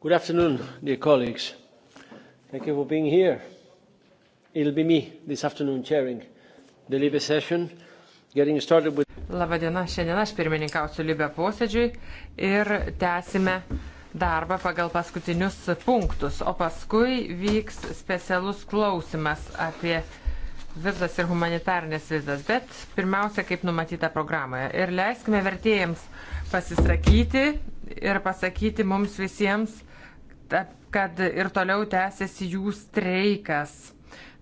Good afternoon, dear colleagues. Thank you for being here. It'll be me this afternoon chairing the Libe session, getting started with. Labadiena, šiandien aš pirmininkausiu Libe posėdžiui ir tęsime darbą pagal paskutinius punktus, o paskui vyks specialus klausimas apie vizas ir humanitarnės vizas, bet pirmiausia, kaip numatyta programoje. Ir leiskime vertėjams pasisakyti ir pasakyti mums visiems, kad ir toliau tęsiasi jų streikas.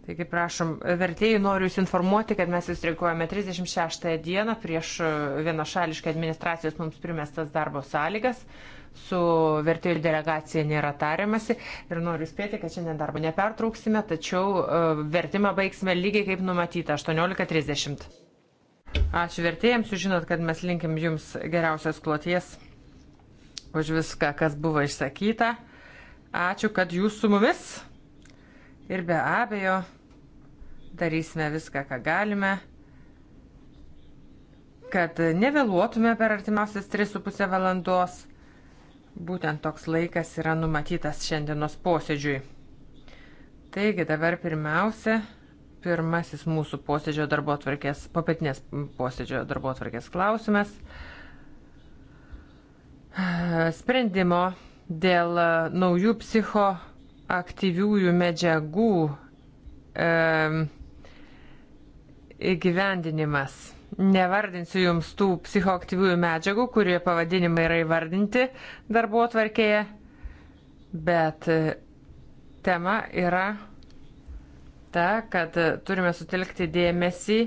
Taigi prašom, vertėjai noriu Jūs informuoti, kad mes jūs streikuojame 36 dieną prieš vienašališkai administracijos mums primestas darbo sąlygas. Su vertėjų delegacija nėra tariamasi ir noriu spėti, kad šiandien darbo nepertrauksime, tačiau e, vertimą baigsime lygiai kaip numatyta 18.30. Ačiū vertėjams, jūs žinot, kad mes linkim Jums geriausios kloties už viską, kas buvo išsakyta. Ačiū, kad jūs su mumis. Ir be abejo, darysime viską, ką galime, kad nevėluotume per artimiausias 3,5 valandos. Būtent toks laikas yra numatytas šiandienos posėdžiui. Taigi dabar pirmiausia, pirmasis mūsų posėdžio darbo atvarkės, papietinės posėdžio darbo atvarkės klausimas. Sprendimo dėl e, naujų psichoaktyviųjų medžiagų e, įgyvendinimas. Nevardinsiu jums tų psichoaktyviųjų medžiagų, kurie pavadinimai yra įvardinti darbo atvarkėje, bet e, tema yra ta, kad turime sutelkti dėmesį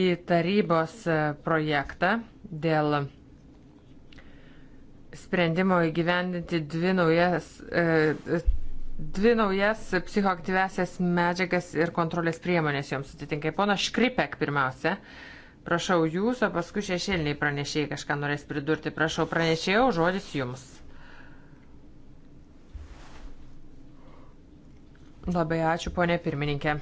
į tarybos e, projektą dėl sprendimo įgyvendinti dvi naujas, e, e, dvi naujas psichoaktyvesias medžiagas ir kontrolės priemonės joms atitinkai. Pona Škripek pirmiausia, prašau jūs, o paskui šešėliniai pranešėjai kažką norės pridurti. Prašau pranešėjau, žodis jums. Labai ačiū, ponė pirmininkė.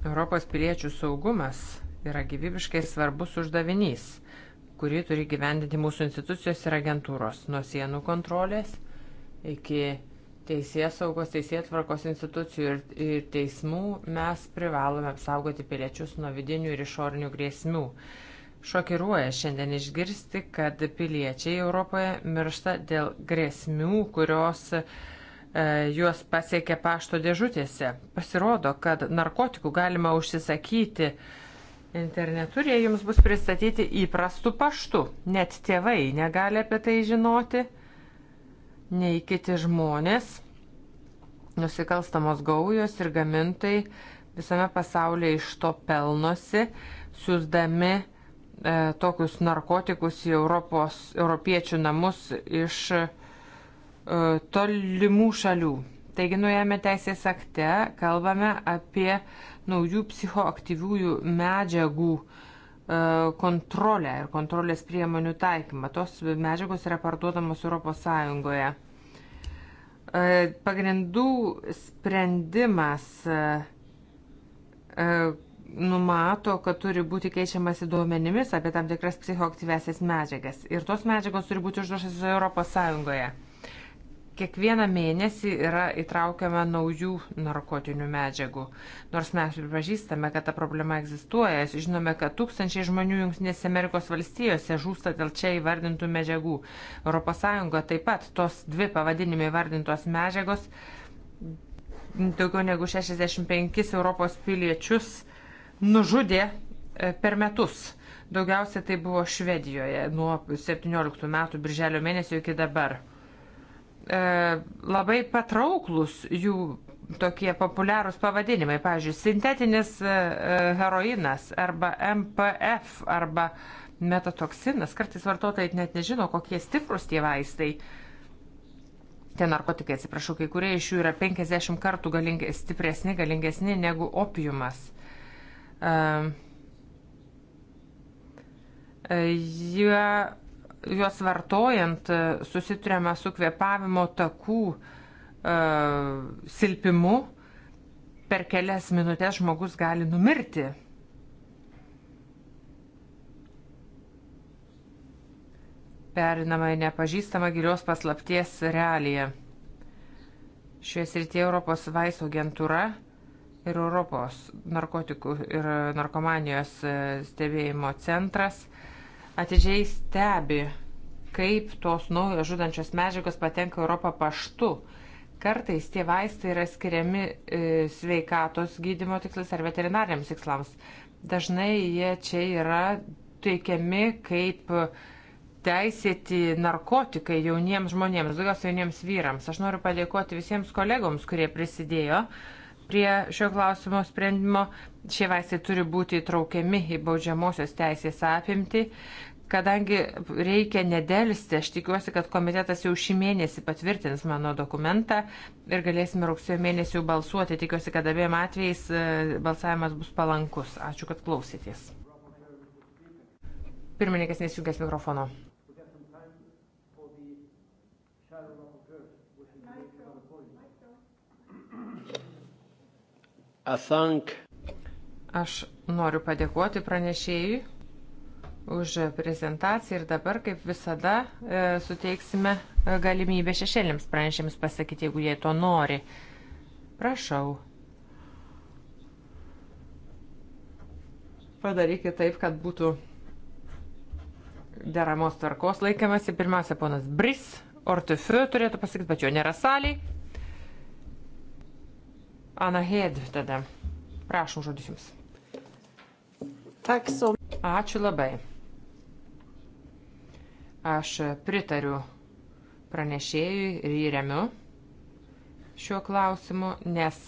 Europos piliečių saugumas yra gyvybiškai svarbus uždavinys, kurį turi gyvendinti mūsų institucijos ir agentūros, nuo sienų kontrolės iki teisės saugos, teisėtvarkos institucijų ir, ir teismų mes privalome apsaugoti piliečius nuo vidinių ir išorinių grėsmių. Šokiruoja šiandien išgirsti, kad piliečiai Europoje miršta dėl grėsmių, kurios uh, E, juos pasiekia pašto dėžutėse. Pasirodo, kad narkotikų galima užsisakyti internetu ir jie jums bus pristatyti įprastu paštu. Net tėvai negali apie tai žinoti, nei kiti žmonės. Nusikalstamos gaujos ir gamintai visame pasaulyje iš to pelnosi, siūsdami e, tokius narkotikus į Europos, europiečių namus iš e, E, tolimų šalių. Taigi, nuėjame teisės akte, kalbame apie naujų psichoaktyviųjų medžiagų e, kontrolę ir kontrolės priemonių taikymą. Tos medžiagos yra parduodamos ES. E, pagrindų sprendimas numato, kad turi būti keičiamasi duomenimis apie tam tikras psichoaktyvesias medžiagas. Ir tos medžiagos turi būti uždraušęs ES kiekvieną mėnesį yra įtraukiama naujų narkotinių medžiagų. Nors mes pripažįstame, kad ta problema egzistuoja, žinome, kad tūkstančiai žmonių Junktinėse Amerikos valstijose žūsta dėl čia įvardintų medžiagų. ES taip pat tos dvi pavadinimai įvardintos medžiagos daugiau negu 65 Europos piliečius nužudė e, per metus. Daugiausia tai buvo Švedijoje nuo 17 metų birželio mėnesio iki dabar. E, labai patrauklus jų tokie populiarūs pavadinimai, pavyzdžiui, sintetinis e, e, heroinas arba MPF arba metotoksinas. Kartais vartotojai net nežino, kokie stiprus tie vaistai. Tie narkotikai, atsiprašau, kai kurie iš jų yra 50 kartų galingi, stipresni, galingesni negu opiumas. Uh, jie juos vartojant e, susiturėme su kvepavimo takų e, silpimu, per kelias minutės žmogus gali numirti. Perinama į nepažįstamą gilios paslapties realiją. Šioje srityje Europos vaistų agentūra ir Europos narkotikų ir narkomanijos e, stebėjimo centras – atidžiai stebi, kaip tos naujos žudančios medžiagos patenka Europą paštu. Kartais tie vaistai yra skiriami e, sveikatos gydimo tikslais ar veterinariams tikslams. Dažnai jie čia yra teikiami kaip teisėti narkotikai jauniems žmonėms, daugiausiai jauniems vyrams. Aš noriu padėkoti visiems kolegoms, kurie prisidėjo prie šio klausimo sprendimo. Šie vaistai turi būti įtraukiami į baudžiamosios teisės apimti. Kadangi reikia nedelsti, aš tikiuosi, kad komitetas jau šį mėnesį patvirtins mano dokumentą ir galėsime rugsėjo mėnesį jau balsuoti. Tikiuosi, kad abiem atvejais e, balsavimas bus palankus. Ačiū, kad klausėtės. Pirmininkas nesijungęs mikrofono. I thank Aš noriu padėkoti pranešėjui už prezentaciją ir dabar, kaip visada, e, suteiksime e, galimybę šešėlėms pranešėms pasakyti, jeigu jie to nori. Prašau. Padarykit taip, kad būtų deramos tvarkos laikamasi. Pirmiausia, ponas Bris, Ortufiu turėtų pasakyti, bet jo nėra saliai. Ana Hed tada. Prašom žodis jums. Ačiū labai. Aš pritariu pranešėjui ir jį remiu šiuo klausimu, nes,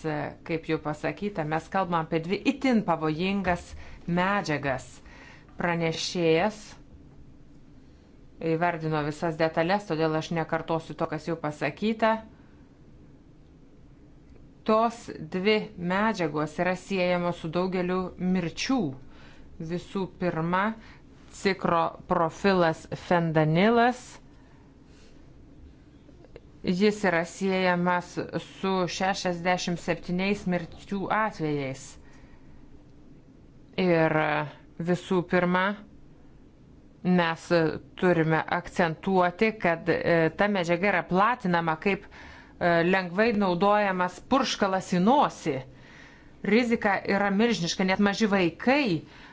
kaip jau pasakyta, mes kalbam apie dvi itin pavojingas medžiagas. Pranešėjas įvardino visas detalės, todėl aš nekartosiu to, kas jau pasakyta. Tos dvi medžiagos yra siejamos su daugeliu mirčių Visų pirma, cikro profilas fendanilas. Jis yra siejamas su 67 mirčių atvejais. Ir visų pirma, mes turime akcentuoti, kad e, ta medžiaga yra platinama kaip e, lengvai naudojamas purškalas į nosį. Rizika yra milžiniška, net maži vaikai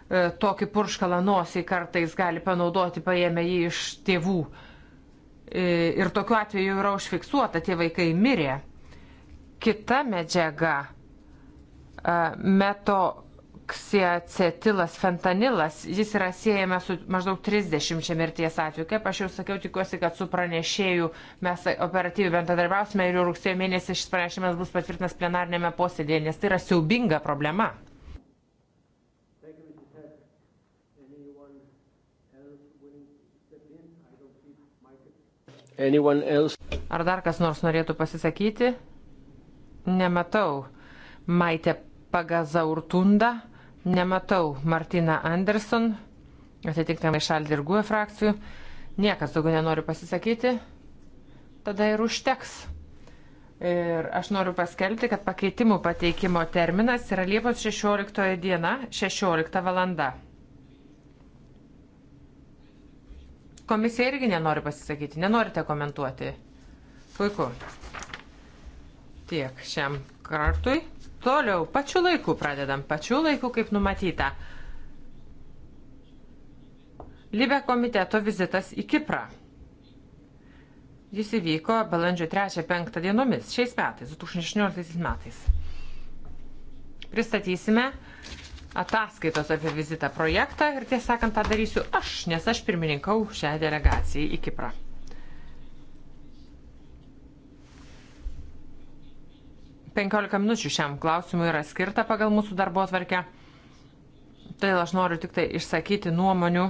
E, tokį purškalą nosiai kartais gali panaudoti paėmę jį iš tėvų. E, ir tokiu atveju yra užfiksuota, tie vaikai mirė. Kita medžiaga e, - metoksiacetilas, fentanilas, jis yra siejama su maždaug 30 mirties atveju. Kaip aš jau sakiau, tikiuosi, kad su pranešėju mes operatyviai bendradarbiausime ir jau rugsėjo mėnesį šis pranešimas bus patvirtinas plenarnėme posėdėje, nes tai yra siaubinga problema. Ar dar kas nors norėtų pasisakyti? Nematau. Maitė Pagazaurtunda, nematau Martina Anderson, atitiktamai šaldį ir guoja frakcijų. Niekas daugiau nenori pasisakyti. Tada ir užteks. Ir aš noriu paskelbti, kad pakeitimų pateikimo terminas yra Liepos 16 diena, 16 valanda. Komisija irgi nenori pasisakyti, nenorite komentuoti. Puiku. Tiek šiam kartui. Toliau, pačiu laiku pradedam, pačiu laiku kaip numatyta. Libė komiteto vizitas į Kiprą. Jis įvyko balandžio 3-5 dienomis šiais metais, 2016 metais. Pristatysime ataskaitos apie vizitą projektą ir tiesą sakant tą darysiu aš, nes aš pirmininkau šią delegaciją į Kiprą. Penkiolika minučių šiam klausimui yra skirta pagal mūsų darbo atvarkę. Todėl aš noriu tik tai išsakyti nuomonių,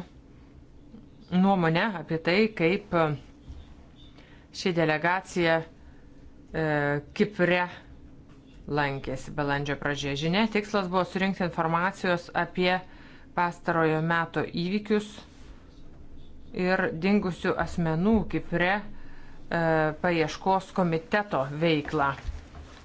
nuomonę apie tai, kaip e, ši delegacija e, Kipre lankėsi balandžio pradžioje. Žinia, tikslas buvo surinkti informacijos apie pastarojo meto įvykius ir dingusių asmenų Kipre e, paieškos komiteto veiklą.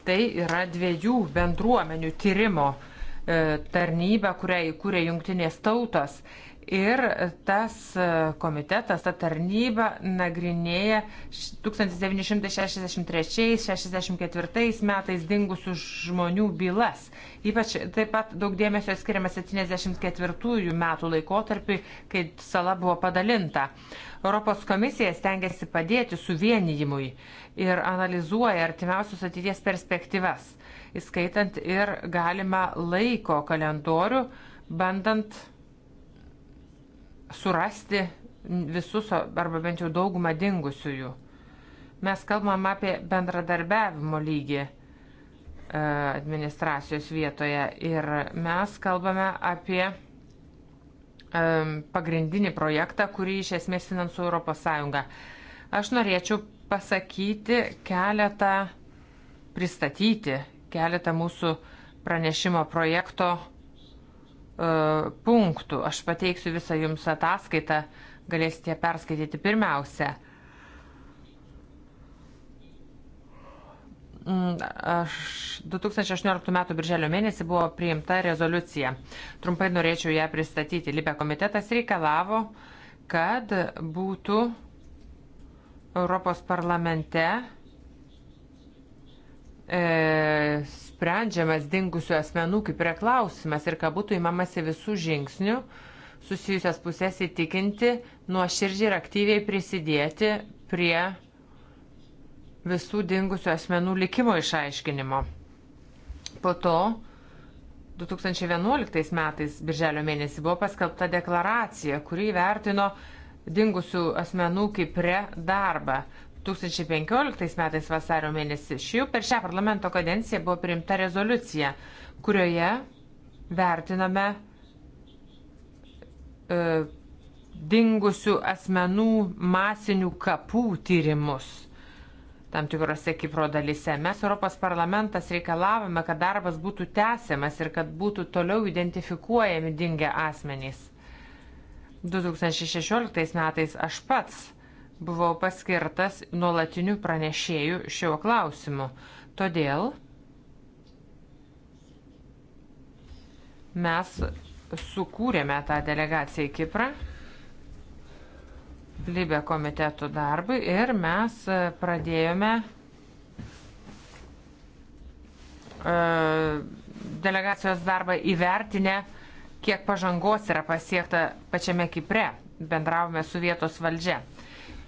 Tai yra dviejų bendruomenių tyrimo e, tarnyba, kurią įkūrė jungtinės tautos Ir tas e, komitetas, ta tarnyba nagrinėja 1963-64 metais dingusių žmonių bylas. Ypač taip pat daug dėmesio skiriama 74 metų laikotarpiui, kai sala buvo padalinta. Europos komisija stengiasi padėti suvienijimui ir analizuoja artimiausius ateities perspektyvas, įskaitant ir galima laiko kalendorių, bandant surasti visus arba bent jau daugumą dingusiųjų. Mes kalbam apie bendradarbiavimo lygį e, administracijos vietoje ir mes kalbame apie e, pagrindinį projektą, kurį iš esmės finansuoja ES. Aš norėčiau pasakyti keletą, pristatyti keletą mūsų pranešimo projekto E, punktų. Aš pateiksiu visą jums ataskaitą, galėsite perskaityti pirmiausia. Mm, aš 2018 m. birželio mėnesį buvo priimta rezoliucija. Trumpai norėčiau ją pristatyti. Libė komitetas reikalavo, kad būtų Europos parlamente e, sprendžiamas dingusių asmenų kaip yra klausimas ir kad būtų įmamasi visų žingsnių susijusias pusės įtikinti, nuoširdžiai ir aktyviai prisidėti prie visų dingusių asmenų likimo išaiškinimo. Po to 2011 metais, birželio mėnesį, buvo paskelbta deklaracija, kuri įvertino dingusių asmenų kaip re darbą. 2015 metais vasario mėnesį šių per šią parlamento kadenciją buvo priimta rezoliucija, kurioje vertiname e, dingusių asmenų masinių kapų tyrimus tam tikrose Kipro dalise. Mes, Europos parlamentas, reikalavome, kad darbas būtų tęsiamas ir kad būtų toliau identifikuojami dingę asmenys. 2016 metais aš pats buvau paskirtas nuolatiniu pranešėju šiuo klausimu. Todėl mes sukūrėme tą delegaciją į Kiprą. Libė komitetų darbui ir mes e, pradėjome e, delegacijos darbą įvertinę, kiek pažangos yra pasiekta pačiame Kipre. Bendravome su vietos valdžia.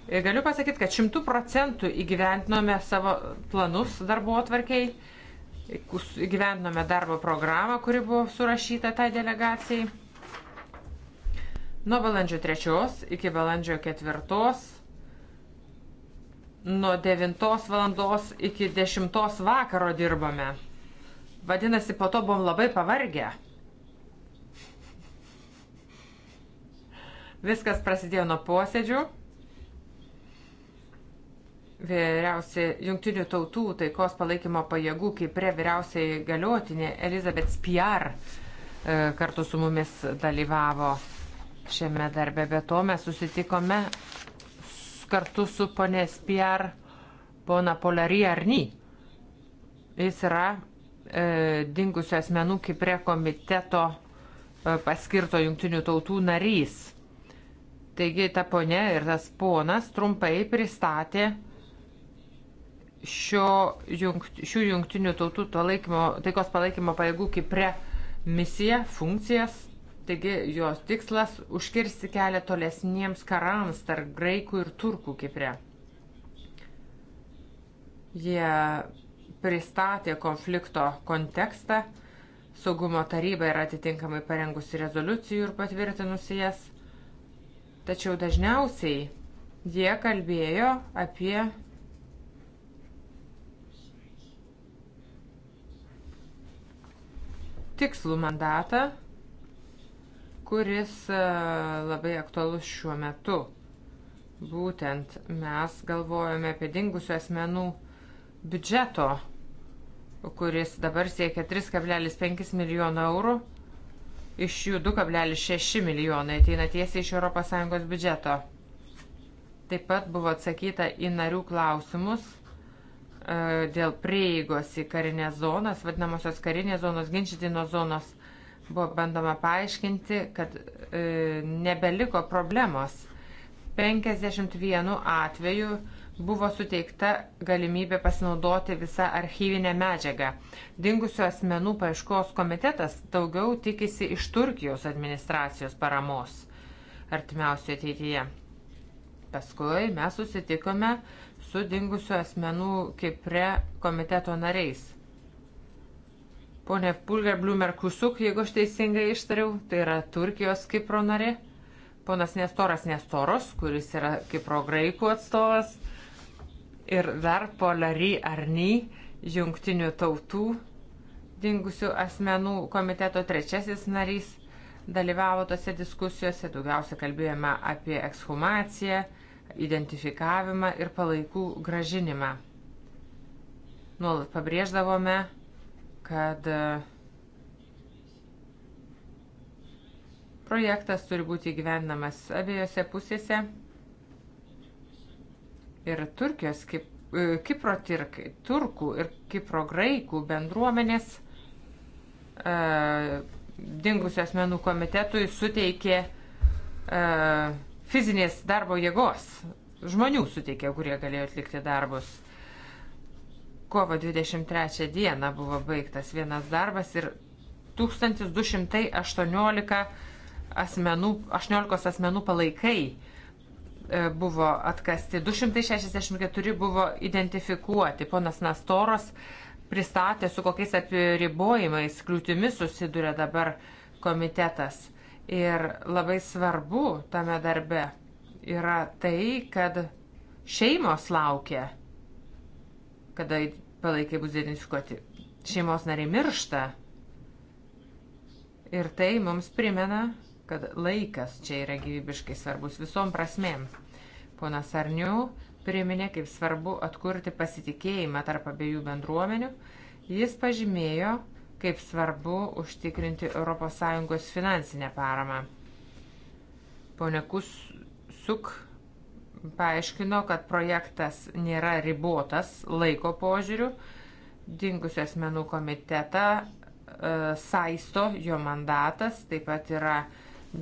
Galiu pasakyti, kad šimtų procentų įgyventinome savo planus darbo atvarkiai, įgyventinome darbo programą, kuri buvo surašyta tai delegacijai. Nuo balandžio 3 iki balandžio 4, nuo 9 val. iki 10 vakaro dirbame. Vadinasi, po to buvom labai pavargę. Viskas prasidėjo nuo posėdžių vyriausia jungtinių tautų taikos palaikymo pajėgų, kaip prie vyriausiai galiotinė Elizabeth Spiar e, kartu su mumis dalyvavo šiame darbe. Be to mes susitikome kartu su ponė Spiar, pona Polary Arny. Jis yra e, dingusio asmenų Kiprė komiteto e, paskirto jungtinių tautų narys. Taigi ta ponė ir tas ponas trumpai pristatė šio, jungt, šių jungtinių tautų palaikymo, taikos palaikymo pajėgų Kipre misiją, funkcijas. Taigi jos tikslas - užkirsti kelią tolesniems karams tarp graikų ir turkų Kipre. Jie pristatė konflikto kontekstą, saugumo taryba yra atitinkamai parengusi rezoliucijų ir patvirtinusi jas. Tačiau dažniausiai jie kalbėjo apie tikslų mandatą, kuris e, labai aktualus šiuo metu. Būtent mes galvojame apie dingusių asmenų biudžeto, kuris dabar siekia 3,5 milijono eurų, iš jų 2,6 milijonai ateina tiesiai iš ES biudžeto. Taip pat buvo atsakyta į narių klausimus E, dėl prieigos į karinės zonas, vadinamosios karinės zonos, ginčytinos zonos, buvo bandoma paaiškinti, kad e, nebeliko problemos. 51 atveju buvo suteikta galimybė pasinaudoti visą archyvinę medžiagą. Dingusių asmenų paieškos komitetas daugiau tikisi iš Turkijos administracijos paramos artimiausioje ateityje. Paskui mes susitikome uh, su dingusių asmenų Kipre komiteto nariais. Pone Pulgar Blumer Kusuk, jeigu aš teisingai ištariau, tai yra Turkijos Kipro narė. Ponas Nestoras Nestoros, kuris yra Kipro graikų atstovas. Ir dar Polary Arny, jungtinių tautų dingusių asmenų komiteto trečiasis narys dalyvavo tose diskusijose, daugiausia kalbėjome apie ekshumaciją, identifikavimą ir palaikų gražinimą. Nuolat pabrėždavome, kad e, projektas turi būti gyvenamas abiejose pusėse ir Turkijos, kaip, e, Kipro tirk, turkų ir Kipro graikų bendruomenės e, dingusių asmenų komitetui suteikė e, fizinės darbo jėgos, žmonių suteikė, kurie galėjo atlikti darbus. Kovo 23 dieną buvo baigtas vienas darbas ir 1218 asmenų, 18 asmenų palaikai e, buvo atkasti, 264 buvo identifikuoti. Ponas Nastoros pristatė, su kokiais apribojimais, kliūtimis susiduria dabar komitetas. Ir labai svarbu tame darbe yra tai, kad šeimos laukia, kada palaikai bus identifikuoti. Šeimos nariai miršta. Ir tai mums primena, kad laikas čia yra gyvybiškai svarbus visom prasmėm. Ponas Arniu priminė, kaip svarbu atkurti pasitikėjimą tarp abiejų bendruomenių. Jis pažymėjo, kaip svarbu užtikrinti ES finansinę paramą. Pone Kusuk paaiškino, kad projektas nėra ribotas laiko požiūrių, dingusių asmenų komitetą e, saisto jo mandatas, taip pat yra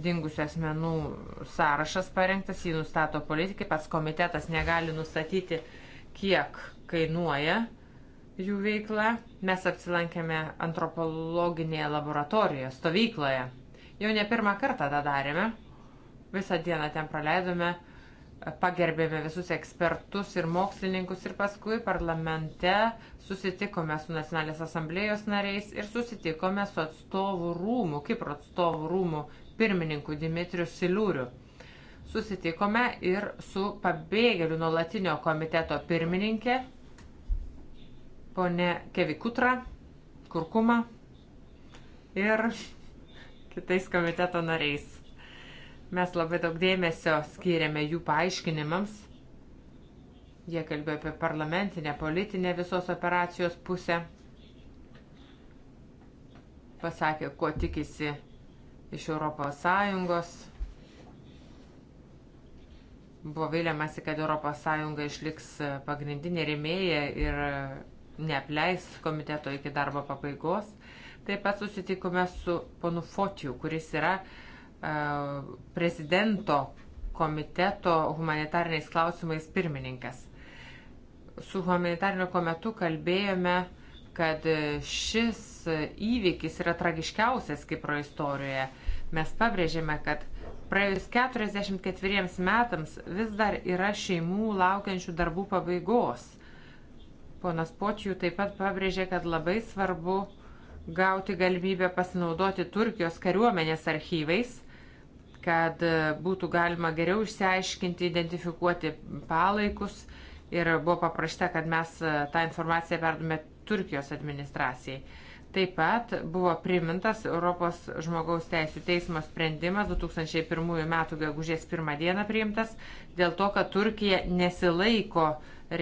dingusių asmenų sąrašas parengtas, jį nustato politikai, pats komitetas negali nustatyti, kiek kainuoja e, jų veikla. Mes apsilankėme antropologinėje laboratorijoje, stovykloje. Jau ne pirmą kartą tą darėme. Visą dieną ten praleidome, pagerbėme visus ekspertus ir mokslininkus ir paskui parlamente susitikome su Nacionalinės asamblėjos nariais ir susitikome su atstovų rūmų, Kipro atstovų rūmų pirmininku Dimitriu Siliūriu. Susitikome ir su pabėgėlių nuolatinio komiteto pirmininkė ponė Kevikutra, Kurkuma ir kitais komiteto nariais. Mes labai daug dėmesio skiriame jų paaiškinimams. Jie kalbėjo apie parlamentinę, politinę visos operacijos pusę. Pasakė, ko tikisi iš ES. Buvo vėliamasi, kad ES išliks pagrindinė rėmėja ir neapleis komiteto iki darbo pabaigos. Taip pat susitikome su ponu Fotiju, kuris yra uh, prezidento komiteto humanitariniais klausimais pirmininkas. Su humanitariniu komitetu kalbėjome, kad šis įvykis yra tragiškiausias Kipro istorijoje. Mes pabrėžėme, kad praėjus 44 metams vis dar yra šeimų laukiančių darbų pabaigos – Ponas Počijų taip pat pabrėžė, kad labai svarbu gauti galimybę pasinaudoti Turkijos kariuomenės archyvais, kad e, būtų galima geriau išsiaiškinti, identifikuoti palaikus ir buvo paprašta, kad mes e, tą informaciją perdume Turkijos administracijai. Taip pat buvo primintas Europos žmogaus teisų teismo sprendimas 2001 m. gegužės 1 d. priimtas dėl to, kad Turkija nesilaiko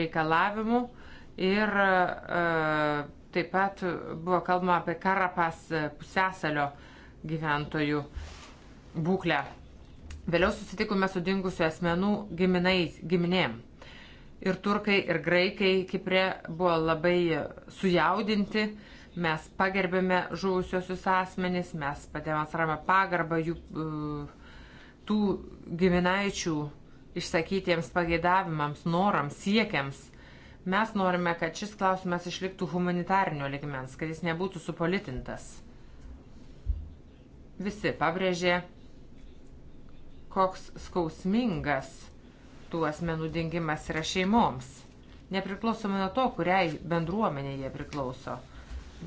reikalavimų Ir e, taip pat buvo kalbama apie Karapas pusėsalio gyventojų būklę. Vėliau susitikome su dingusių asmenų giminais, giminėm. Ir turkai, ir graikai Kiprė buvo labai sujaudinti. Mes pagerbėme žuvusiosius asmenys, mes pademonstravome pagarbą jų e, tų giminaičių išsakytiems pageidavimams, norams, siekiams. Mes norime, kad šis klausimas išliktų humanitarnio ligmens, kad jis nebūtų supolitintas. Visi pabrėžė, koks skausmingas tų asmenų dingimas yra šeimoms, nepriklausomai nuo to, kuriai bendruomenė jie priklauso.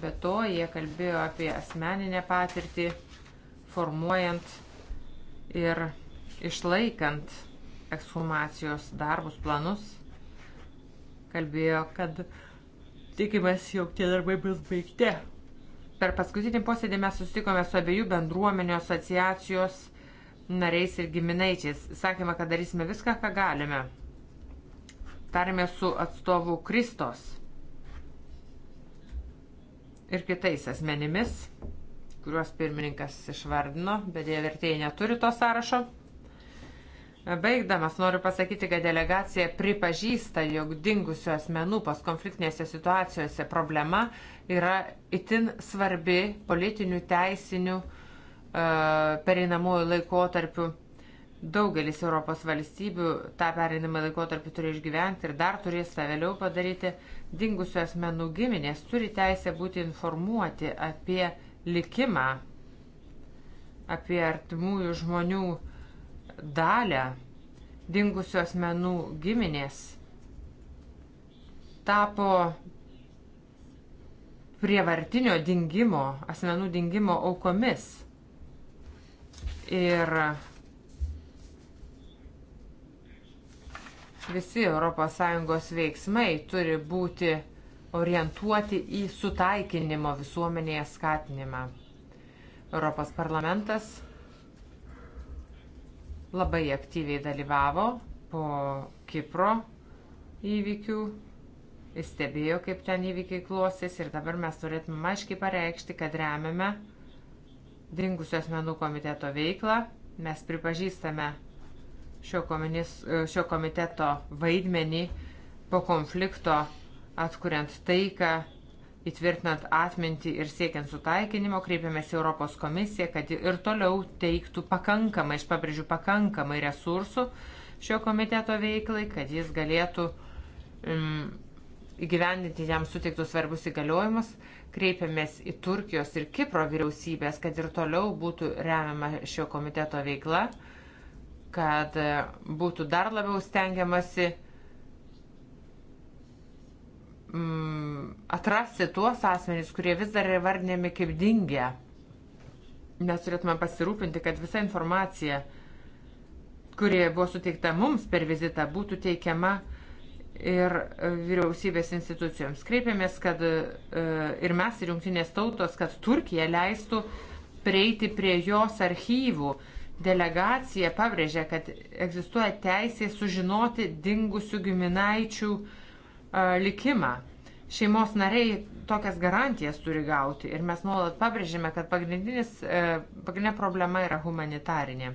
Be to, jie kalbėjo apie asmeninę patirtį, formuojant ir išlaikant ekshumacijos darbus planus kalbėjo, kad tikimės, jog tie darbai bus baigti. Per paskutinį posėdį mes susitikome su abiejų bendruomenių asociacijos nariais ir giminaičiais. Sakėme, kad darysime viską, ką galime. Tarėme su atstovu Kristos ir kitais asmenimis, kuriuos pirmininkas išvardino, bet jie vertėjai neturi to sąrašo. Baigdamas noriu pasakyti, kad delegacija pripažįsta, jog dingusių asmenų poskonfliktinėse situacijose problema yra itin svarbi politinių teisinių e, pereinamųjų laikotarpių. Daugelis Europos valstybių tą pereinamą laikotarpį turi išgyventi ir dar turės tą vėliau padaryti. Dingusių asmenų giminės turi teisę būti informuoti apie likimą, apie artimųjų žmonių uh, dalę dingusios menų giminės tapo prievartinio dingimo, asmenų dingimo aukomis. Ir visi ES veiksmai turi būti orientuoti į sutaikinimo visuomenėje skatinimą. Europos parlamentas labai aktyviai dalyvavo po Kipro įvykių. Jis stebėjo, kaip ten įvykiai klostės ir dabar mes turėtume aiškiai pareikšti, kad remiame dingusių asmenų komiteto veiklą. Mes pripažįstame šio, komunis, šio komiteto vaidmenį po konflikto atkuriant taiką Įtvirtinant atmintį ir siekiant sutaikinimo, kreipiamės į Europos komisiją, kad ir toliau teiktų pakankamai, aš pabrėžiu, pakankamai resursų šio komiteto veiklai, kad jis galėtų um, įgyvendinti jam suteiktus svarbus įgaliojimus. Kreipiamės į Turkijos ir Kipro vyriausybės, kad ir toliau būtų remiama šio komiteto veikla, kad būtų dar labiau stengiamasi uh, mm, atrasti tuos asmenys, kurie vis dar yra vardinami kaip dingę. Mes turėtume pasirūpinti, kad visa informacija, kurie buvo suteikta mums per vizitą, būtų teikiama ir e, vyriausybės institucijoms. Kreipėmės, kad e, ir mes, ir jungtinės tautos, kad Turkija leistų prieiti prie jos archyvų. Delegacija pabrėžė, kad egzistuoja teisė sužinoti dingusių giminaičių uh, likimą. Šeimos nariai tokias garantijas turi gauti ir mes nuolat pabrėžėme, kad e, pagrindinė problema yra humanitarinė.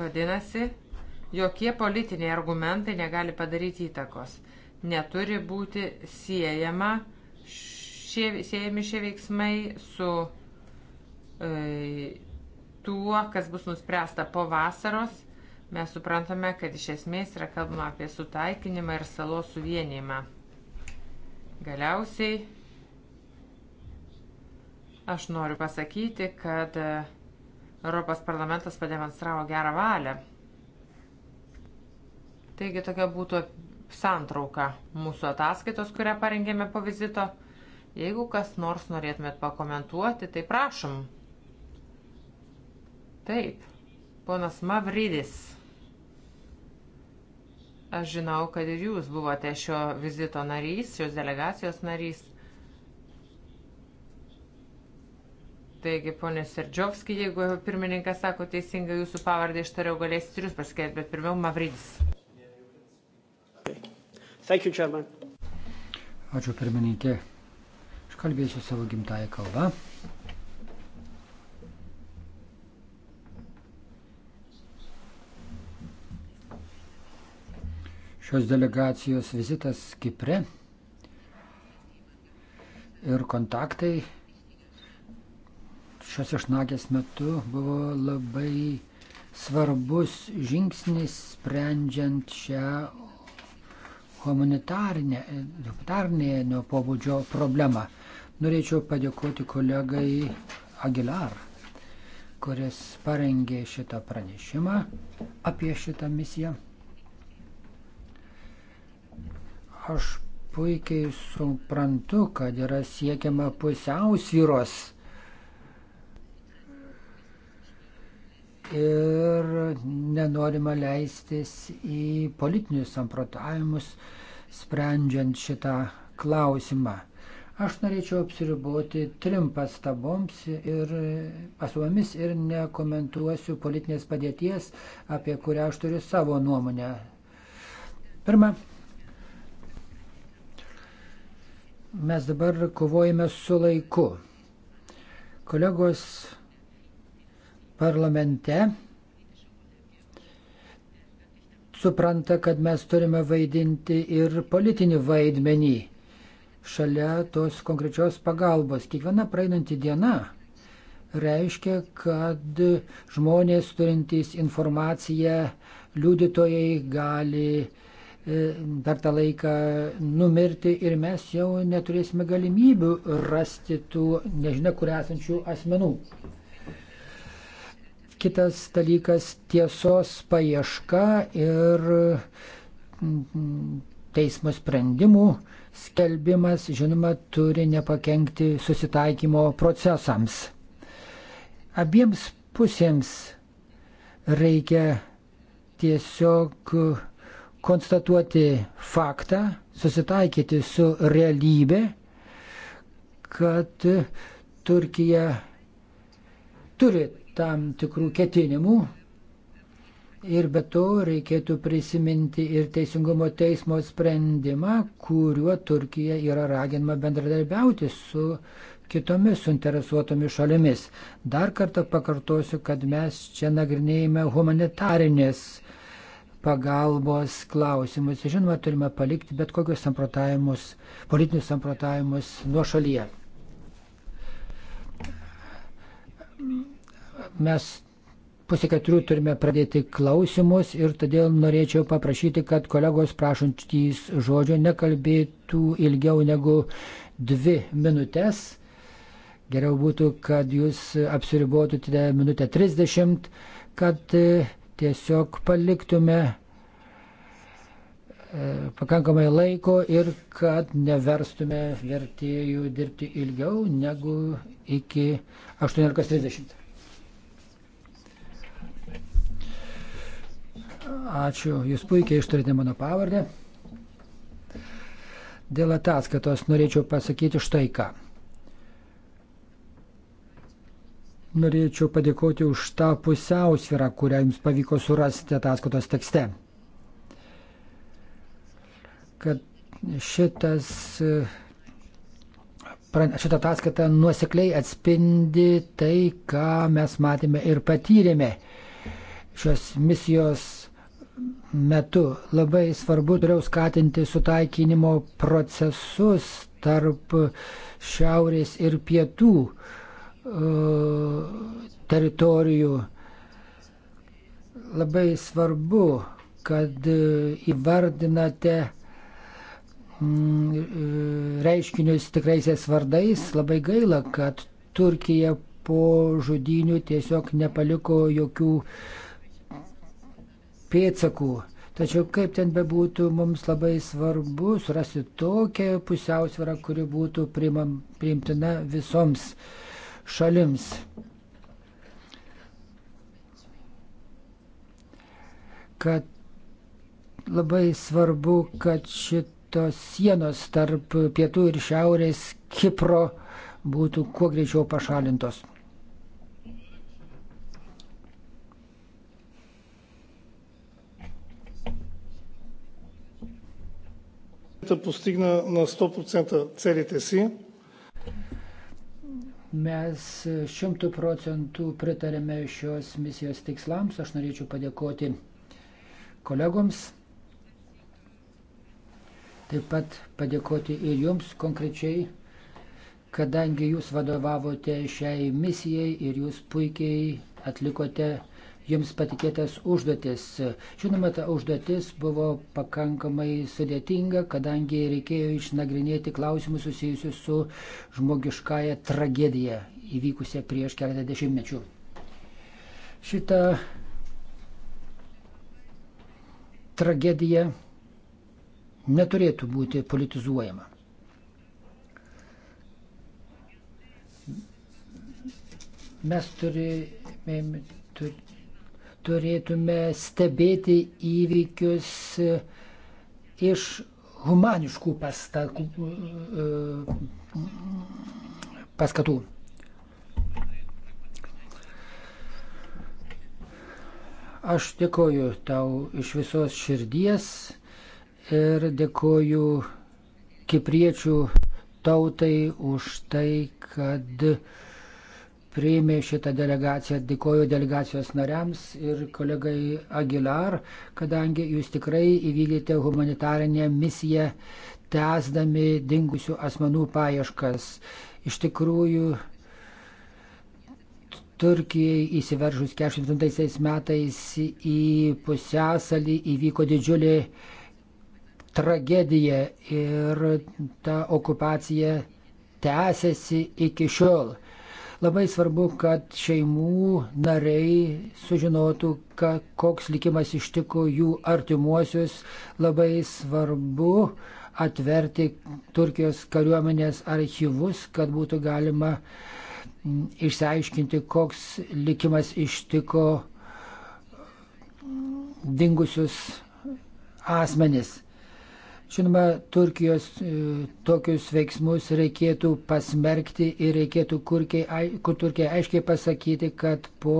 Vadinasi, jokie politiniai argumentai negali padaryti įtakos. Neturi būti siejama šie, siejami šie veiksmai su e, tuo, kas bus nuspręsta po vasaros Mes suprantame, kad iš esmės yra kalbama apie sutaikinimą ir salos suvienimą. Galiausiai aš noriu pasakyti, kad e, Europos parlamentas pademonstravo gerą valią. Taigi tokia būtų santrauka mūsų ataskaitos, kurią parengėme po vizito. Jeigu kas nors norėtumėt pakomentuoti, tai prašom. Taip, ponas Mavrydis. Aš žinau, kad ir jūs buvote šio vizito narys, šios delegacijos narys. Taigi, ponė Serdžiovski, jeigu pirmininkas sako teisingai jūsų pavardę ištariau, galėsit ir jūs paskelbti, bet pirmiau Mavridis. Thank you, Chairman. Ačiū pirmininkė. Aš kalbėsiu savo gimtają kalbą. šios delegacijos vizitas Kipre ir kontaktai šios išnagės metu buvo labai svarbus žingsnis sprendžiant šią humanitarnėje pobūdžio problemą. Norėčiau padėkoti kolegai Aguilar, kuris parengė šitą pranešimą apie šitą misiją. Aš puikiai suprantu, kad yra siekiama pusiausvyros. Ir nenorima leistis į politinius samprotavimus, sprendžiant šitą klausimą. Aš norėčiau apsiriboti trim pastaboms ir pastabomis ir nekomentuosiu politinės padėties, apie kurią aš turiu savo nuomonę. Pirma, mes dabar kovojame su laiku. Kolegos parlamente supranta, kad mes turime vaidinti ir politinį vaidmenį šalia tos konkrečios pagalbos. Kiekviena praeinanti diena reiškia, kad žmonės turintys informaciją, liudytojai gali uh, per tą laiką numirti ir mes jau neturėsime galimybių rasti tų nežinia kur esančių asmenų. Kitas dalykas - tiesos paieška ir teismo sprendimų skelbimas, žinoma, turi nepakengti susitaikymo procesams. Abiems pusėms reikia tiesiog konstatuoti faktą, susitaikyti su realybė, kad Turkija turi tam tikrų ketinimų ir be to reikėtų prisiminti ir Teisingumo teismo sprendimą, kuriuo Turkija yra raginama bendradarbiauti su kitomis suinteresuotomis šalimis. Dar kartą pakartosiu, kad mes čia nagrinėjame humanitarinės uh, pagalbos klausimus. Žinoma, turime palikti bet kokius samprotavimus, politinius samprotavimus nuo šalyje. Mes pusė keturių turime pradėti klausimus ir todėl norėčiau paprašyti, kad kolegos prašantys žodžio nekalbėtų ilgiau negu dvi minutės. Geriau būtų, kad jūs apsiribotumėte minutę 30, kad tiesiog paliktume e, pakankamai laiko ir kad neverstume vertėjų dirbti ilgiau negu iki 18.30. Ačiū, jūs puikiai ištarėte mano pavardę. Dėl ataskaitos norėčiau pasakyti štai ką. Norėčiau padėkoti už tą pusiausvyrą, kurią jums pavyko surasti ataskaitos tekste. Kad šitas, šitą ataskaitą nuosekliai atspindi tai, ką mes matėme ir patyrėme šios misijos metu. Labai svarbu turiu skatinti sutaikinimo procesus tarp šiaurės ir pietų E, teritorijų. Labai svarbu, kad e, įvardinate mm, e, reiškinius tikraisiais vardais. Labai gaila, kad Turkija po žudynių tiesiog nepaliko jokių pėtsakų. Tačiau kaip ten bebūtų, mums labai svarbu surasti tokią pusiausvyrą, kuri būtų priimam, priimtina visoms uh, šalims. Kad labai svarbu, kad šitos sienos tarp pietų ir šiaurės Kipro būtų kuo greičiau pašalintos. постигна на 100% целите си. Mes šimtų procentų pritarėme šios misijos tikslams. Aš norėčiau padėkoti kolegoms. Taip pat padėkoti ir jums konkrečiai, kadangi jūs vadovavote šiai misijai ir jūs puikiai atlikote jums patikėtas užduotis. Žinoma, ta užduotis buvo pakankamai sudėtinga, kadangi reikėjo išnagrinėti klausimus susijusius su žmogiškąją tragediją įvykusią prieš keletą dešimtmečių. Šitą tragediją neturėtų būti politizuojama. Mes turime, turime turėtume stebėti įvykius e, iš humaniškų pastatų. E, paskatų. Aš dėkoju tau iš visos širdies ir dėkoju kipriečių tautai už tai, kad uh, priėmė šitą delegaciją. Dėkoju delegacijos nariams ir kolegai Aguilar, kadangi jūs tikrai įvykdėte humanitarinę misiją, tęsdami dingusių asmenų paieškas. Iš tikrųjų, Turkijai įsiveržus 48 metais į pusęsalį įvyko didžiulė tragedija ir ta okupacija tęsiasi iki šiol. Labai svarbu, kad šeimų nariai sužinotų, ka, koks likimas ištiko jų artimuosius. Labai svarbu atverti Turkijos kariuomenės archyvus, kad būtų galima išsiaiškinti, koks likimas ištiko dingusius asmenis. Žinoma, Turkijos e, tokius veiksmus reikėtų pasmerkti ir reikėtų kurkiai, kur Turkija aiškiai pasakyti, kad po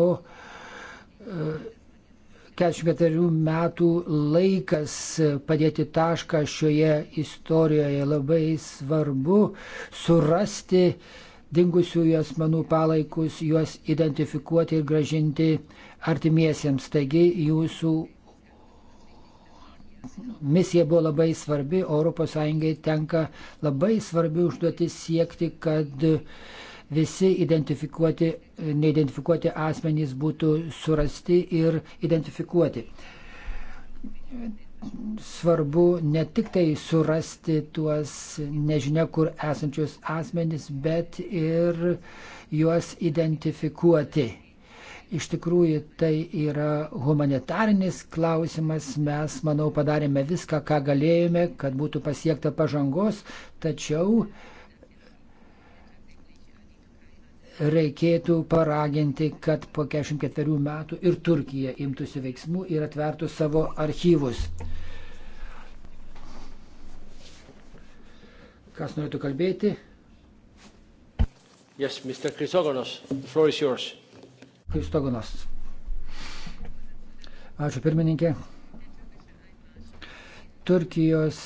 44 e, metų laikas padėti tašką šioje istorijoje labai svarbu surasti dingusiųjų asmenų palaikus, juos identifikuoti ir gražinti artimiesiems. Taigi jūsų misija buvo labai svarbi, ES tenka labai svarbi užduotis siekti, kad visi identifikuoti, neidentifikuoti asmenys būtų surasti ir identifikuoti. Svarbu ne tik tai surasti tuos nežinia kur esančius asmenys, bet ir juos identifikuoti Iš tikrųjų, tai yra humanitarinis klausimas. Mes, manau, padarėme viską, ką galėjome, kad būtų pasiekta pažangos, tačiau reikėtų paraginti, kad po 44 metų ir Turkija imtųsi veiksmų ir atvertų savo archyvus. Kas norėtų kalbėti? Yes, Mr. Chrysogonos, the floor is yours. Kristogonas. Ačiū pirmininkė. Turkijos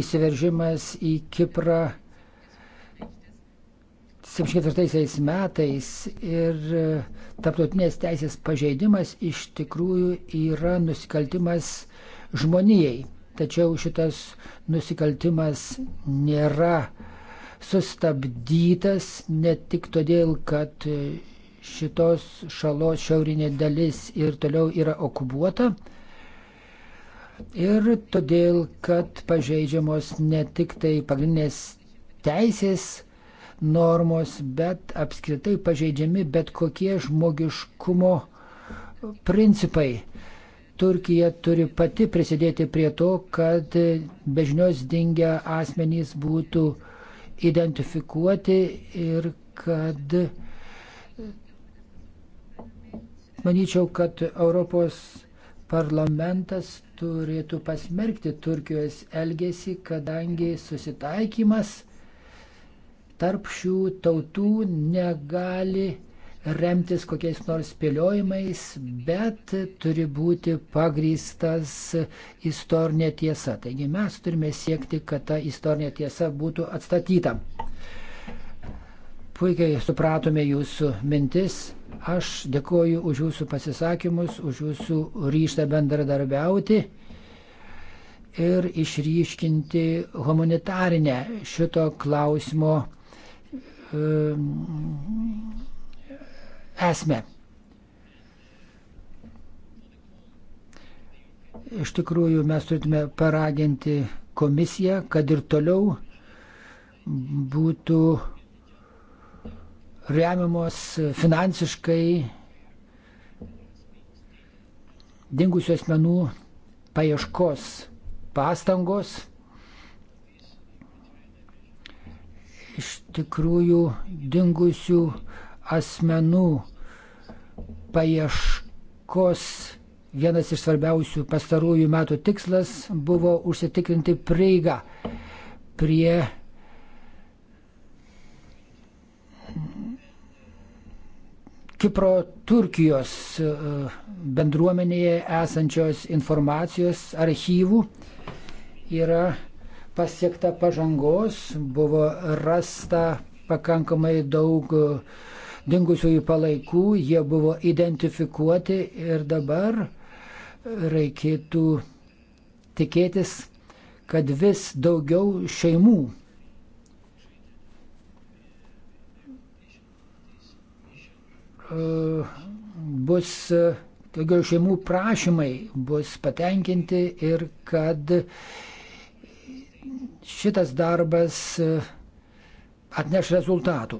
įsiveržimas į Kiprą 74 metais ir tarptautinės teisės pažeidimas iš tikrųjų yra nusikaltimas žmonijai. Tačiau šitas nusikaltimas nėra sustabdytas ne tik todėl, kad šitos šalos šiaurinė dalis ir toliau yra okupuota. Ir todėl, kad pažeidžiamos ne tik tai pagrindinės teisės normos, bet apskritai pažeidžiami bet kokie žmogiškumo principai. Turkija turi pati prisidėti prie to, kad bežnios dingę asmenys būtų identifikuoti ir kad uh, Manyčiau, kad Europos parlamentas turėtų pasmerkti Turkijos elgesį, kadangi susitaikymas tarp šių tautų negali remtis kokiais nors spėliojimais, bet turi būti pagrystas istorinė tiesa. Taigi mes turime siekti, kad ta istorinė tiesa būtų atstatyta. Puikiai supratome jūsų mintis. Aš dėkoju už jūsų pasisakymus, už jūsų ryštą bendradarbiauti ir išryškinti humanitarinę šito klausimo ehm, esmę. Iš tikrųjų, mes turėtume paraginti komisiją, kad ir toliau būtų remiamos finansiškai dingusių asmenų paieškos pastangos. Iš tikrųjų, dingusių asmenų paieškos vienas iš svarbiausių pastarųjų metų tikslas buvo užsitikrinti prieigą prie Kipro Turkijos e, bendruomenėje esančios informacijos archyvų yra pasiekta pažangos, buvo rasta pakankamai daug e, dingusiųjų palaikų, jie buvo identifikuoti ir dabar reikėtų tikėtis, kad vis daugiau šeimų bus daugiau tai šeimų prašymai bus patenkinti ir kad šitas darbas uh, atneš rezultatų.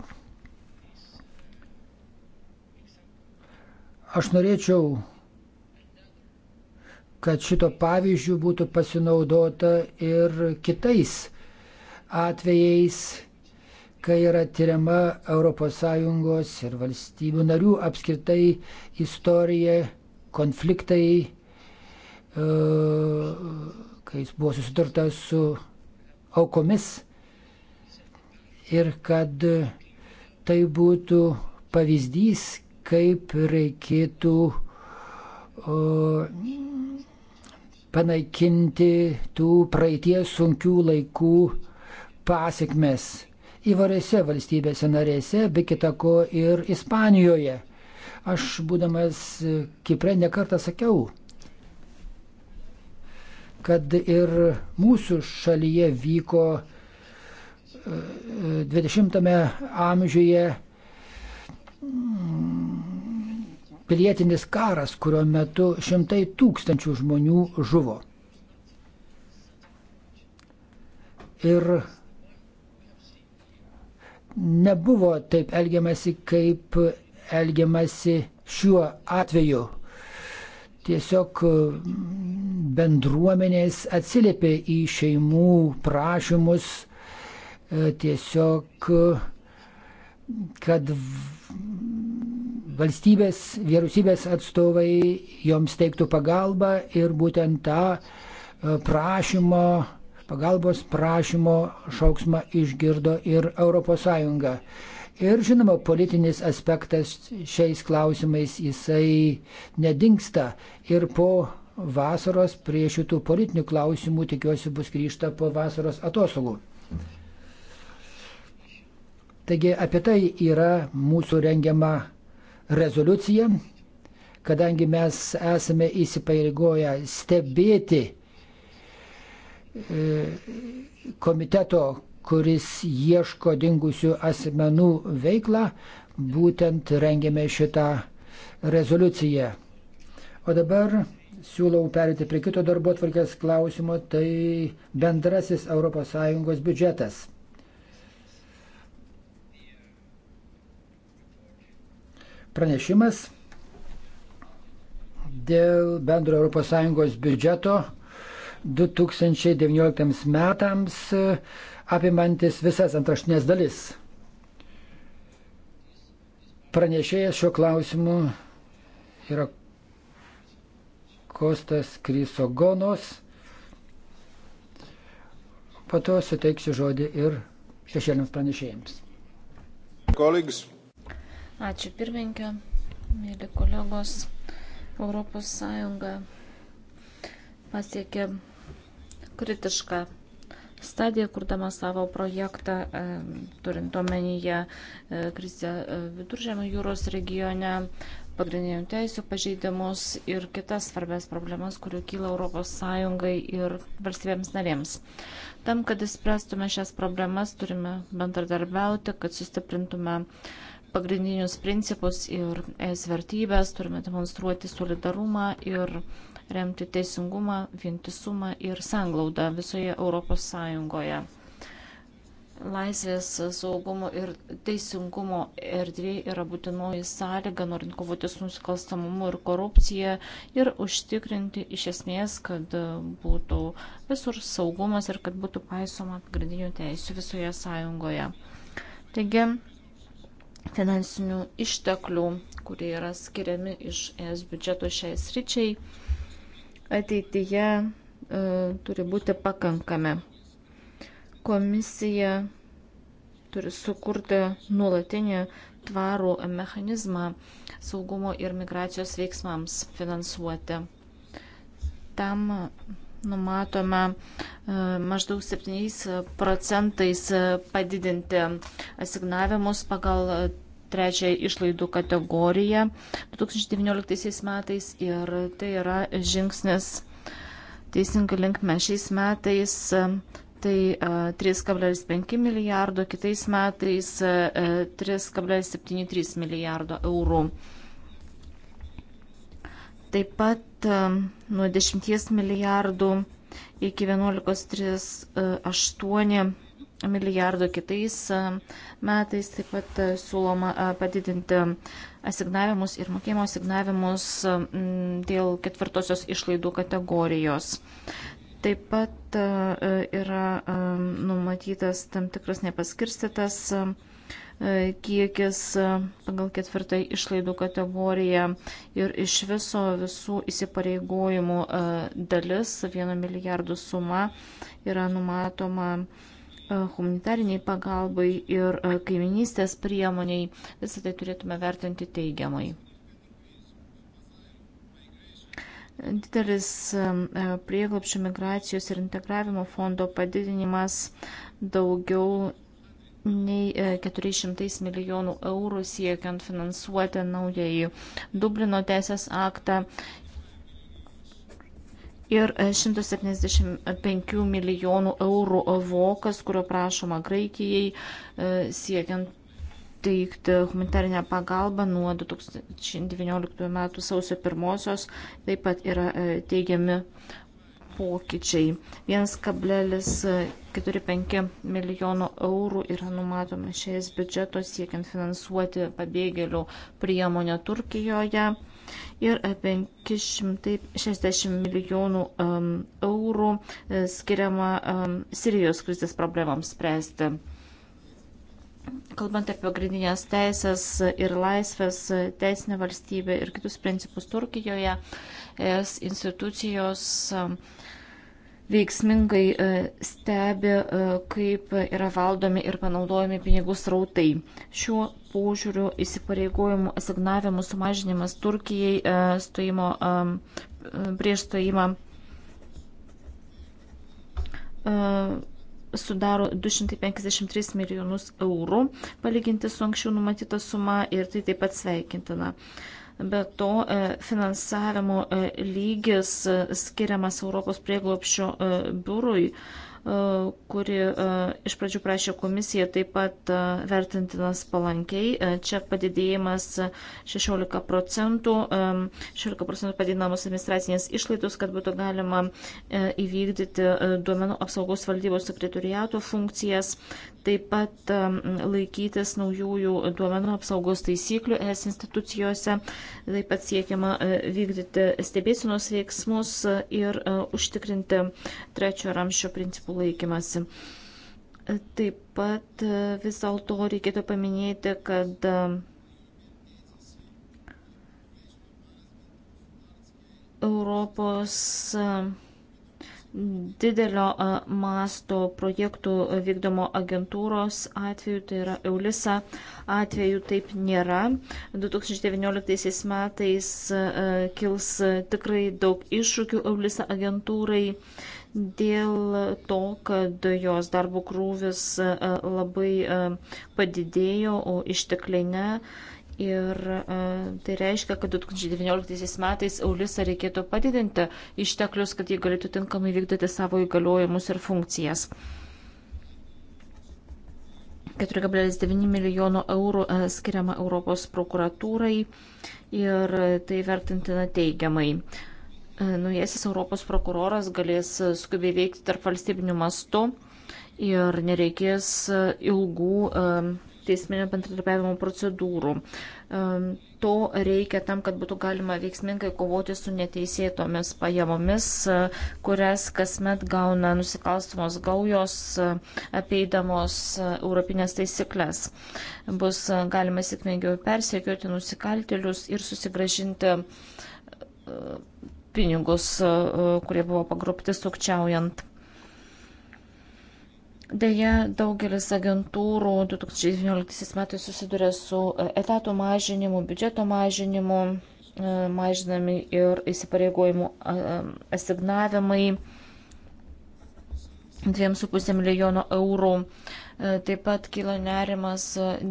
Aš norėčiau, kad šito pavyzdžių būtų pasinaudota ir kitais atvejais kai yra tyriama ES ir valstybių narių apskritai istorija, konfliktai, e, kai buvo susidurta su aukomis ir kad tai būtų pavyzdys, kaip reikėtų panaikinti tų praeities sunkių laikų pasiekmes įvairiose valstybėse narėse, be kitako ir Ispanijoje. Aš būdamas Kiprė nekartą sakiau, kad ir mūsų šalyje vyko 20-ame e, amžiuje mm, pilietinis karas, kurio metu šimtai tūkstančių žmonių žuvo. Ir nebuvo taip elgiamasi, kaip elgiamasi šiuo atveju. Tiesiog mm, bendruomenės atsiliepė į šeimų prašymus, e, tiesiog kad valstybės, vyriausybės atstovai joms teiktų pagalbą ir būtent tą e, prašymą Pagalbos prašymo šauksmą išgirdo ir ES. Ir žinoma, politinis aspektas šiais klausimais jisai nedingsta. Ir po vasaros prie šitų politinių klausimų tikiuosi bus grįžta po vasaros atostogų. Taigi apie tai yra mūsų rengiama rezoliucija, kadangi mes esame įsipareigoję stebėti komiteto, kuris ieško dingusių asmenų veiklą, būtent rengėme šitą rezoliuciją. O dabar siūlau perėti prie kito darbo atvarkės klausimo, tai bendrasis ES biudžetas. Pranešimas dėl bendro ES biudžeto 2019 metams e, apimantis visas antraštinės dalis. Pranešėjas šiuo klausimu yra Kostas Krysogonos. Po to suteiksiu žodį ir šešėliams pranešėjams. Kolegs. Ačiū pirmininkė, mėly kolegos. Europos Sąjunga pasiekė kritiška stadija, kurdama savo projektą, e, turint omenyje e, krizę e, Viduržėmio jūros regione, pagrindinių teisų pažeidimus ir kitas svarbės problemas, kurių kyla ES ir valstybėms narėms. Tam, kad įspręstume šias problemas, turime bendradarbiauti, kad sustiprintume pagrindinius principus ir es vertybės, turime demonstruoti solidarumą ir remti teisingumą, vientisumą ir sanglaudą visoje Europos Sąjungoje. Laisvės, saugumo ir teisingumo erdvė yra būtinoji sąlyga, norint kovoti su nusikalstamumu ir korupcija ir užtikrinti iš esmės, kad būtų visur saugumas ir kad būtų paisoma pagrindinių teisų visoje sąjungoje. Taigi, finansinių išteklių, kurie yra skiriami iš ES biudžeto šiai sričiai, ateityje e, turi būti pakankami. Komisija turi sukurti nuolatinį tvarų mechanizmą saugumo ir migracijos veiksmams finansuoti. Tam numatome e, maždaug 7 procentais padidinti asignavimus pagal trečią išlaidų kategoriją 2019 metais ir tai yra žingsnis teisingai linkme šiais metais. E, tai 3,5 e, milijardo, kitais metais 3,73 e, milijardo eurų. Taip pat nuo 10 milijardų iki 11,38 milijardų milijardo kitais e, metais. Taip pat e, siūloma e, padidinti asignavimus ir mokėjimo asignavimus dėl ketvirtosios išlaidų kategorijos. Taip pat yra numatytas tam tikras nepaskirstytas kiekis pagal ketvirtą išlaidų kategoriją ir iš viso visų įsipareigojimų dalis, vieno milijardų suma yra numatoma E, humanitariniai pagalbai ir e, kaiminystės priemoniai, visą tai turėtume vertinti teigiamai. Didelis e, prieglopščio migracijos ir integravimo fondo padidinimas daugiau nei 400 milijonų eurų siekiant finansuoti naująjį Dublino teisės aktą ir 175 e, milijonų eurų vokas, kurio prašoma Graikijai e, siekiant teikti humanitarinę pagalbą nuo 2019 m. sausio 1-osios. Taip pat yra e, teigiami pokyčiai. 1,45 milijono eurų yra numatoma šiais biudžeto siekiant finansuoti pabėgėlių priemonę Turkijoje ir 560 e, milijonų eurų e, skiriama Sirijos krizės problemams spręsti. Kalbant apie pagrindinės teisės ir laisvės, teisinę valstybę ir kitus principus Turkijoje, es institucijos veiksmingai e, stebi, kaip yra valdomi ir panaudojami pinigų srautai. Šiuo požiūrių įsipareigojimų asignavimų sumažinimas Turkijai e, stojimo, e, prieš stojimą e, sudaro 253 milijonus eurų, palyginti su anksčiau numatyta suma ir tai taip pat sveikintina. Be to, finansavimo lygis skiriamas Europos prieglopščio biurui E, kuri e, iš pradžių prašė komisiją taip pat e, vertintinas palankiai. Čia padidėjimas 16 procentų, 16 procentų padidinamos administracinės išlaidos, kad būtų galima įvykdyti duomenų apsaugos valdybos sekretoriato funkcijas taip pat um, laikytis naujųjų duomenų apsaugos taisyklių es institucijose, taip pat siekiama e, vykdyti stebėsinos veiksmus e, ir e, užtikrinti trečiojo ramščio principų laikymasi. Taip pat vis dėlto reikėtų paminėti, kad Europos didelio masto projektų vykdomo agentūros atveju, tai yra Eulisa atveju taip nėra. 2019 metais kils tikrai daug iššūkių Eulisa agentūrai dėl to, kad jos darbo krūvis labai padidėjo, o išteklinė Ir e, tai reiškia, kad 2019 metais Aulisa reikėtų padidinti išteklius, kad jie galėtų tinkamai vykdyti savo įgaliojimus ir funkcijas. 4,9 milijono eurų e, skiriama Europos prokuratūrai ir tai vertintina teigiamai. E, naujasis Europos prokuroras galės skubiai veikti tarp valstybinių mastų ir nereikės ilgų teisminio bendradarbiavimo procedūrų. To reikia tam, kad būtų galima veiksmingai kovoti su neteisėtomis pajamomis, e, kurias kasmet gauna nusikalstamos gaujos, e, apeidamos e, europinės taisyklės. Bus galima sėkmingiau persiekioti nusikaltelius ir susigražinti pinigus, kurie buvo pagrupti sukčiaujant. Deja, daugelis agentūrų 2019 metais susiduria su e, etato mažinimu, biudžeto mažinimu, e, mažinami ir įsipareigojimų asignavimai 2,5 milijono eurų. E, taip pat kyla nerimas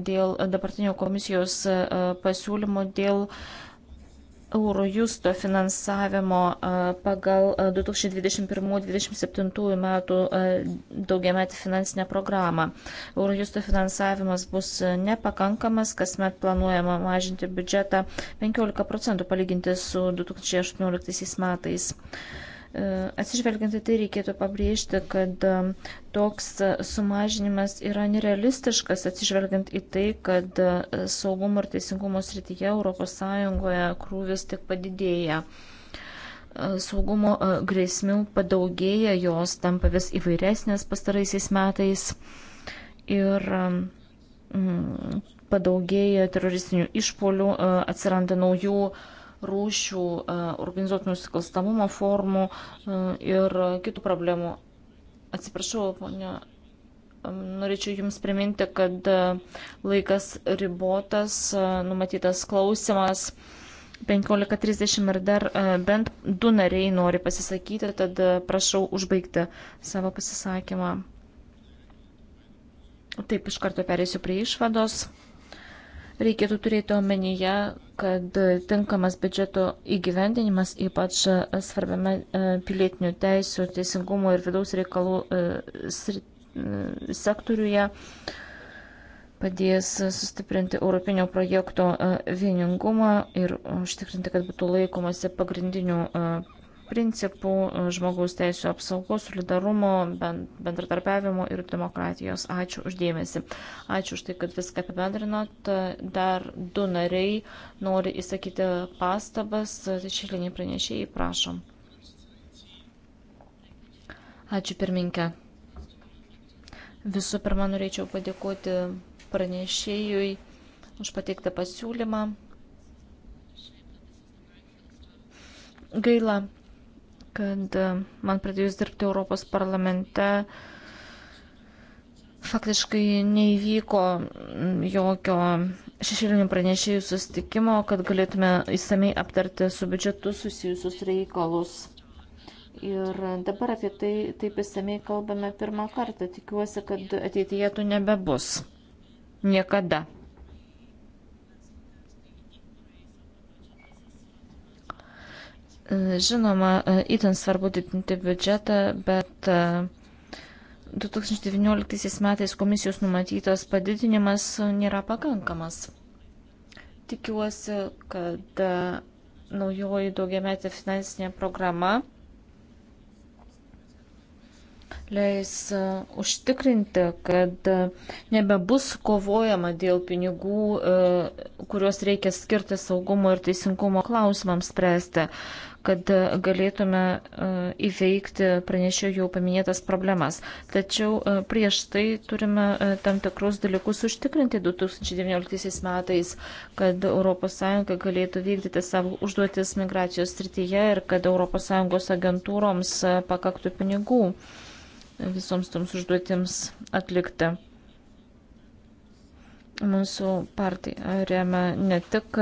dėl dabartinio komisijos pasiūlymo dėl uh, Eurojusto finansavimo pagal 2021-2027 metų daugiametį finansinę programą. Eurojusto finansavimas bus nepakankamas, kasmet planuojama mažinti biudžetą 15 procentų palyginti su 2018 metais. E, atsižvelgiant į tai reikėtų pabrėžti, kad e, toks e, sumažinimas yra nerealistiškas, atsižvelgiant į tai, kad saugumo ir teisingumo srityje ES krūvis tik padidėja. Saugumo grėsmių padaugėja, jos tampa vis įvairesnės pastaraisiais metais ir padaugėja teroristinių išpolių, atsiranda naujų rūšių, e, organizuotų nusikalstamumo formų e, ir kitų problemų. Atsiprašau, ponia, norėčiau Jums priminti, kad e, laikas ribotas, numatytas klausimas. 15.30 ir dar bent du nariai nori pasisakyti, tad prašau užbaigti savo pasisakymą. Taip, iš karto perėsiu prie išvados. Reikėtų turėti omenyje, kad tinkamas biudžeto įgyvendinimas, ypač e, svarbiame e, pilietinių teisų, teisingumo ir vidaus reikalų e, sektoriuje, padės sustiprinti Europinio projekto vieningumą ir užtikrinti, kad būtų laikomasi pagrindinių principų e, žmogaus teisų apsaugos, solidarumo, bendradarbiavimo ir demokratijos. Ačiū uždėmesi. Ačiū už tai, kad viską apibendrinot. Dar du nariai nori įsakyti pastabas. Šiliniai pranešėjai, prašom. Ačiū pirminkė. Visų pirma, norėčiau padėkoti pranešėjui už pateiktą pasiūlymą. Gaila, kad e, man pradėjus dirbti Europos parlamente faktiškai neįvyko jokio šešėlinių pranešėjų sustikimo, kad galėtume įsamei aptarti su biudžetu susijusius reikalus. Ir dabar apie tai taip įsamei kalbame pirmą kartą. Tikiuosi, kad ateityje to nebebus. Niekada. Žinoma, įtin e, svarbu didinti biudžetą, bet 2019 e, metais komisijos numatytas padidinimas nėra pakankamas. Tikiuosi, kad e, naujoji daugiametė finansinė programa leis užtikrinti, kad nebebus kovojama dėl pinigų, kuriuos reikia skirti saugumo ir teisingumo klausimams spręsti kad e, galėtume e, įveikti pranešėjų paminėtas problemas. Tačiau e, prieš tai turime tam tikrus dalykus užtikrinti 2019 metais, kad ES galėtų vykdyti savo užduotis migracijos srityje ir kad ES agentūroms pakaktų pinigų visoms toms užduotims atlikti. Mūsų partija remia ne tik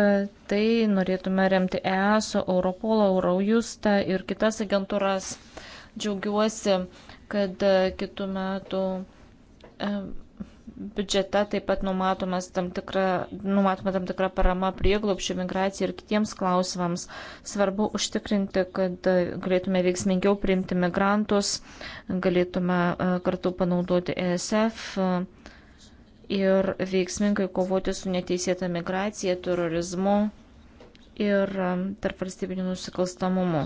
tai, norėtume remti EASO, Europolą, Eurojustą ir kitas agentūras. Džiaugiuosi, kad kitų metų e, biudžete taip pat numatomas tam tikra, numatoma tam tikra parama prieglopšių migracijai ir kitiems klausimams. Svarbu užtikrinti, kad galėtume veiksmingiau priimti migrantus, galėtume e, kartu panaudoti ESF ir veiksmingai kovoti su neteisėta migracija, terorizmu ir um, tarp valstybinių nusikalstamumu.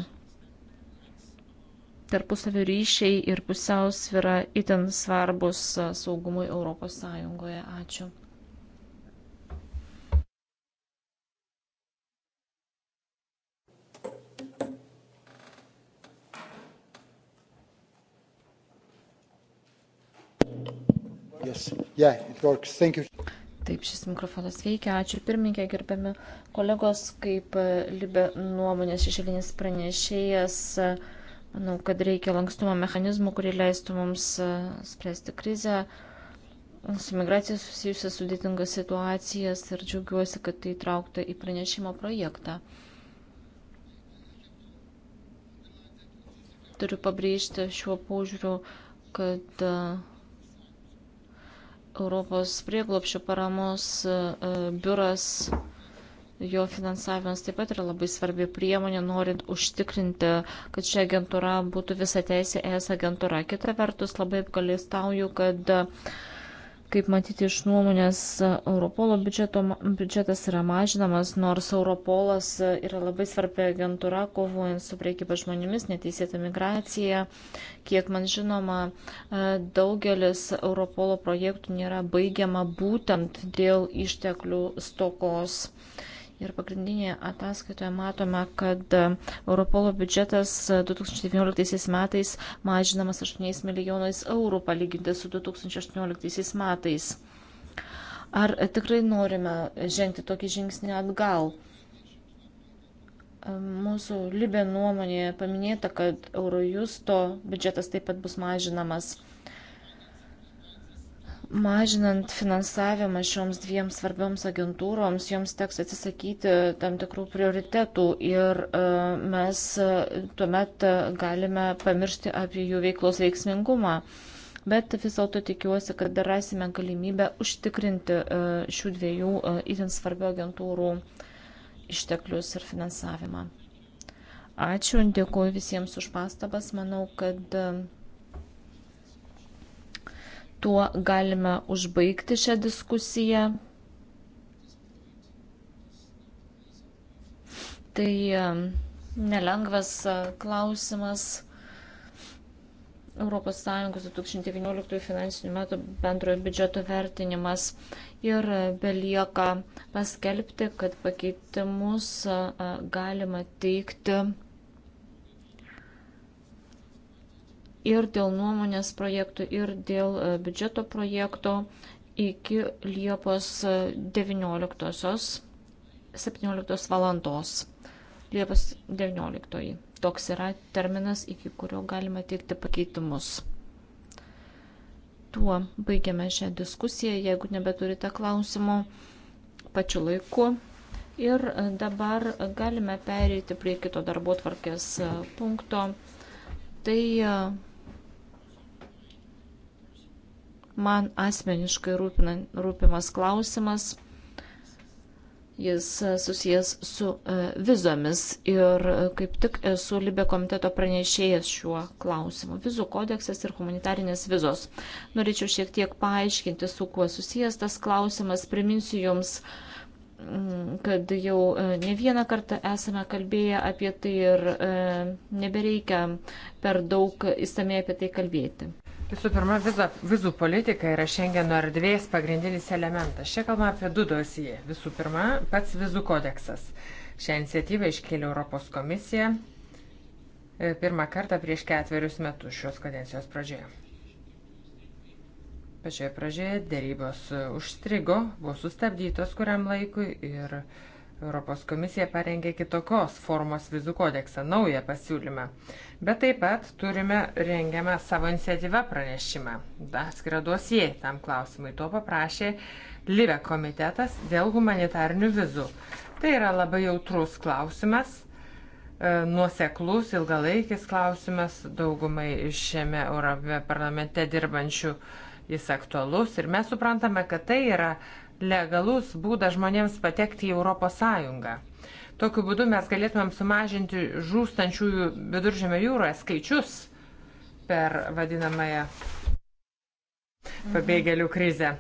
Tarpusavio ryšiai ir pusiausvira itin svarbus uh, saugumui Europos Sąjungoje. Ačiū. Yes. Yeah, Taip, šis mikrofonas veikia. Ačiū pirmininkė, gerbiami kolegos, kaip e, Libė nuomonės šešėlinis pranešėjas. E, manau, kad reikia lankstumo mechanizmų, kurie leistų mums e, spręsti krizę, su migracija susijusias sudėtingas situacijas ir džiaugiuosi, kad tai traukta į pranešimo projektą. Turiu pabrėžti šiuo požiūriu, kad uh, Europos prieglopšio paramos e, e, biuras, jo finansavimas taip pat yra labai svarbi priemonė, norint užtikrinti, kad ši agentūra būtų visą teisę ES agentūra. Kita vertus, labai apgalėstauju, kad uh, Kaip matyti iš nuomonės, Europolo biudžeto, biudžetas yra mažinamas, nors Europolas yra labai svarbi agentūra, kovojant su priekyba žmonėmis, neteisėta migracija. Kiek man žinoma, e, daugelis Europolo projektų nėra baigiama būtent dėl išteklių stokos. Ir pagrindinėje ataskaitoje matome, kad e, Europolo biudžetas 2019 e, metais mažinamas 8 milijonais eurų palyginti su 2018 metais. Ar tikrai norime žengti tokį žingsnį atgal? E, mūsų Libė nuomonėje paminėta, kad Eurojusto biudžetas taip pat bus mažinamas. Mažinant finansavimą šioms dviem svarbioms agentūroms, joms teks atsisakyti tam tikrų prioritetų ir e, mes e, tuomet e, galime pamiršti apie jų veiklos veiksmingumą. Bet vis dėlto tikiuosi, kad dar rasime galimybę užtikrinti šių dviejų itin svarbių agentūrų išteklius ir finansavimą. Ačiū, dėkuoju visiems už pastabas. Manau, kad Tuo galime užbaigti šią diskusiją. Tai e, nelengvas e, klausimas. ES 2019 finansinių metų bendrojo biudžeto vertinimas ir e, belieka paskelbti, kad pakeitimus galima teikti ir dėl nuomonės projektų, ir dėl e, biudžeto projekto iki Liepos 19. E, 17 valandos. Liepos 19. Toks yra terminas, iki kurio galima teikti pakeitimus. Tuo baigiame šią diskusiją, jeigu nebeturite klausimų pačiu laiku. Ir e, dabar galime pereiti prie kito darbo tvarkės punkto. Tai man asmeniškai rūpimas klausimas. Jis e, susijęs su e, vizomis ir e, kaip tik esu Libė komiteto pranešėjęs šiuo klausimu. Vizų kodeksas ir humanitarinės vizos. Norėčiau šiek tiek paaiškinti, su kuo susijęs tas klausimas. Priminsiu Jums, mm, kad jau ne vieną kartą esame kalbėję apie tai ir nebereikia per daug įsamei apie tai kalbėti. Visų pirma, vizo, vizų politika yra Schengeno erdvės pagrindinis elementas. Čia kalbame apie du dosiją. Visų pirma, pats vizų kodeksas. Šią iniciatyvą iškėlė Europos komisija e, pirmą kartą prieš ketverius metus šios kadencijos pradžioje. Pačioje pradžioje dėrybos e, užstrigo, buvo sustabdytos kuriam laikui ir uh, Europos komisija parengė kitokios formos vizų kodeksą, naują pasiūlymą. Bet taip pat turime rengiamą savo iniciatyvą pranešimą. Atskirą dosiją tam klausimui to paprašė Live komitetas dėl humanitarnių vizų. Tai yra labai jautrus klausimas, e, nuoseklus, ilgalaikis klausimas daugumai šiame Europė parlamente dirbančių jis aktualus ir mes suprantame, kad tai yra legalus būdas žmonėms patekti į Europos Sąjungą. Tokiu būdu mes galėtumėm sumažinti žūstančiųjų viduržėmio jūroje skaičius per vadinamąją pabėgėlių krizę.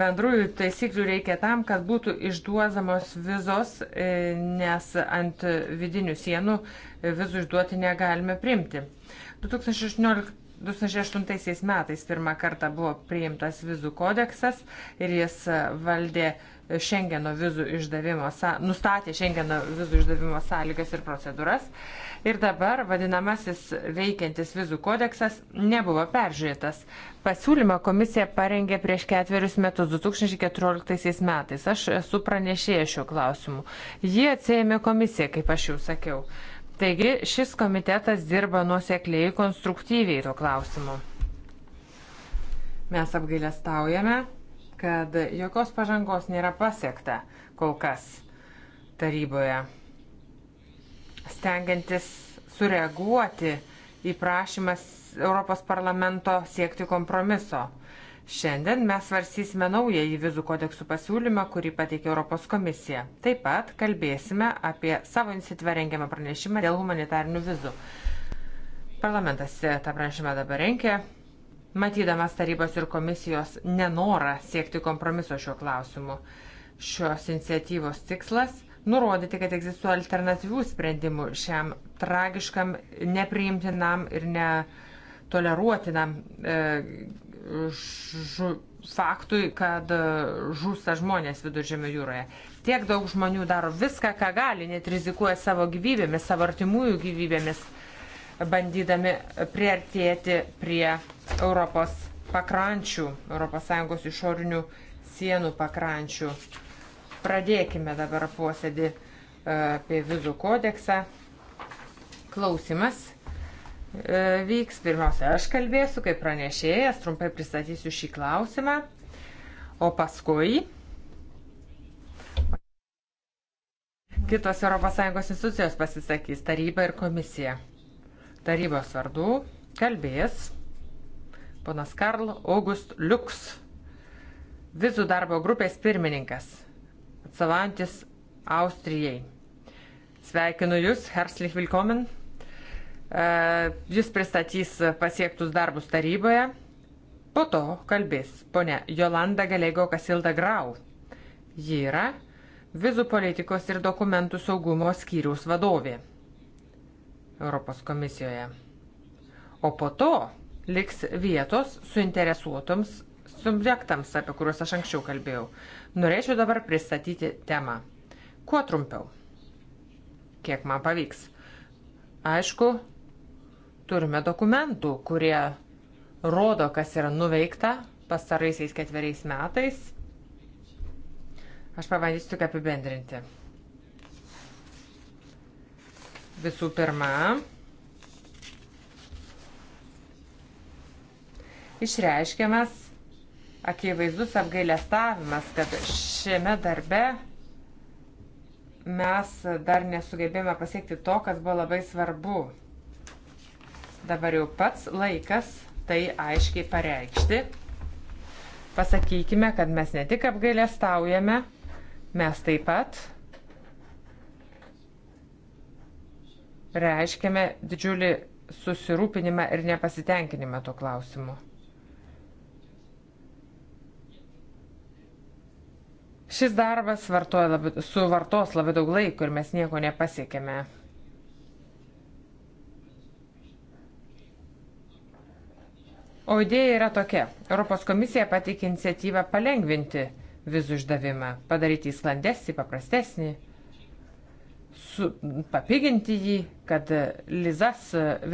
Bendrųjų taisyklių reikia tam, kad būtų išduozamos vizos, e, nes ant vidinių sienų vizų išduoti negalime primti. 2018 2008 metais pirmą kartą buvo priimtas vizų kodeksas ir jis valdė Šengeno vizų išdavimo, nustatė Šengeno vizų išdavimo sąlygas ir procedūras. Ir dabar vadinamasis veikiantis vizų kodeksas nebuvo peržiūrėtas. Pasiūlymą komisija parengė prieš ketverius metus, 2014 metais. Aš esu pranešėjęs šiuo klausimu. Jie atsėjame komisiją, kaip aš jau sakiau. Taigi šis komitetas dirba nuosekliai konstruktyviai tuo klausimu. Mes apgailestaujame, kad jokios pažangos nėra pasiekta kol kas taryboje. Stengiantis sureaguoti į prašymas Europos parlamento siekti kompromiso. Šiandien mes svarsysime naują į vizų kodeksų pasiūlymą, kurį pateikė Europos komisija. Taip pat kalbėsime apie savo iniciatyvą rengiamą pranešimą dėl humanitarinių vizų. Parlamentas tą pranešimą dabar rengia, matydamas tarybos ir komisijos nenorą siekti kompromiso šiuo klausimu. Šios iniciatyvos tikslas - nurodyti, kad egzistuoja alternatyvių sprendimų šiam tragiškam, nepriimtinam ir netoleruotinam e, žu, faktui, kad e, žūsta žmonės viduržėmio jūroje. Tiek daug žmonių daro viską, ką gali, net rizikuoja savo gyvybėmis, savo artimųjų gyvybėmis, bandydami priartėti prie Europos pakrančių, ES išorinių sienų pakrančių. Pradėkime dabar posėdį e, apie vizų kodeksą. Klausimas E, vyks. Pirmiausia, aš kalbėsiu kaip pranešėjas, trumpai pristatysiu šį klausimą, o paskui kitos ES institucijos pasisakys taryba ir komisija. Tarybos vardu kalbės ponas Karl August Liuks, vizų darbo grupės pirmininkas, atsovantis Austrijai. Sveikinu Jūs, herzlich willkommen Э, Jis pristatys pasiektus darbus taryboje. Po to kalbės ponia Jolanda Galego Kasilda Grau. Ji yra vizų politikos ir dokumentų saugumo skyriaus vadovė Europos komisijoje. O po to liks vietos suinteresuotoms subjektams, apie kuriuos aš anksčiau kalbėjau. Norėčiau dabar pristatyti temą. Kuo trumpiau? Kiek man pavyks? Aišku, Turime dokumentų, kurie rodo, kas yra nuveikta pastaraisiais ketveriais metais. Aš pabandysiu tik apibendrinti. Visų pirma, išreiškiamas akivaizdus apgailestavimas, kad šiame darbe mes dar nesugebėjome pasiekti to, kas buvo labai svarbu Dabar jau pats laikas tai aiškiai pareikšti. Pasakykime, kad mes ne tik apgailėstaujame, mes taip pat reiškiame didžiulį susirūpinimą ir nepasitenkinimą tuo klausimu. Šis darbas labai, suvartos labai daug laiko ir mes nieko nepasiekėme. O idėja yra tokia. Europos komisija pateikė iniciatyvą palengvinti vizų išdavimą, padaryti jį sklandesnį, paprastesnį, su, papiginti jį, kad lizas,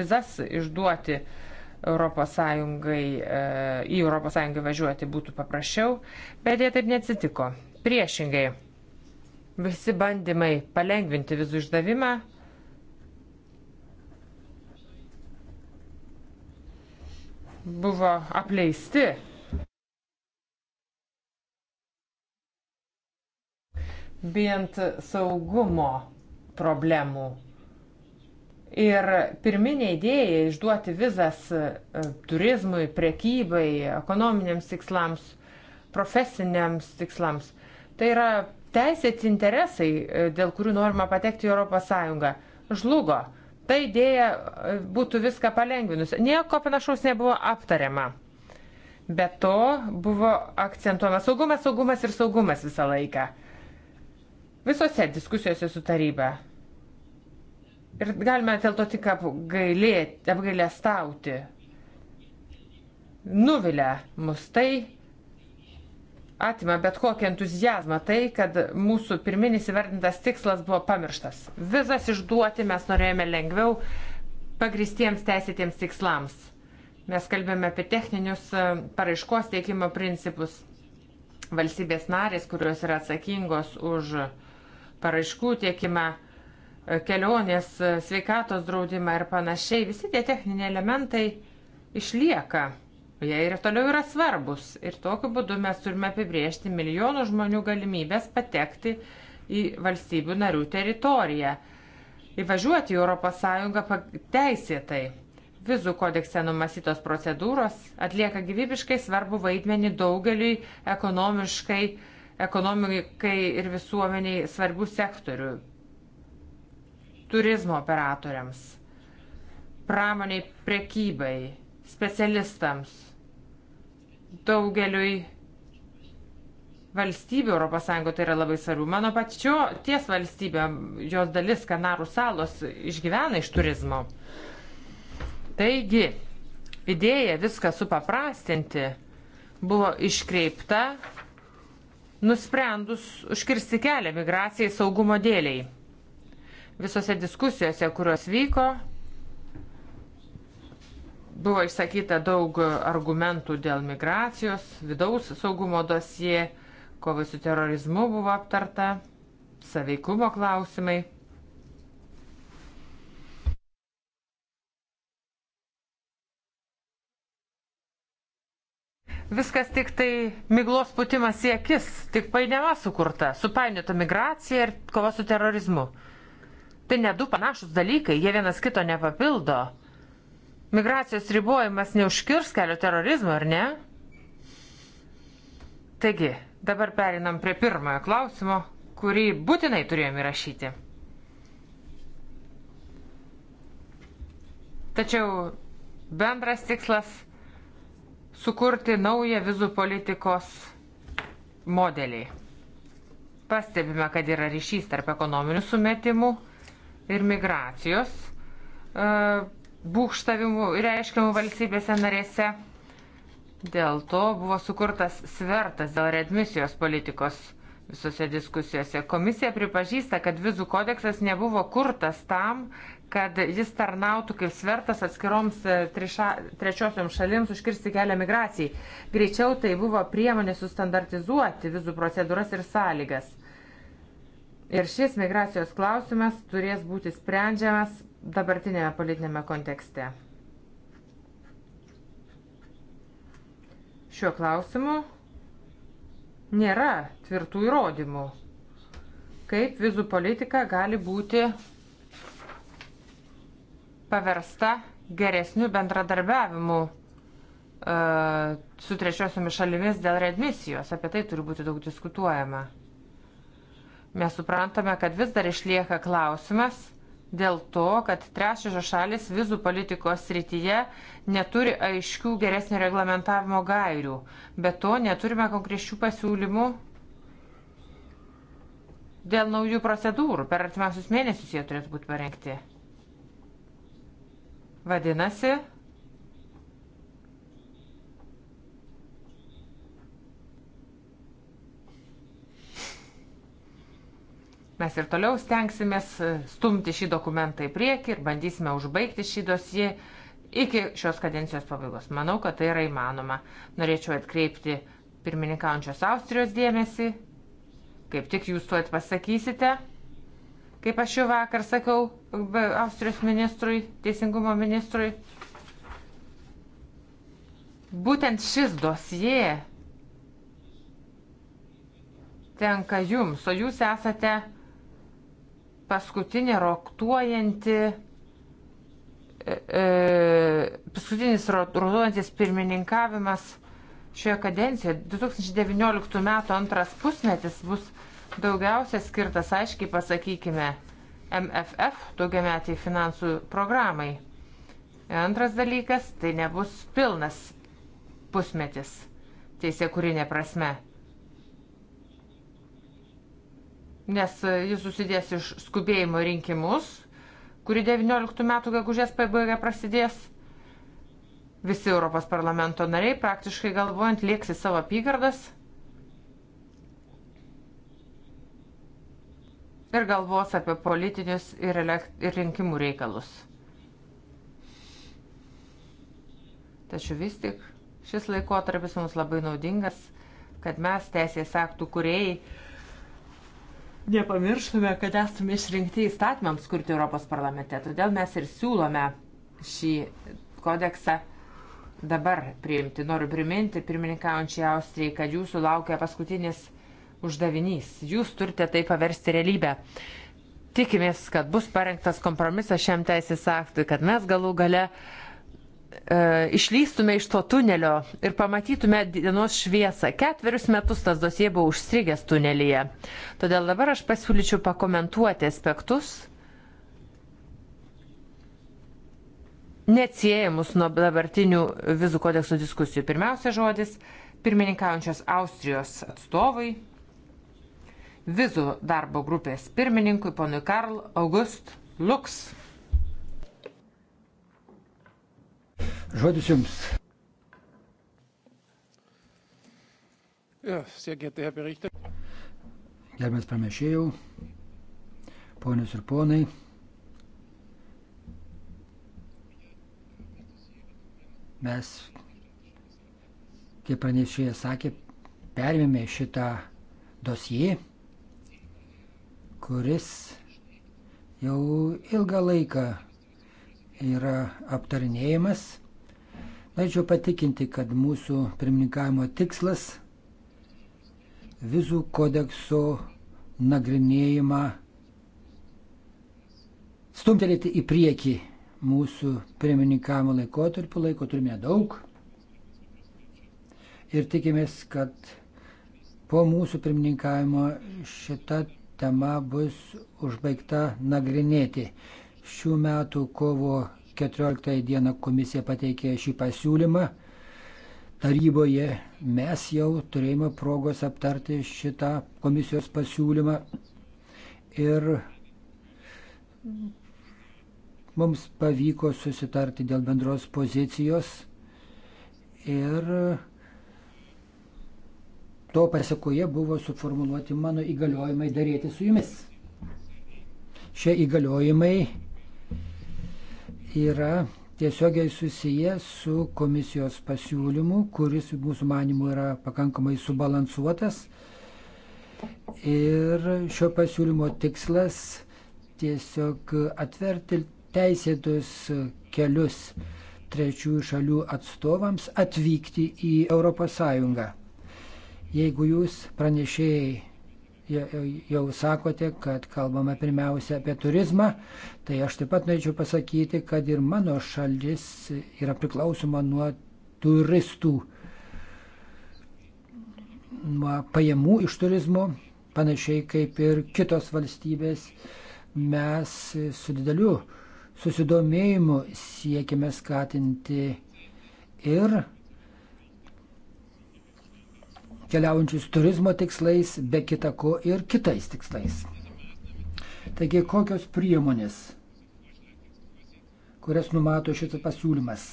vizas išduoti ES, e, į ES važiuoti būtų paprasčiau, bet jie taip neatsitiko. Priešingai, visi bandymai palengvinti vizų išdavimą buvo apleisti. Bijant saugumo problemų. Ir pirminė idėja išduoti vizas e, turizmui, prekybai, ekonominiams tikslams, profesiniams tikslams. Tai yra teisėti interesai, e, dėl kurių norima patekti į ES. Žlugo. Ta idėja e, būtų viską palengvinusi. Nieko panašaus nebuvo aptariama. Be to buvo akcentuojamas saugumas, saugumas ir saugumas visą laiką. Visose diskusijose su taryba. Ir galime dėl to tik apgailėti, apgailę stauti. Nuvilia mus tai, atima bet kokį entuzijazmą tai, kad mūsų pirminis įvardintas tikslas buvo pamirštas. Vizas išduoti mes norėjome lengviau pagristiems teisėtiems tikslams. Mes kalbėjome apie techninius e, paraiškos teikimo principus. Valstybės narės, kurios yra atsakingos už paraiškų tiekimą, e, kelionės, e, sveikatos draudimą ir panašiai, visi tie techniniai elementai išlieka jie ir toliau yra svarbus. Ir tokiu būdu mes turime apibriežti milijonų žmonių galimybės patekti į valstybių narių teritoriją, įvažiuoti į ES teisėtai. Vizų kodekse numasytos procedūros atlieka gyvybiškai svarbu vaidmenį daugeliui ekonomiškai, ekonomikai ir visuomeniai svarbių sektorių - turizmo operatoriams, pramoniai, prekybai, specialistams, daugeliui valstybių ES tai yra labai svarbu. Mano pačio ties valstybė, jos dalis Kanarų salos išgyvena iš turizmo. Taigi, idėja viską supaprastinti buvo iškreipta, nusprendus užkirsti kelią migracijai saugumo dėliai. Visose diskusijose, kurios vyko, Buvo išsakyta daug argumentų dėl migracijos, vidaus saugumo dosie, kovai su terorizmu buvo aptarta, saveikumo klausimai. Viskas tik tai miglos putimas į akis, tik painiava sukurta, supainiota migracija ir kova su terorizmu. Tai ne du panašus dalykai, jie vienas kito nepapildo Migracijos ribojimas neužkirs kelio terorizmo, ar ne? Taigi, dabar perinam prie pirmojo klausimo, kurį būtinai turėjom įrašyti. Tačiau bendras tikslas - sukurti naują vizų politikos modelį. Pastebime, kad yra ryšys tarp ekonominių sumetimų ir migracijos. Uh, būkštavimų reiškiamų valstybėse narėse. Dėl to buvo sukurtas svertas dėl readmisijos politikos visose diskusijose. Komisija pripažįsta, kad vizų kodeksas nebuvo kurtas tam, kad jis tarnautų kaip svertas atskiroms e, triša, trečiosioms šalims užkirsti kelią migracijai. Greičiau tai buvo priemonė sustandartizuoti vizų procedūras ir sąlygas. Ir šis migracijos klausimas turės būti sprendžiamas dabartinėme politinėme kontekste. Šiuo klausimu nėra tvirtų įrodymų, kaip vizų politika gali būti paversta geresnių bendradarbiavimų e, su trečiosiomis šalimis dėl readmisijos. Apie tai turi būti daug diskutuojama. Mes suprantame, kad vis dar išlieka klausimas, dėl to, kad trečiosios šalis vizų politikos srityje neturi aiškių geresnio reglamentavimo gairių. Be to neturime konkrečių pasiūlymų dėl naujų procedūrų. Per artimiausius mėnesius jie turėtų būti parengti. Vadinasi, Mes ir toliau stengsimės e, stumti šį dokumentą į priekį ir bandysime užbaigti šį dosiją iki šios kadencijos pabaigos. Manau, kad tai yra įmanoma. Norėčiau atkreipti pirmininkaujančios Austrijos dėmesį. Kaip tik jūs tuo pasakysite, kaip aš jau vakar sakiau Austrijos ministrui, teisingumo ministrui. Būtent šis dosie tenka jums, o jūs esate paskutinė roktuojanti, e, e, paskutinis rotuojantis pirmininkavimas šioje kadencijoje. 2019 metų antras pusmetis bus daugiausia skirtas, aiškiai pasakykime, MFF, daugiametiai finansų programai. Antras dalykas, tai nebus pilnas pusmetis teisė kūrinė prasme. nes e, jis susidės iš skubėjimo rinkimus, kuri 19 metų gegužės pabaiga prasidės. Visi Europos parlamento nariai praktiškai galvojant lieks į savo apygardas ir galvos apie politinius ir, elekt, ir rinkimų reikalus. Tačiau vis tik šis laikotarpis mums labai naudingas, kad mes teisės aktų kuriejai nepamirštume, kad esame išrinkti įstatymams kurti Europos parlamente. Todėl mes ir siūlome šį kodeksą dabar priimti. Noriu priminti pirmininkaujančiai Austrijai, kad jūsų laukia paskutinis uždavinys. Jūs turite tai paversti realybę. Tikimės, kad bus parengtas kompromisas šiam teisės aktui, kad mes galų gale uh, E, išlystume iš to tunelio ir pamatytume dienos šviesą. Ketverius metus tas dosie buvo užstrigęs tunelyje. Todėl dabar aš pasiūlyčiau pakomentuoti aspektus neatsiejamus nuo dabartinių vizų kodekso diskusijų. Pirmiausia žodis - pirmininkaujančios Austrijos atstovai, vizų darbo grupės pirmininkui, ponui Karl August Luks. Žodis Jums. Ja, Gerbės pranešėjau, ponius ir ponai. Mes, kaip pranešėjas sakė, perėmėme šitą dosiją, kuris jau ilgą laiką yra aptarinėjimas. Norėčiau patikinti, kad mūsų pirmininkavimo tikslas vizų kodekso nagrinėjimą stumtelėti į priekį mūsų pirmininkavimo laikotarpiu. Laiko turime daug. Ir tikimės, kad po mūsų pirmininkavimo šita tema bus užbaigta nagrinėti. Šių metų kovo 14 dieną komisija pateikė šį pasiūlymą. Taryboje mes jau turėjome progos aptarti šitą komisijos pasiūlymą ir mums pavyko susitarti dėl bendros pozicijos ir to pasiekoje buvo suformuluoti mano įgaliojimai daryti su jumis. Šie įgaliojimai yra tiesiogiai susiję su komisijos pasiūlymu, kuris mūsų manimu yra pakankamai subalansuotas. Ir šio pasiūlymo tikslas tiesiog atverti teisėtus kelius trečiųjų šalių atstovams atvykti į ES. Jeigu jūs pranešėjai jau sakote, kad kalbame pirmiausia apie turizmą, tai aš taip pat norėčiau pasakyti, kad ir mano šalis yra priklausoma nuo turistų, nuo pajamų iš turizmo, panašiai kaip ir kitos valstybės. Mes su dideliu susidomėjimu siekime skatinti ir keliaujančius turizmo tikslais, be kitako ir kitais tikslais. Taigi kokios priemonės, kurias numato šitas pasiūlymas?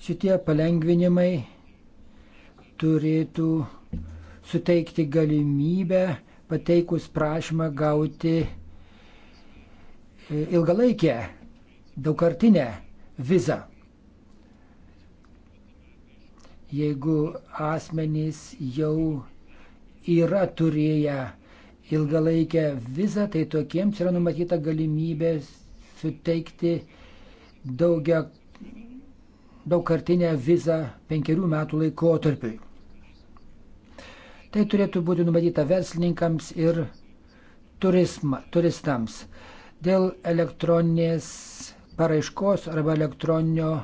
Šitie palengvinimai turėtų suteikti galimybę pateikus prašymą gauti e, ilgalaikę, daugkartinę vizą jeigu asmenys jau yra turėję ilgalaikę vizą, tai tokiems yra numatyta galimybė suteikti daugia, daugkartinę vizą penkerių metų laikotarpiui. Tai turėtų būti numatyta verslininkams ir turisma, turistams. Dėl elektroninės paraiškos arba elektroninio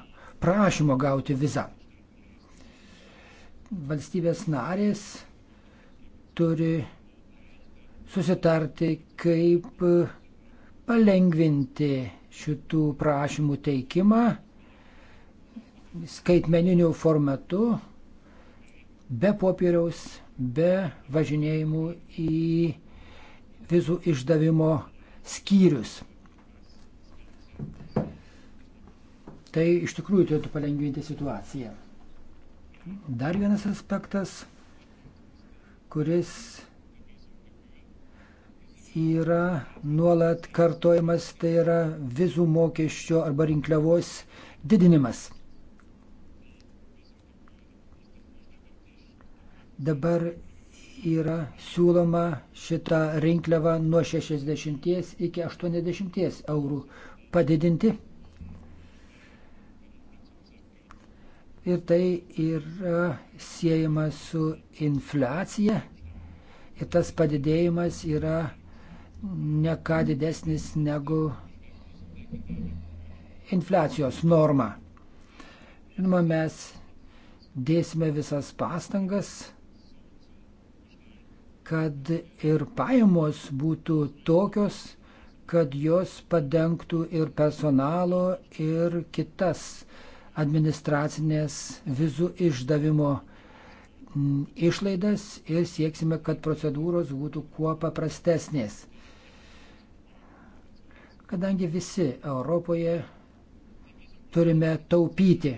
prašymo gauti vizą valstybės narės turi susitarti, kaip palengvinti šitų prašymų teikimą skaitmeniniu formatu, be popieriaus, be važinėjimų į vizų išdavimo skyrius. Tai iš tikrųjų turėtų palengvinti situaciją. Dar vienas aspektas, kuris yra nuolat kartojamas, tai yra vizų mokesčio arba rinkliavos didinimas. Dabar yra siūloma šitą rinkliavą nuo 60 iki 80 eurų padidinti. ir tai yra siejama su infliacija. Ir tas padidėjimas yra ne ką didesnis negu infliacijos norma. Žinoma, mes dėsime visas pastangas, kad ir pajamos būtų tokios, kad jos padengtų ir personalo, ir kitas uh, administracinės vizų išdavimo išlaidas ir sieksime, kad procedūros būtų kuo paprastesnės. Kadangi visi Europoje turime taupyti.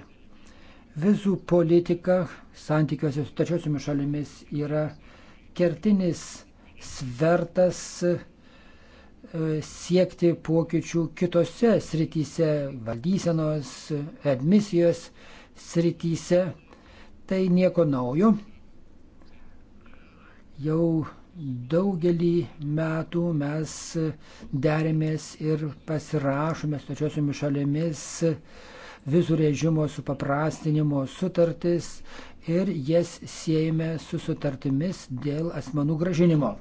Vizų politika santykiuose su trečiosiomis šalimis yra kertinis svertas E, siekti pokyčių kitose srityse, valdysenos, admisijos srityse. Tai nieko naujo. Jau daugelį metų mes derėmės ir pasirašome trečiosiomis šalimis vizų režimo supaprastinimo sutartis ir jas siejame su sutartimis dėl asmenų gražinimo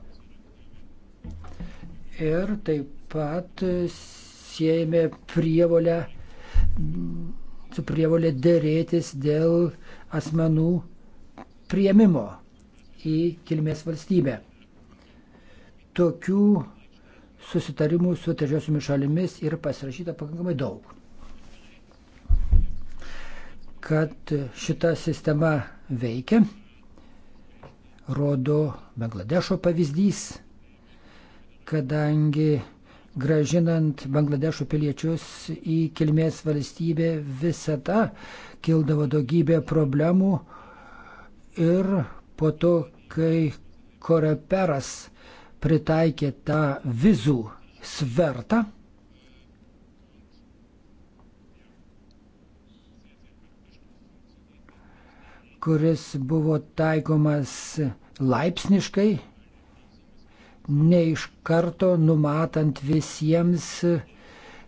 ir taip pat siejame prievolę su prievolė dėrėtis dėl asmenų prieimimo į kilmės valstybę. Tokių susitarimų su trečiosiomis šalimis yra pasirašyta pakankamai daug. Kad šita sistema veikia, rodo Bangladešo pavyzdys kadangi gražinant Bangladešo piliečius į kilmės valstybę visada kildavo daugybė problemų ir po to, kai Koreperas pritaikė tą vizų svertą, kuris buvo taikomas laipsniškai ne iš karto numatant visiems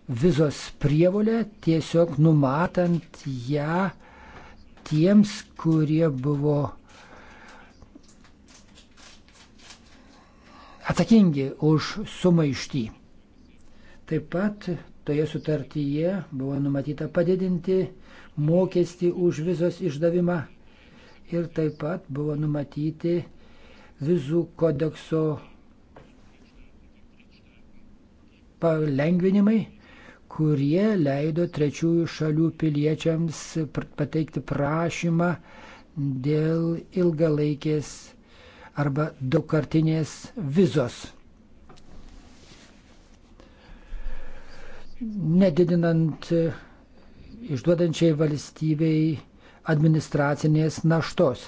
vizos prievolę, tiesiog numatant ją tiems, kurie buvo atsakingi už sumaištį. Taip pat toje sutartyje buvo numatyta padidinti mokestį už vizos išdavimą ir taip pat buvo numatyti vizų kodekso palengvinimai, kurie leido trečiųjų šalių piliečiams pateikti prašymą dėl ilgalaikės arba daugkartinės vizos. Nedidinant išduodančiai valstybei administracinės naštos.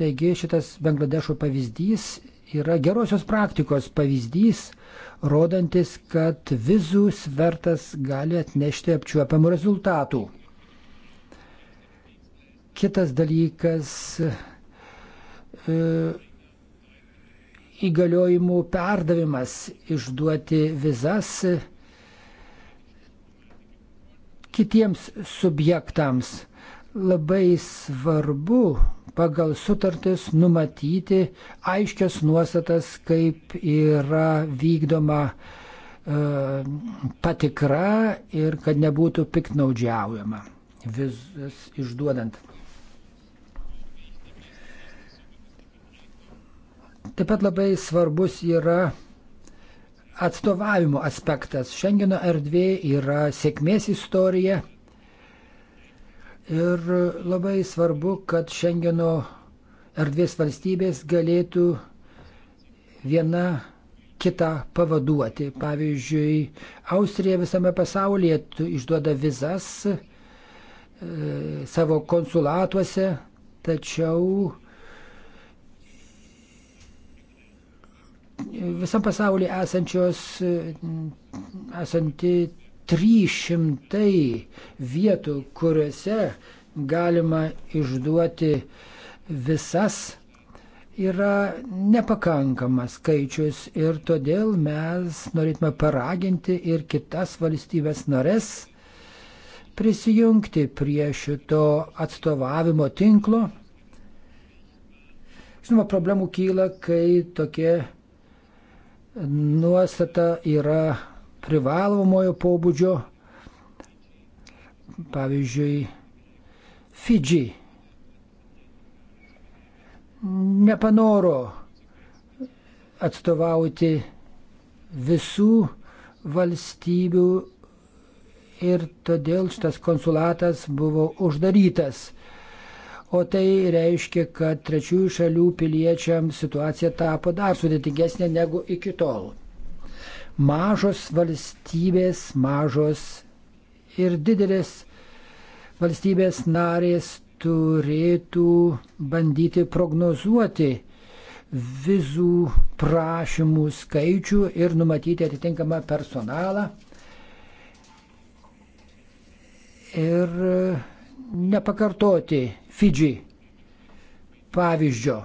Taigi šitas Bangladešo pavyzdys yra gerosios praktikos pavyzdys, rodantis, kad vizų svertas gali atnešti apčiuopiamų rezultatų. Kitas dalykas e, - įgaliojimų perdavimas išduoti vizas kitiems subjektams. Labai svarbu pagal sutartis numatyti aiškias nuostatas, kaip yra vykdoma uh, patikra ir kad nebūtų piknaudžiaujama vizas išduodant. Taip pat labai svarbus yra atstovavimo aspektas. Šengeno erdvė yra sėkmės istorija Ir labai svarbu, kad Šengeno erdvės valstybės galėtų viena kitą pavaduoti. Pavyzdžiui, Austrija visame pasaulyje išduoda vizas e, savo konsulatuose, tačiau visam pasaulyje esančios, e, esanti 300 vietų, kuriuose galima išduoti visas, yra nepakankamas skaičius ir todėl mes norėtume paraginti ir kitas valstybės nares prisijungti prie šito atstovavimo tinklo. Žinoma, problemų kyla, kai tokia nuostata yra privalomojo pobūdžio, pavyzdžiui, Fidži nepanoro atstovauti visų valstybių ir todėl šitas konsulatas buvo uždarytas. O tai reiškia, kad trečiųjų šalių piliečiams situacija tapo dar sudėtingesnė negu iki tol mažos valstybės, mažos ir didelės valstybės narės turėtų bandyti prognozuoti vizų prašymų skaičių ir numatyti atitinkamą personalą. Ir nepakartoti Fidži pavyzdžio,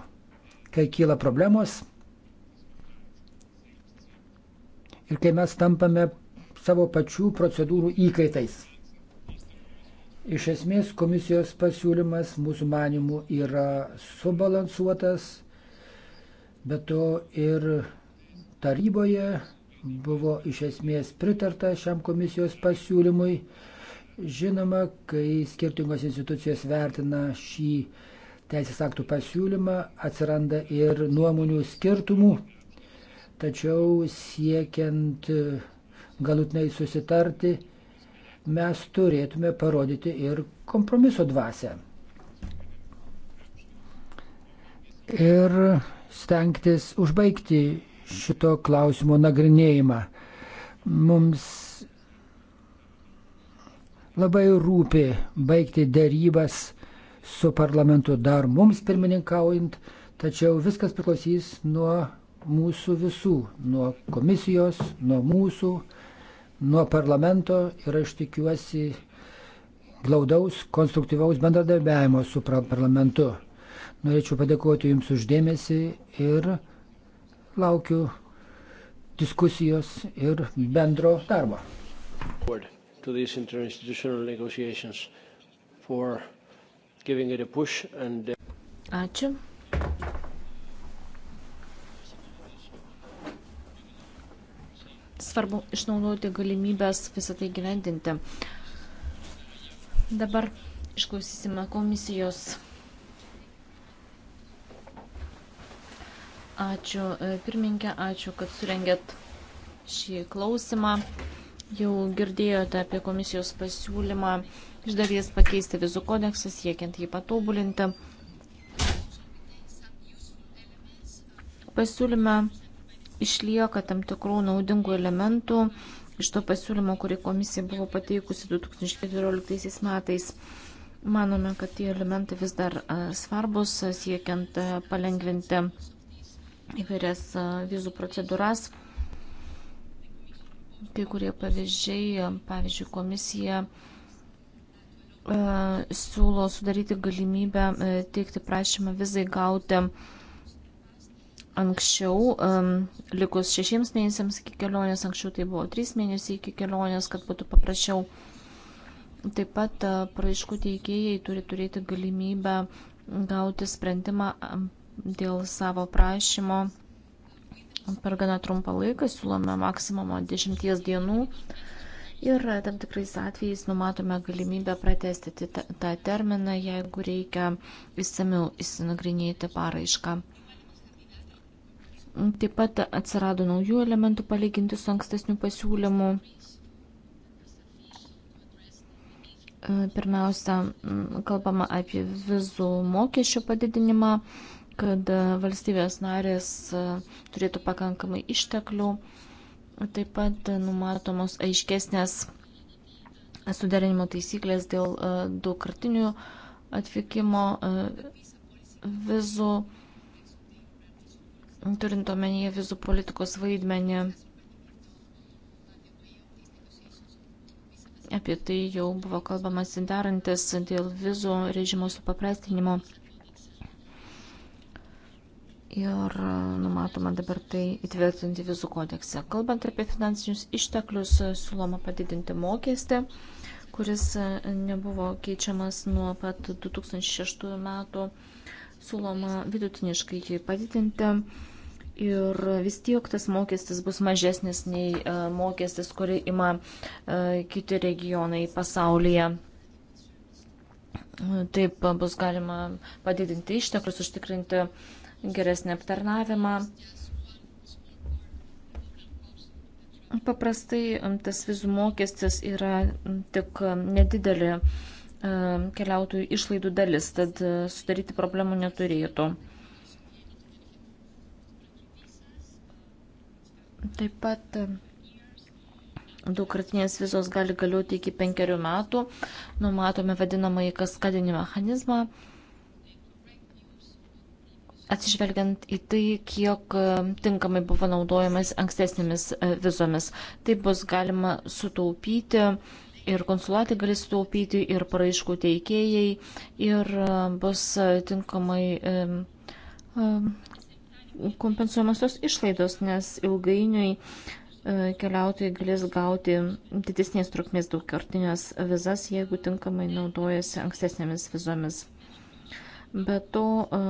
kai kyla problemos, ir kai mes tampame savo pačių procedūrų įkaitais. Iš esmės komisijos pasiūlymas mūsų manimų yra subalansuotas, bet to ir taryboje buvo iš esmės pritarta šiam komisijos pasiūlymui. Žinoma, kai skirtingos institucijos vertina šį teisės aktų pasiūlymą, atsiranda ir nuomonių skirtumų Tačiau siekiant e, galutinai susitarti, mes turėtume parodyti ir kompromiso dvasę. Ir stengtis užbaigti šito klausimo nagrinėjimą. Mums labai rūpi baigti dėrybas su parlamentu dar mums pirmininkaujant, tačiau viskas priklausys nuo mūsų visų, nuo komisijos, nuo mūsų, nuo parlamento ir aš tikiuosi glaudaus, konstruktyvaus bendradarbiavimo su parlamentu. Norėčiau padėkoti Jums uždėmesi ir laukiu diskusijos ir bendro darbo. To these interinstitutional negotiations for giving it a push and. Uh, Ačiū. svarbu išnaudoti galimybės visą tai gyvendinti. Dabar išklausysime komisijos. Ačiū e, pirmininkė, ačiū, kad surengėt šį klausimą. Jau girdėjote apie komisijos pasiūlymą iš dalies pakeisti vizų kodeksą, siekiant jį patobulinti. Pasiūlyme išlieka tam tikrų naudingų elementų iš to pasiūlymo, kurį komisija buvo pateikusi 2014 metais. Manome, kad tie elementai vis dar svarbus, siekiant palengvinti įvairias vizų procedūras. Kai kurie pavyzdžiai, pavyzdžiui, komisija siūlo sudaryti galimybę teikti prašymą vizai gauti anksčiau, um, likus šešiems mėnesiams iki kelionės, anksčiau tai buvo trys mėnesiai iki kelionės, kad būtų paprasčiau. Taip pat uh, e, praaiškų teikėjai turi turėti galimybę gauti sprendimą dėl savo prašymo per gana trumpą laiką, siūlome maksimumą 10 dienų. Ir e, tam tikrais atvejais numatome galimybę pratesti tą terminą, jeigu reikia įsamiau įsinagrinėti paraišką. Taip pat atsirado naujų elementų palyginti su ankstesniu pasiūlymu. E, pirmiausia, kalbama apie vizų mokesčio padidinimą, kad valstybės narės e, turėtų pakankamai išteklių. Taip pat numatomos aiškesnės suderinimo taisyklės dėl e, daugkartinių atvykimo vizų turint omenyje vizų politikos vaidmenį. Apie tai jau buvo kalbamas darantis dėl vizų režimo supaprastinimo. Ir numatoma dabar tai įtvirtinti vizų kodekse. Kalbant apie finansinius išteklius, siūloma padidinti mokestį, kuris nebuvo keičiamas nuo pat 2006 metų. Siūloma vidutiniškai jį padidinti Ir vis tiek tas mokestis bus mažesnis nei e, mokestis, kurį ima e, kiti regionai pasaulyje. Taip bus galima padidinti išteklius, užtikrinti geresnį aptarnavimą. Paprastai tas vizų mokestis yra tik nedidelė e, keliautojų išlaidų dalis, tad sudaryti problemų neturėtų. Taip pat daugkartinės vizos gali galioti iki penkerių metų. Numatome vadinamąjį kaskadinį mechanizmą. Atsižvelgiant į tai, kiek tinkamai buvo naudojamas ankstesnėmis e, vizomis, taip bus galima sutaupyti ir konsulatai galės sutaupyti, ir paraiškų teikėjai, ir e, bus e, tinkamai kompensuojamos tos išlaidos, nes ilgainiui e, keliautojai galės gauti didesnės trukmės daugkartinės vizas, jeigu tinkamai naudojasi ankstesnėmis vizomis. Be to e,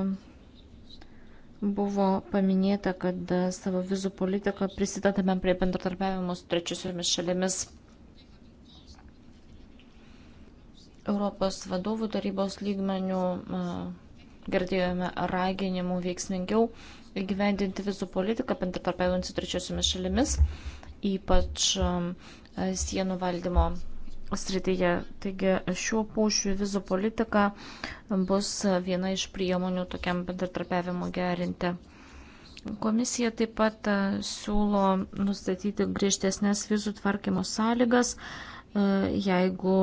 buvo paminėta, kad e, savo vizų politiką prisidedame prie bendratarpiavimo su trečiosiomis šalimis. Europos vadovų tarybos lygmenių girdėjome raginimų veiksmingiau įgyvendinti vizų politiką bendratarpiaujant su trečiosiomis šalimis, ypač um, e, sienų valdymo srityje. Taigi šiuo pošiu vizų politika bus viena iš priemonių tokiam bendratarpiavimui gerinti. Komisija taip pat e, siūlo nustatyti griežtesnės vizų tvarkymo sąlygas, e, jeigu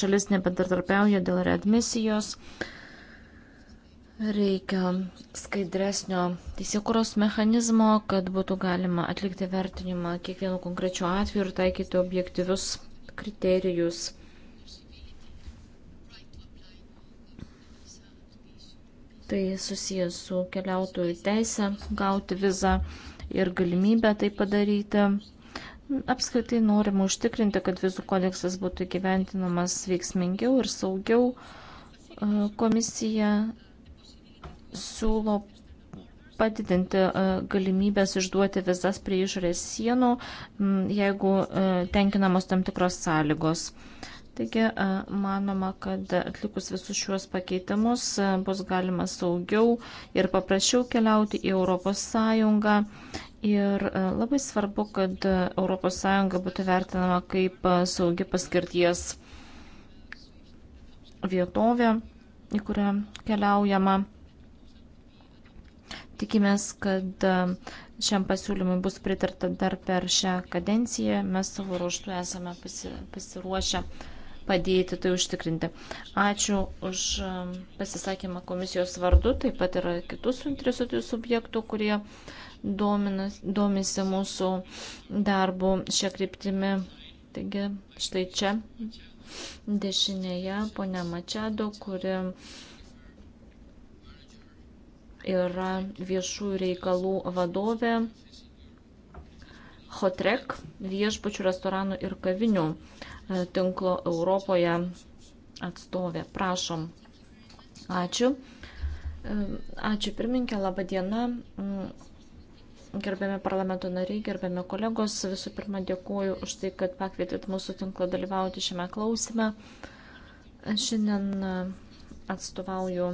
šalis nebendradarbiauja dėl readmisijos. misijos Reikia skaidresnio teisėkuros mechanizmo, kad būtų galima atlikti vertinimą kiekvienu konkrečiu atveju ir taikyti objektyvius kriterijus. Tai susijęs su keliautojų teisė gauti vizą ir galimybę tai padaryti. Apskritai norima užtikrinti, kad vizų kodeksas būtų gyventinamas veiksmingiau ir saugiau. Komisija siūlo padidinti e, galimybės išduoti vizas prie išorės sienų, jeigu e, tenkinamos tam tikros sąlygos. Taigi e, manoma, kad atlikus visus šiuos pakeitimus bus galima saugiau ir paprasčiau keliauti į ES. Ir labai svarbu, kad ES būtų vertinama kaip saugi paskirties vietovė, į kurią keliaujama. Tikimės, kad um, šiam pasiūlymui bus pritarta dar per šią kadenciją. Mes savo ruoštų esame pasiruošę padėti tai užtikrinti. Ačiū už um, pasisakymą komisijos vardu, taip pat yra kitus suinteresuotų subjektų, kurie dominas, domisi mūsų darbu šią kryptimį. Taigi štai čia dešinėje ponia Mačedo, kuri yra viešųjų reikalų vadovė Hotrek viešbučių restoranų ir kavinių e, tinklo Europoje atstovė. Prašom. Ačiū. E, ačiū pirminkė, laba diena. Mm, gerbėme parlamento nariai, gerbėme kolegos. Visų pirma, dėkuoju už tai, kad pakvietėt mūsų tinklą dalyvauti šiame klausime. Šiandien atstovauju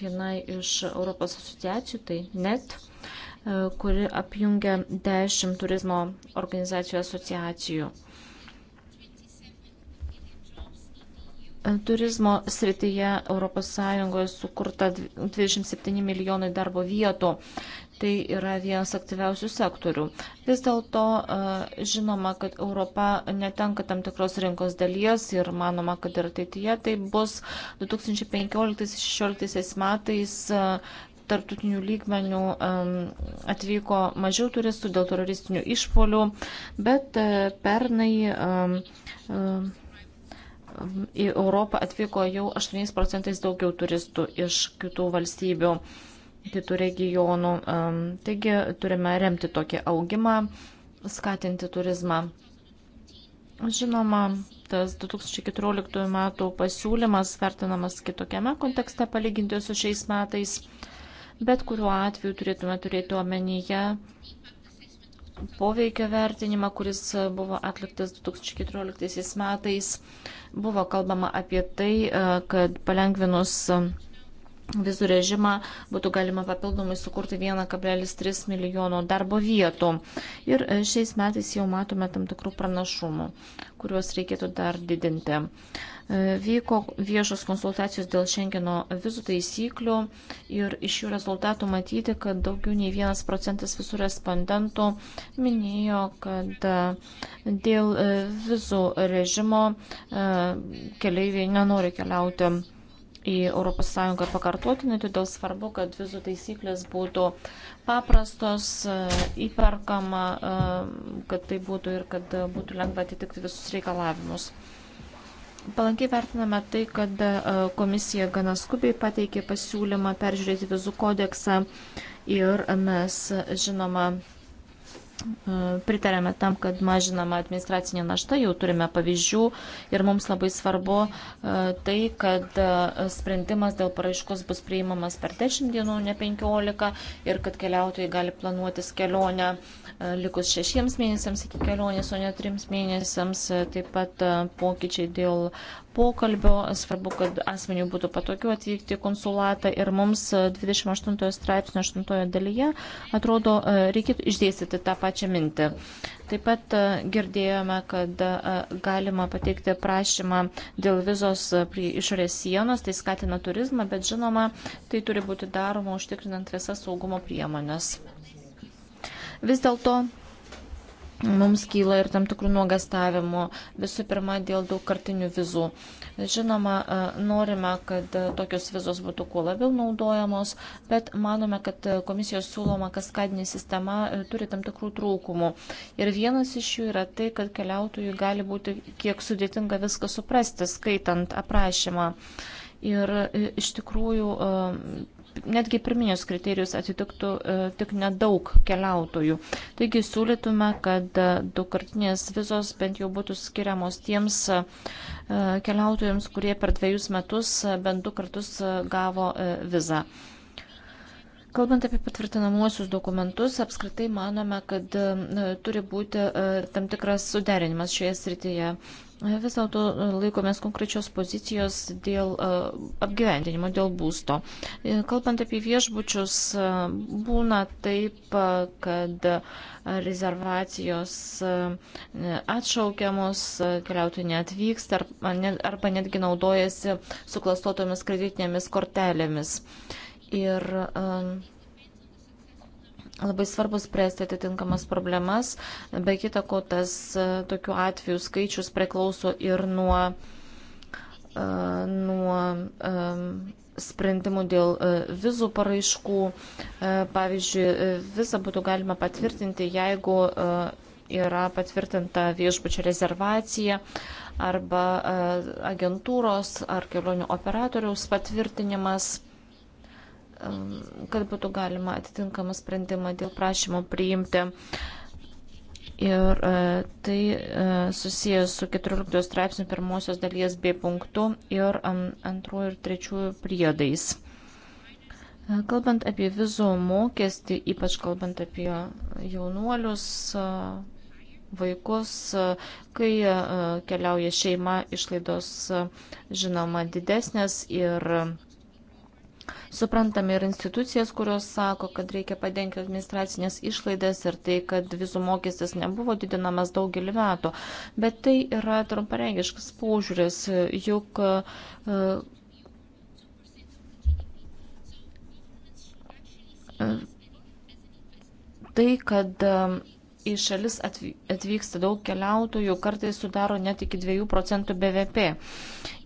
vienai iš Europos asociacijų, tai NET, e, kuri apjungia 10 turizmo organizacijų asociacijų. Turizmo srityje ES sukurta 27 milijonai darbo vietų. Tai yra vienas aktyviausių sektorių. Vis dėlto žinoma, kad Europa netenka tam tikros rinkos dalies ir manoma, kad ir ateityje tai bus 2015-2016 metais tarptautinių lygmenių atvyko mažiau turistų dėl teroristinių išpolių, bet pernai į Europą atvyko jau 8 procentais daugiau turistų iš kitų valstybių, kitų regionų. Taigi turime remti tokį augimą, skatinti turizmą. Žinoma, tas 2014 metų pasiūlymas vertinamas kitokiame kontekste palyginti su šiais metais, bet kuriuo atveju turėtume turėti omenyje poveikio vertinimą, kuris buvo atliktas 2014 metais. Buvo kalbama apie tai, kad palengvinus vizų režimą būtų galima papildomai sukurti 1,3 milijono darbo vietų. Ir e, šiais metais jau matome tam tikrų pranašumų, kuriuos reikėtų dar didinti. E, vyko viešos konsultacijos dėl Šengeno vizų taisyklių ir iš jų rezultatų matyti, kad daugiau nei vienas procentas visų respondentų minėjo, kad e, dėl vizų režimo keleiviai nenori keliauti į ES pakartotinai, todėl svarbu, kad vizų taisyklės būtų paprastos, e, įperkama, e, kad tai būtų ir kad būtų lengva atitikti visus reikalavimus. Palankiai vertiname tai, kad e, komisija gana skubiai pateikė pasiūlymą peržiūrėti vizų kodeksą ir mes, žinoma, E, pritarėme tam, kad mažinama administracinė našta, jau turime pavyzdžių ir mums labai svarbu e, tai, kad e, sprendimas dėl paraiškos bus priimamas per 10 dienų, ne 15 ir kad keliautojai gali planuotis kelionę likus 6 mėnesiams iki kelionės, o ne 3 mėnesiams. Taip pat pokyčiai dėl pokalbio. Svarbu, kad asmeniui būtų patogiau atvykti į konsulatą ir mums 28 straipsnio 8 dalyje atrodo e, reikėtų išdėstyti tą pačią mintį. Taip pat e, girdėjome, kad e, galima pateikti prašymą dėl vizos prie išorės sienos, tai skatina turizmą, bet žinoma, tai turi būti daroma užtikrinant visas saugumo priemonės. Vis dėlto mums kyla ir tam tikrų nuogastavimų. Visų pirma, dėl daugkartinių vizų. Žinoma, e, norime, kad e, tokios vizos būtų kuo labiau naudojamos, bet manome, kad e, komisijos siūloma kaskadinė sistema turi tam tikrų trūkumų. Ir vienas iš jų yra tai, kad keliautojui gali būti kiek sudėtinga viską suprasti, skaitant aprašymą. Ir iš tikrųjų netgi pirminius kriterijus atitiktų e, tik nedaug keliautojų. Taigi siūlytume, kad e, daugkartinės vizos bent jau būtų skiriamos tiems e, keliautojams, kurie per dviejus metus bent du kartus gavo vizą. Kalbant apie patvirtinamuosius dokumentus, apskritai manome, kad turi būti tam tikras suderinimas šioje srityje. Vis dėlto e, laikomės konkrečios pozicijos dėl e, apgyvendinimo, dėl būsto. E, kalbant apie viešbučius, būna taip, kad rezervacijos atšaukiamos, keliautojai neatvyksta arba netgi naudojasi suklastotomis kreditinėmis kortelėmis. Ir Labai svarbu spręsti atitinkamas problemas. Be kita ko, tas e, tokių atvejų skaičius priklauso ir nuo, e, nuo e, sprendimų dėl vizų paraiškų. Pavyzdžiui, visą būtų galima patvirtinti, jeigu yra patvirtinta viešbučio rezervacija arba agentūros ar kelionių operatoriaus patvirtinimas Um, kad būtų galima atitinkamą sprendimą dėl prašymo priimti. Ir e, tai e, susijęs su 14 straipsnių pirmosios dalies B punktu ir um, antrųjų ir trečiųjų priedais. E, kalbant apie vizų mokestį, ypač kalbant apie jaunuolius, vaikus, kai keliauja šeima, išlaidos žinoma didesnės ir Suprantame ir institucijas, kurios sako, kad reikia padengti administracinės išlaidas ir tai, kad vizų mokestis nebuvo didinamas daugelį metų. Bet tai yra trumparegiškas požiūris, juk e, e, tai, kad į šalis atvyksta daug keliautojų, kartais sudaro net iki 2 procentų BVP.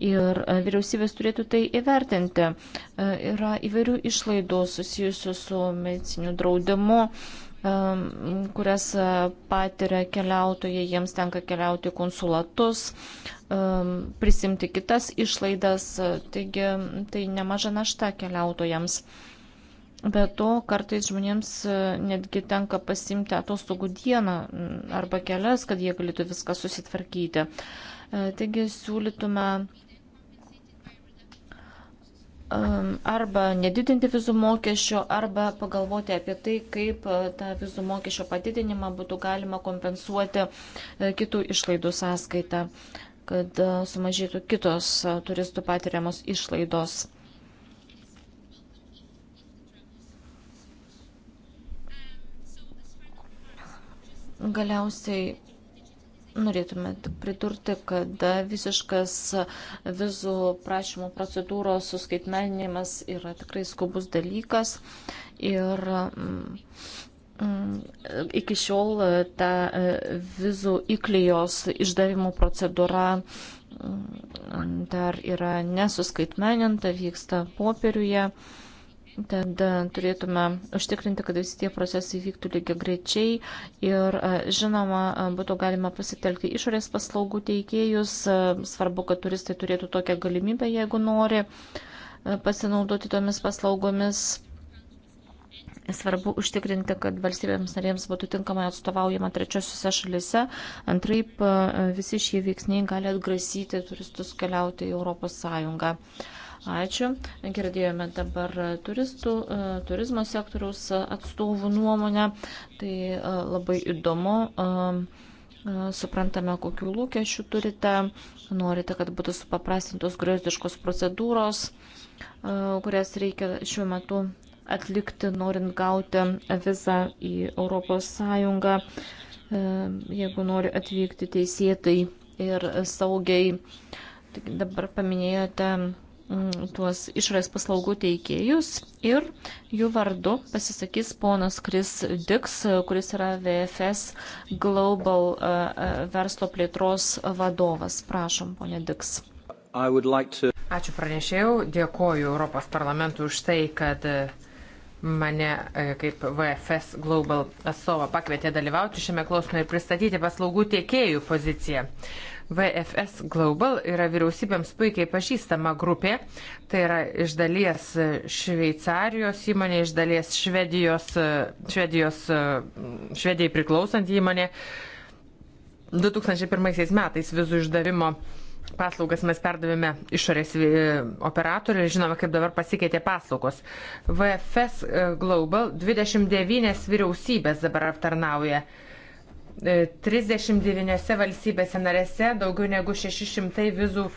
Ir e, vyriausybės turėtų tai įvertinti. E, yra įvairių išlaidų susijusių su mediciniu draudimu e, kurias patiria keliautojai, jiems tenka keliauti konsulatus, prisimti kitas išlaidas, taigi tai nemaža našta keliautojams. Be to, kartais žmonėms e, netgi tenka pasimti atostogų dieną mm, arba kelias, kad jie galėtų viską susitvarkyti. E, taigi siūlytume arba nedidinti vizų mokesčio, arba pagalvoti apie tai, kaip e, tą vizų mokesčio padidinimą būtų galima kompensuoti kitų išlaidų sąskaitą, kad sumažėtų kitos turistų patiriamos išlaidos. Galiausiai Norėtume tik pridurti, kad visiškas vizų prašymo procedūros suskaitmeninimas yra tikrai skubus dalykas ir mm, mm, iki šiol ta e, vizų įklijos išdavimo procedūra mm, dar yra nesuskaitmeninta, vyksta popieriuje. Tad e, turėtume užtikrinti, kad visi tie procesai vyktų lygiai greičiai ir e, žinoma, e, būtų galima pasitelkti išorės paslaugų teikėjus. Svarbu, kad turistai turėtų tokią galimybę, jeigu nori pasinaudoti tomis paslaugomis. Svarbu užtikrinti, kad valstybėms narėms būtų tinkamai atstovaujama trečiosiuose šalise. Antraip, visi šie veiksniai gali atgrasyti turistus keliauti į ES. Ačiū. Girdėjome dabar turistų, e, turizmo sektoriaus atstovų nuomonę. Tai e, labai įdomu. E, suprantame, kokiu lūkesčiu turite. Norite, kad būtų supaprastintos griozdiškos procedūros, kurias reikia šiuo metu atlikti, norint gauti vizą į ES, jeigu nori atvykti teisėtai ir saugiai. Tik dabar paminėjote Mm, tuos išorės paslaugų teikėjus ir jų vardu pasisakys ponas Kris Diks, kuris yra VFS Global e, e, verslo plėtros vadovas. Prašom, ponė Diks. Like to... Ačiū pranešėjau, dėkoju Europos parlamentui už tai, kad mane e, kaip VFS Global atstovą pakvietė dalyvauti šiame klausime ir pristatyti paslaugų tiekėjų poziciją. VFS Global yra vyriausybėms puikiai pažįstama grupė. Tai yra iš dalies Šveicarijos įmonė, iš dalies Švedijos, e, Švedijos, e, Švedijai priklausanti įmonė. 2001 metais vizų išdavimo paslaugas mes perdavėme išorės e, operatoriui ir žinome, kaip dabar pasikeitė paslaugos. VFS e, Global 29 vyriausybės dabar aptarnauja. 39 e, valstybėse narėse daugiau negu 600 vizų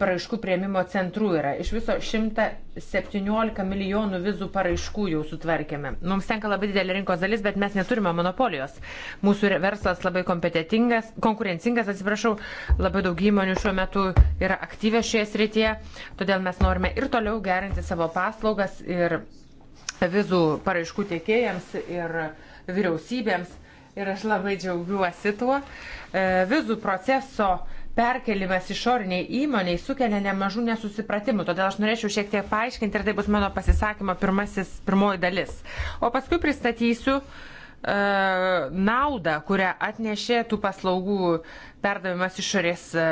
paraiškų prieimimo centrų yra. Iš viso 117 milijonų vizų paraiškų jau sutvarkėme. Mums tenka labai didelė rinkos dalis, bet mes neturime monopolijos. Mūsų verslas labai kompetitingas, konkurencingas, atsiprašau, labai daug įmonių šiuo metu yra aktyvė šioje srityje, todėl mes norime ir toliau gerinti savo paslaugas ir vizų paraiškų tiekėjams ir vyriausybėms. Ir aš labai džiaugiuosi tuo. E, vizų proceso perkelimas išoriniai įmoniai sukelia nemažų nesusipratimų, todėl aš norėčiau šiek tiek paaiškinti ir tai bus mano pasisakymo pirmasis, pirmoji dalis. O paskui pristatysiu e, naudą, kurią atnešė tų paslaugų perdavimas išorės e,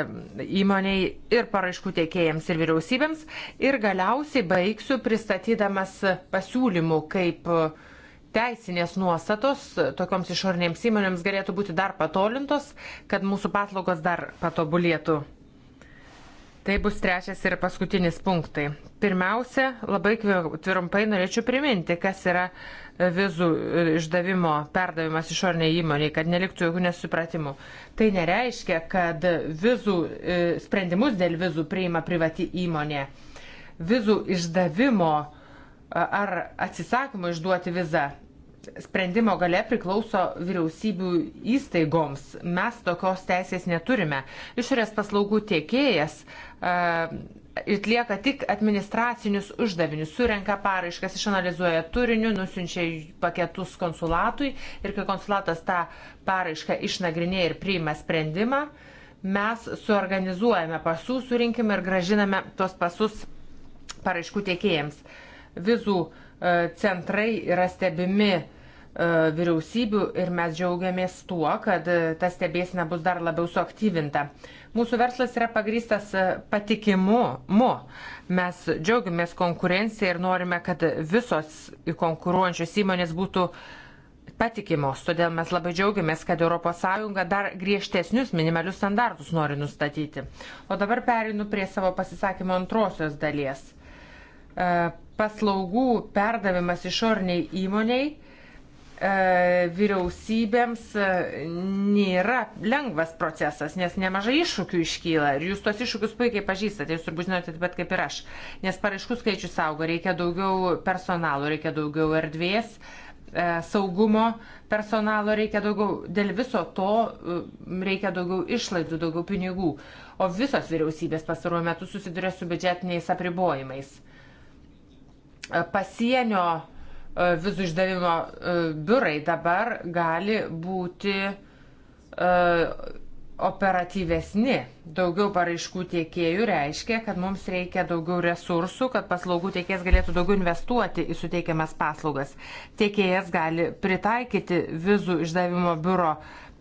įmoniai ir paraiškų tiekėjams ir vyriausybėms. Ir galiausiai baigsiu pristatydamas pasiūlymų, kaip uh, teisinės nuostatos tokioms išorinėms įmonėms galėtų būti dar patolintos, kad mūsų paslaugos dar patobulėtų. Tai bus trečias ir paskutinis punktai. Pirmiausia, labai trumpai norėčiau priminti, kas yra vizų e, išdavimo perdavimas išorniai įmoniai, kad neliktų jokių nesupratimų. Tai nereiškia, kad vizų, e, sprendimus dėl vizų priima privati įmonė. Vizų išdavimo uh, ar atsisakymo išduoti vizą sprendimo gale priklauso vyriausybių įstaigoms. Mes tokios teisės neturime. Išorės paslaugų tiekėjas atlieka tik administracinius uždavinius, surenka paraiškas, išanalizuoja turinių, nusinčia paketus konsulatui ir kai konsulatas tą paraišką išnagrinėja ir priima sprendimą, mes suorganizuojame pasų surinkimą ir gražiname tos pasus paraiškų tiekėjams. Uh, Vizų e, centrai yra stebimi e, vyriausybių ir mes džiaugiamės tuo, kad e, ta stebėsina bus dar labiau suaktyvinta. Mūsų verslas yra pagrystas patikimumu. Mes džiaugiamės konkurenciją ir norime, kad visos konkuruojančios įmonės būtų patikimos. Todėl mes labai džiaugiamės, kad ES dar griežtesnius minimalius standartus nori nustatyti. O dabar perinu prie savo pasisakymo antrosios dalies E, paslaugų perdavimas išorniai įmoniai e, vyriausybėms e, nėra lengvas procesas, nes nemažai iššūkių iškyla ir jūs tos iššūkius puikiai pažįstate, jūs turbūt žinote taip pat kaip ir aš, nes paraiškų skaičius auga, reikia daugiau personalo, reikia daugiau erdvės, saugumo personalo reikia daugiau, dėl viso to reikia daugiau išlaidų, daugiau pinigų, o visos vyriausybės pastaruoju metu susiduria su biudžetiniais apribojimais. E, pasienio e, vizų išdavimo e, biurai dabar gali būti operatyvesni. Daugiau paraiškų tiekėjų reiškia, kad mums reikia daugiau resursų, kad paslaugų tiekėjas galėtų daugiau investuoti į suteikiamas paslaugas. Tiekėjas gali pritaikyti vizų išdavimo biuro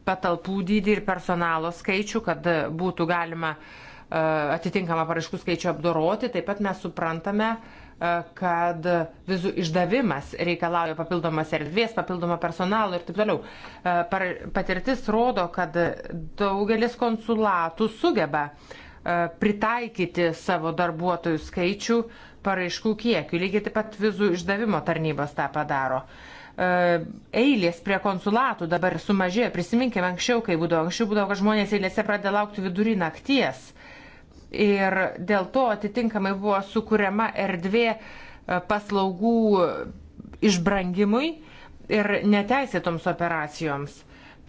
patalpų dydį ir personalo skaičių, kad būtų galima atitinkamą paraiškų skaičių apdoroti. Taip pat mes suprantame, uh, kad vizų išdavimas reikalauja papildomas erdvės, papildomo personalo ir taip toliau. E, patirtis rodo, kad daugelis konsulatų sugeba e, pritaikyti savo darbuotojų skaičių paraiškų kiekiu. Lygiai taip pat vizų išdavimo tarnybos tą padaro. E, eilės prie konsulatų dabar sumažėjo. Prisiminkime anksčiau, kai būdavo. Anksčiau būdavo, kad žmonės eilėse pradeda laukti vidurį nakties. Uh, ir dėl to atitinkamai buvo sukūriama erdvė e, paslaugų išbrangimui ir neteisėtoms operacijoms.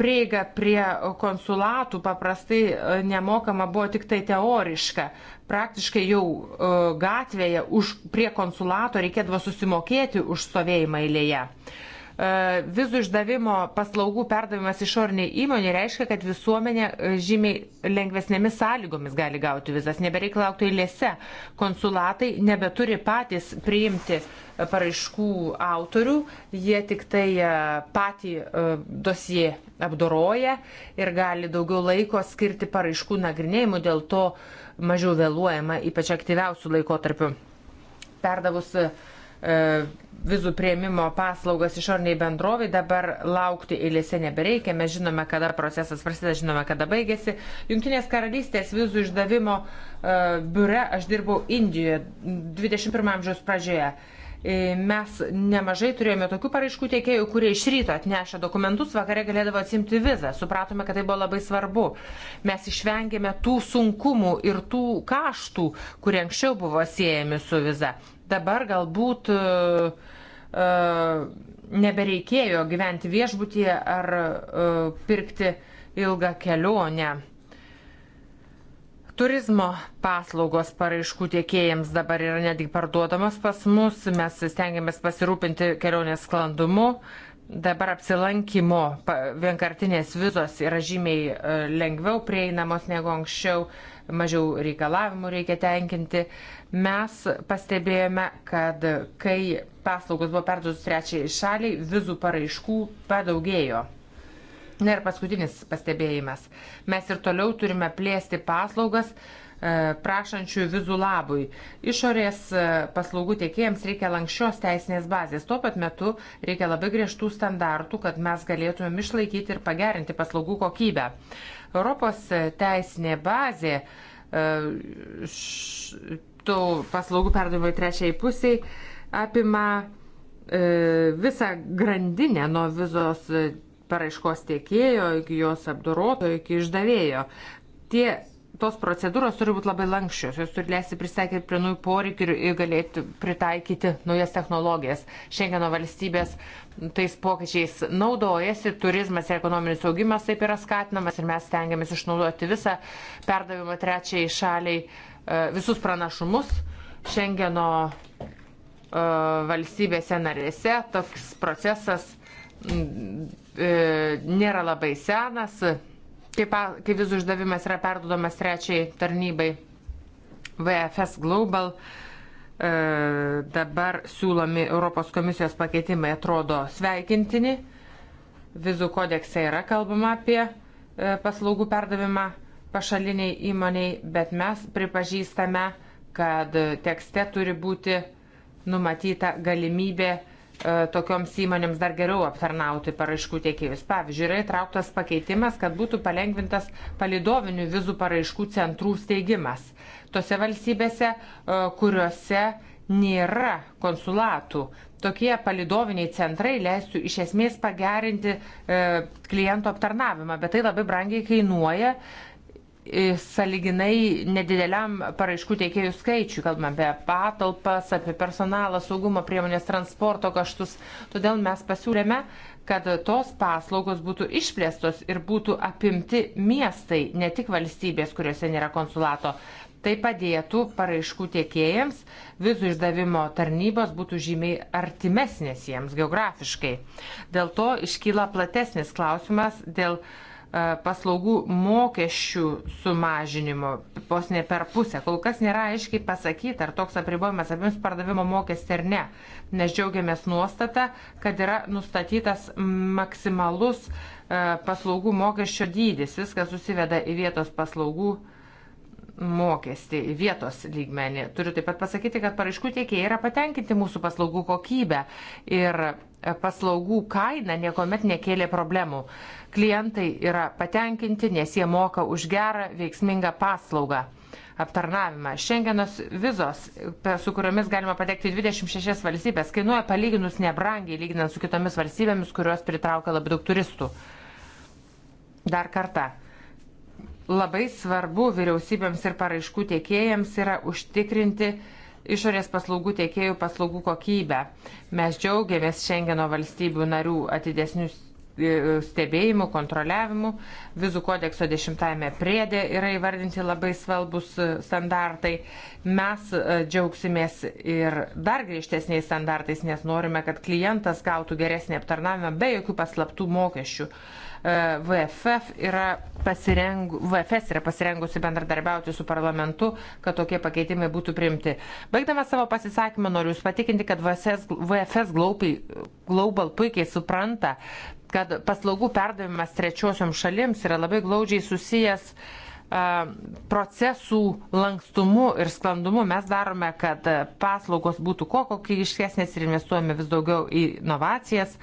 Prieiga prie konsulatų paprastai e, nemokama buvo tik tai teoriška. Praktiškai jau e, gatvėje už, prie konsulato reikėdavo susimokėti už stovėjimą eilėje. Uh, E, vizų išdavimo paslaugų perdavimas išorniai įmonė reiškia, kad visuomenė e, žymiai lengvesnėmis sąlygomis gali gauti vizas, nebereik laukti eilėse. Konsulatai nebeturi patys priimti e, paraiškų autorių, jie tik tai patį dosie apdoroja ir gali daugiau laiko skirti paraiškų nagrinėjimui, dėl to mažiau vėluojama, ypač aktyviausių laikotarpių. Perdavus uh, E, vizų prieimimo paslaugas išorniai bendroviai, dabar laukti eilėse nebereikia, mes žinome, kada procesas prasideda, žinome, kada baigėsi. Junktinės karalystės vizų išdavimo uh, biure aš dirbau Indijoje 21 amžiaus pradžioje. E, mes nemažai turėjome tokių paraiškų tiekėjų, kurie iš ryto atnešė dokumentus, vakare galėdavo atsimti vizą. Supratome, kad tai buvo labai svarbu. Mes išvengėme tų sunkumų ir tų kaštų, kurie anksčiau buvo siejami su viza. Dabar galbūt e, e, nebereikėjo gyventi viešbutyje ar e, pirkti ilgą kelionę. Turizmo paslaugos paraiškų tiekėjams dabar yra netgi parduodamos pas mus, mes stengiamės pasirūpinti kelionės sklandumu. Dabar apsilankimo vienkartinės vizos yra žymiai lengviau prieinamos negu anksčiau mažiau reikalavimų reikia tenkinti. Mes pastebėjome, kad kai paslaugos buvo perduotos trečiai šaliai, vizų paraiškų padaugėjo. Na ir paskutinis pastebėjimas. Mes ir toliau turime plėsti paslaugas e, prašančių vizų labui. Išorės e, paslaugų tiekėjams reikia lankščios teisinės bazės. Tuo pat metu reikia labai griežtų standartų, kad mes galėtumėm išlaikyti ir pagerinti paslaugų kokybę. Europos teisinė bazė e, tų paslaugų perdavimo į trečiai pusiai apima e, visą grandinę nuo vizos e, paraiškos tiekėjo iki jos apdorotojo, iki išdavėjo. Tie tos procedūros turi būti labai lankščios, jos turi leisti prisitaikyti prie naujų poreikių ir galėti pritaikyti naujas technologijas. Šengeno valstybės tais pokyčiais naudojasi, turizmas ir ekonominis augimas taip yra skatinamas ir mes stengiamės išnaudoti visą perdavimą trečiai šaliai e, visus pranašumus. Šengeno e, valstybėse narėse toks procesas e, nėra labai senas, kai, pa, kai vizų išdavimas yra perdodamas trečiai tarnybai VFS Global, e, dabar siūlomi Europos komisijos pakeitimai atrodo sveikintini. Vizų kodekse yra kalbama apie e, paslaugų perdavimą pašaliniai įmoniai, bet mes pripažįstame, kad tekste turi būti numatyta galimybė E, tokioms įmonėms dar geriau aptarnauti paraiškų tiekėjus. Pavyzdžiui, yra įtrauktas pakeitimas, kad būtų palengvintas palidovinių vizų paraiškų centrų steigimas. Tose valstybėse, e, kuriuose nėra konsulatų. Tokie palidoviniai centrai leistų iš esmės pagerinti e, klientų aptarnavimą, bet tai labai brangiai kainuoja E, saliginai nedideliam paraiškų teikėjų skaičiui, kalbame apie patalpas, apie personalą, saugumo priemonės, transporto kaštus. Todėl mes pasiūlėme, kad tos paslaugos būtų išplėstos ir būtų apimti miestai, ne tik valstybės, kuriuose nėra konsulato. Tai padėtų paraiškų tiekėjams, vizų išdavimo tarnybos būtų žymiai artimesnės jiems geografiškai. Dėl to iškyla platesnis klausimas dėl uh, E, paslaugų mokesčių sumažinimo, vos ne per pusę. Kol kas nėra aiškiai pasakyta, ar toks apribojimas apims pardavimo mokestį ar ne, nes džiaugiamės nuostata, kad yra nustatytas maksimalus e, paslaugų mokesčio dydis. Viskas susiveda į vietos paslaugų mokestį mokestį į vietos lygmenį. Turiu taip pat pasakyti, kad paraiškų tiekėjai yra patenkinti mūsų paslaugų kokybę ir e, paslaugų kaina niekuomet nekėlė problemų. Klientai yra patenkinti, nes jie moka už gerą, veiksmingą paslaugą aptarnavimą. Šengenos vizos, su kuriomis galima patekti 26 valstybės, kainuoja palyginus nebrangiai, lyginant su kitomis valstybėmis, kurios pritraukia labai daug turistų. Dar kartą Labai svarbu vyriausybėms ir paraiškų tiekėjams yra užtikrinti išorės paslaugų tiekėjų paslaugų kokybę. Mes džiaugiamės Šengeno valstybių narių atidesnių e, stebėjimų, kontroliavimų. Vizų kodekso dešimtajame priedė yra įvardinti labai svarbus e, standartai. Mes e, džiaugsimės ir dar griežtesniais standartais, nes norime, kad klientas gautų geresnį aptarnavimą be jokių paslaptų mokesčių. VFF yra pasirengu, VFS yra pasirengusi bendradarbiauti su parlamentu, kad tokie pakeitimai būtų priimti. Baigdama savo pasisakymą noriu Jūs patikinti, kad VFS, VFS Global puikiai supranta, kad paslaugų perdavimas trečiosiom šalims yra labai glaudžiai susijęs uh, procesų lankstumu ir sklandumu mes darome, kad paslaugos būtų kuo kokybiškesnės ir investuojame vis daugiau į inovacijas.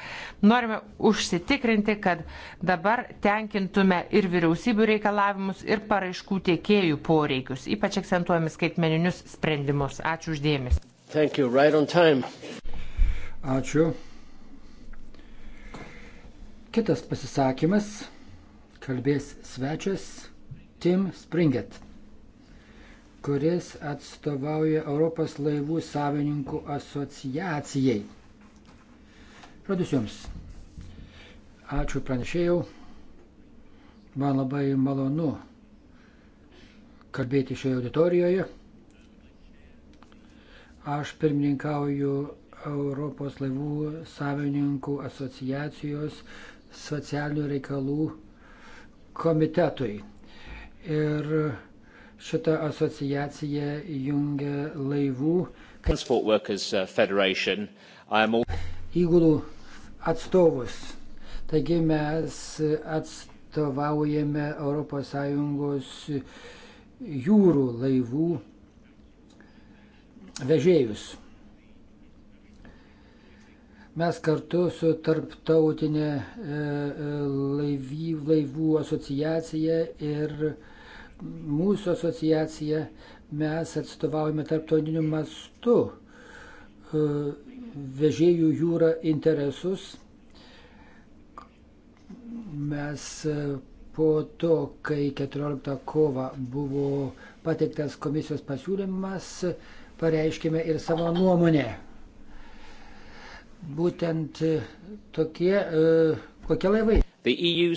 Norime užsitikrinti, kad dabar tenkintume ir vyriausybių reikalavimus, ir paraiškų tiekėjų poreikius, ypač akcentuojami skaitmeninius sprendimus. Ačiū uždėmesi. Right Ačiū. Kitas pasisakymas kalbės svečias Tim Springet, kuris atstovauja Europos laivų savininkų asociacijai. Žodis Jums. Ačiū pranešėjau. Man labai malonu kalbėti šioje auditorijoje. Aš pirmininkauju Europos laivų savininkų asociacijos socialinių reikalų komitetui ir šita asociacija jungia laivų. Transport Workers uh, Federation. All... Įgulų atstovus. Taigi mes atstovaujame ES jūrų laivų vežėjus. Mes kartu su tarptautinė e, e, laivy, laivų asociacija ir mūsų asociacija mes atstovaujame tarptautiniu mastu e, vežėjų jūra interesus. Mes po to, kai 14 kovo buvo pateiktas komisijos pasiūlymas, pareiškime ir savo nuomonę būtent e, tokie, e, kokie laivai. E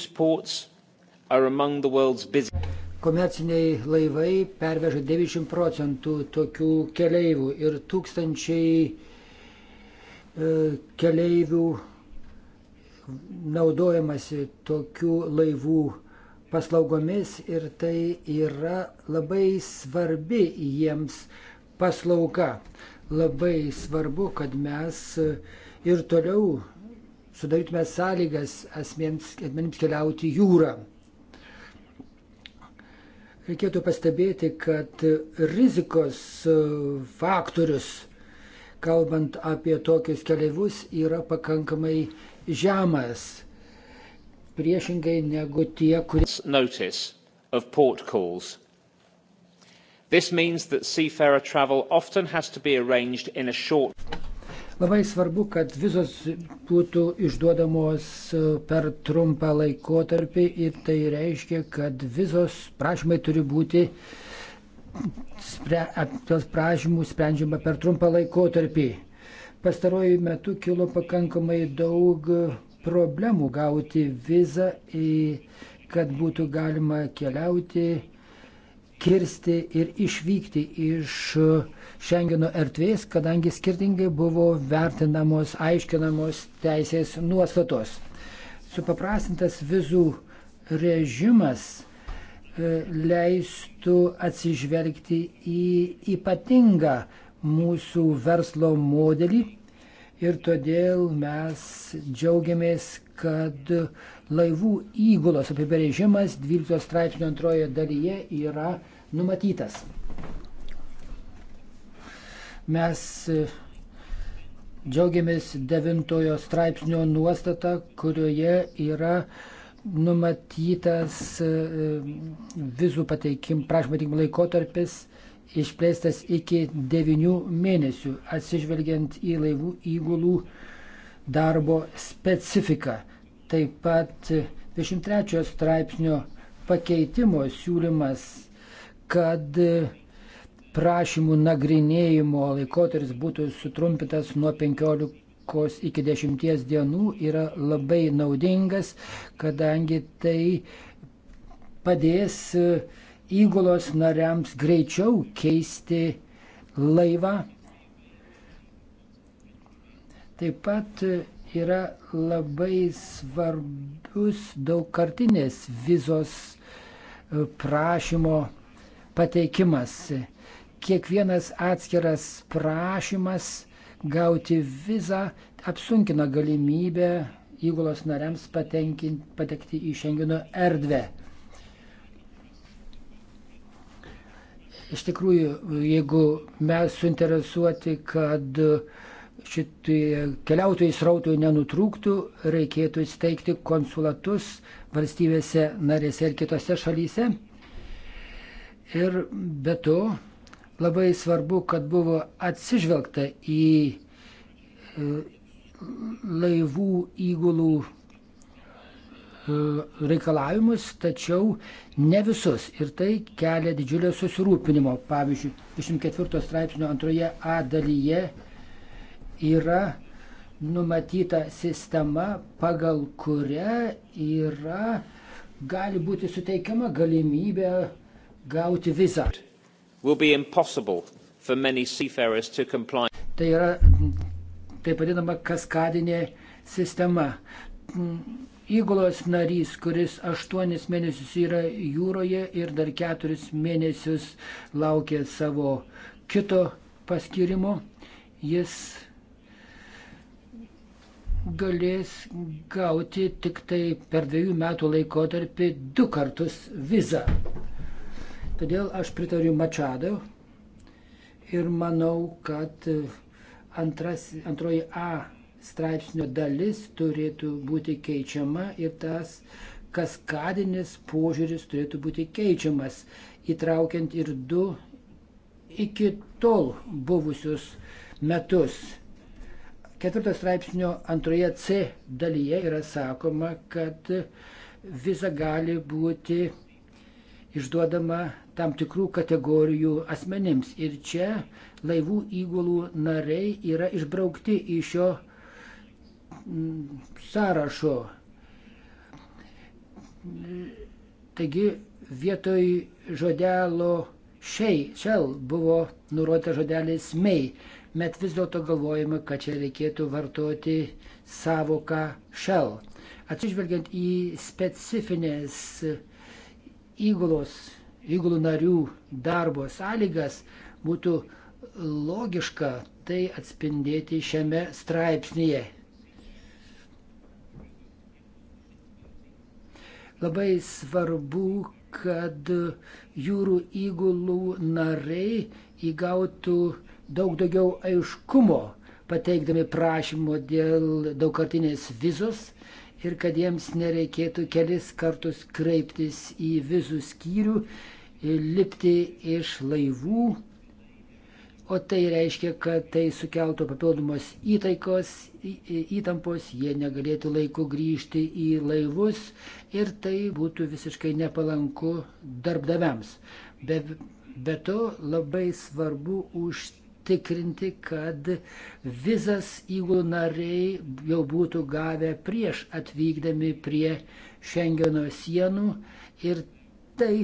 Komerciniai laivai perveža 90 procentų tokių keleivių ir tūkstančiai keleivių naudojamasi tokių laivų paslaugomis ir tai yra labai svarbi jiems paslauga. Labai svarbu, kad mes uh, ir toliau sudarytume sąlygas asmenims, asmenims keliauti jūrą. Reikėtų pastebėti, kad rizikos faktorius, kalbant apie tokius keliaivus, yra pakankamai žemas. Priešingai negu tie, kurie. This means that seafarer travel often has to be arranged in a short Labai svarbu, kad vizos būtų išduodamos e, per trumpą laikotarpį ir tai reiškia, kad vizos prašymai turi būti spre, tos prašymų sprendžiama per trumpą laikotarpį. Pastaruoju metu kilo pakankamai daug problemų gauti vizą, kad būtų galima keliauti, kirsti ir išvykti iš uh, Šengeno erdvės, kadangi skirtingai buvo vertinamos, aiškinamos teisės nuostatos. Supaprastintas vizų režimas e, leistų atsižvelgti į ypatingą mūsų verslo modelį ir todėl mes džiaugiamės, kad laivų įgulos apibrėžimas 12 straipsnio antroje dalyje yra numatytas. Mes e, džiaugiamės devintojo straipsnio nuostata, kurioje yra numatytas e, e, vizų pateikim, prašymų pateikimo laikotarpis išplėstas iki 9 mėnesių, atsižvelgiant į laivų įgulų darbo specifiką. Taip pat 23 straipsnio pakeitimo siūlymas, kad prašymų nagrinėjimo laikotarpis būtų sutrumpintas nuo 15 iki 10 dienų yra labai naudingas, kadangi tai padės e, įgulos nariams greičiau keisti laivą. Taip pat e, yra labai svarbus daugkartinės vizos e, prašymo pateikimas kiekvienas atskiras prašymas gauti vizą apsunkina galimybę įgulos nariams patekti į Šengino erdvę. Iš tikrųjų, jeigu mes suinteresuoti, kad šitie keliautojai srautų nenutrūktų, reikėtų įsteigti konsulatus valstybėse narėse ir kitose šalyse. Ir be to Labai svarbu, kad buvo atsižvelgta į e, laivų įgulų e, reikalavimus, tačiau ne visus. Ir tai kelia didžiulio susirūpinimo. Pavyzdžiui, 24 straipsnio antroje A dalyje yra numatyta sistema, pagal kurią yra, gali būti suteikiama galimybė gauti vizą will be impossible for many seafarers to comply. Tai yra taip vadinama kaskadinė sistema. Įgulos narys, kuris aštuonis mėnesius yra jūroje ir dar keturis mėnesius laukia savo kito paskirimo, jis galės gauti tik tai per dviejų metų laikotarpį du kartus vizą. Todėl aš pritariu Mačado ir manau, kad e, antras, antroji A straipsnio dalis turėtų būti keičiama ir tas kaskadinis požiūris turėtų būti keičiamas, įtraukiant ir du iki tol buvusius metus. Ketvirto straipsnio antroje C dalyje yra sakoma, kad viza gali būti išduodama tam tikrų kategorijų asmenims. Ir čia laivų įgulų nariai yra išbraukti iš šio mm, sąrašo. Taigi vietoj žodelio šiai, šel buvo nurodyta žodelis mei, bet vis dėlto galvojame, kad čia reikėtų vartoti savoką šel. Atsižvelgiant į specifinės įgulos įgulų narių darbo sąlygas, būtų logiška tai atspindėti šiame straipsnėje. Labai svarbu, kad jūrų įgulų nariai įgautų daug daugiau aiškumo pateikdami prašymo dėl daugkartinės vizos ir kad jiems nereikėtų kelis kartus kreiptis į vizų skyrių, e, lipti iš laivų. O tai reiškia, kad tai sukeltų papildomos įtaikos, įtampos, jie negalėtų laiku grįžti į laivus ir tai būtų visiškai nepalanku darbdaviams. Be, be to labai svarbu užtikrinti užtikrinti, kad vizas įgulų nariai jau būtų gavę prieš atvykdami prie Šengeno sienų ir tai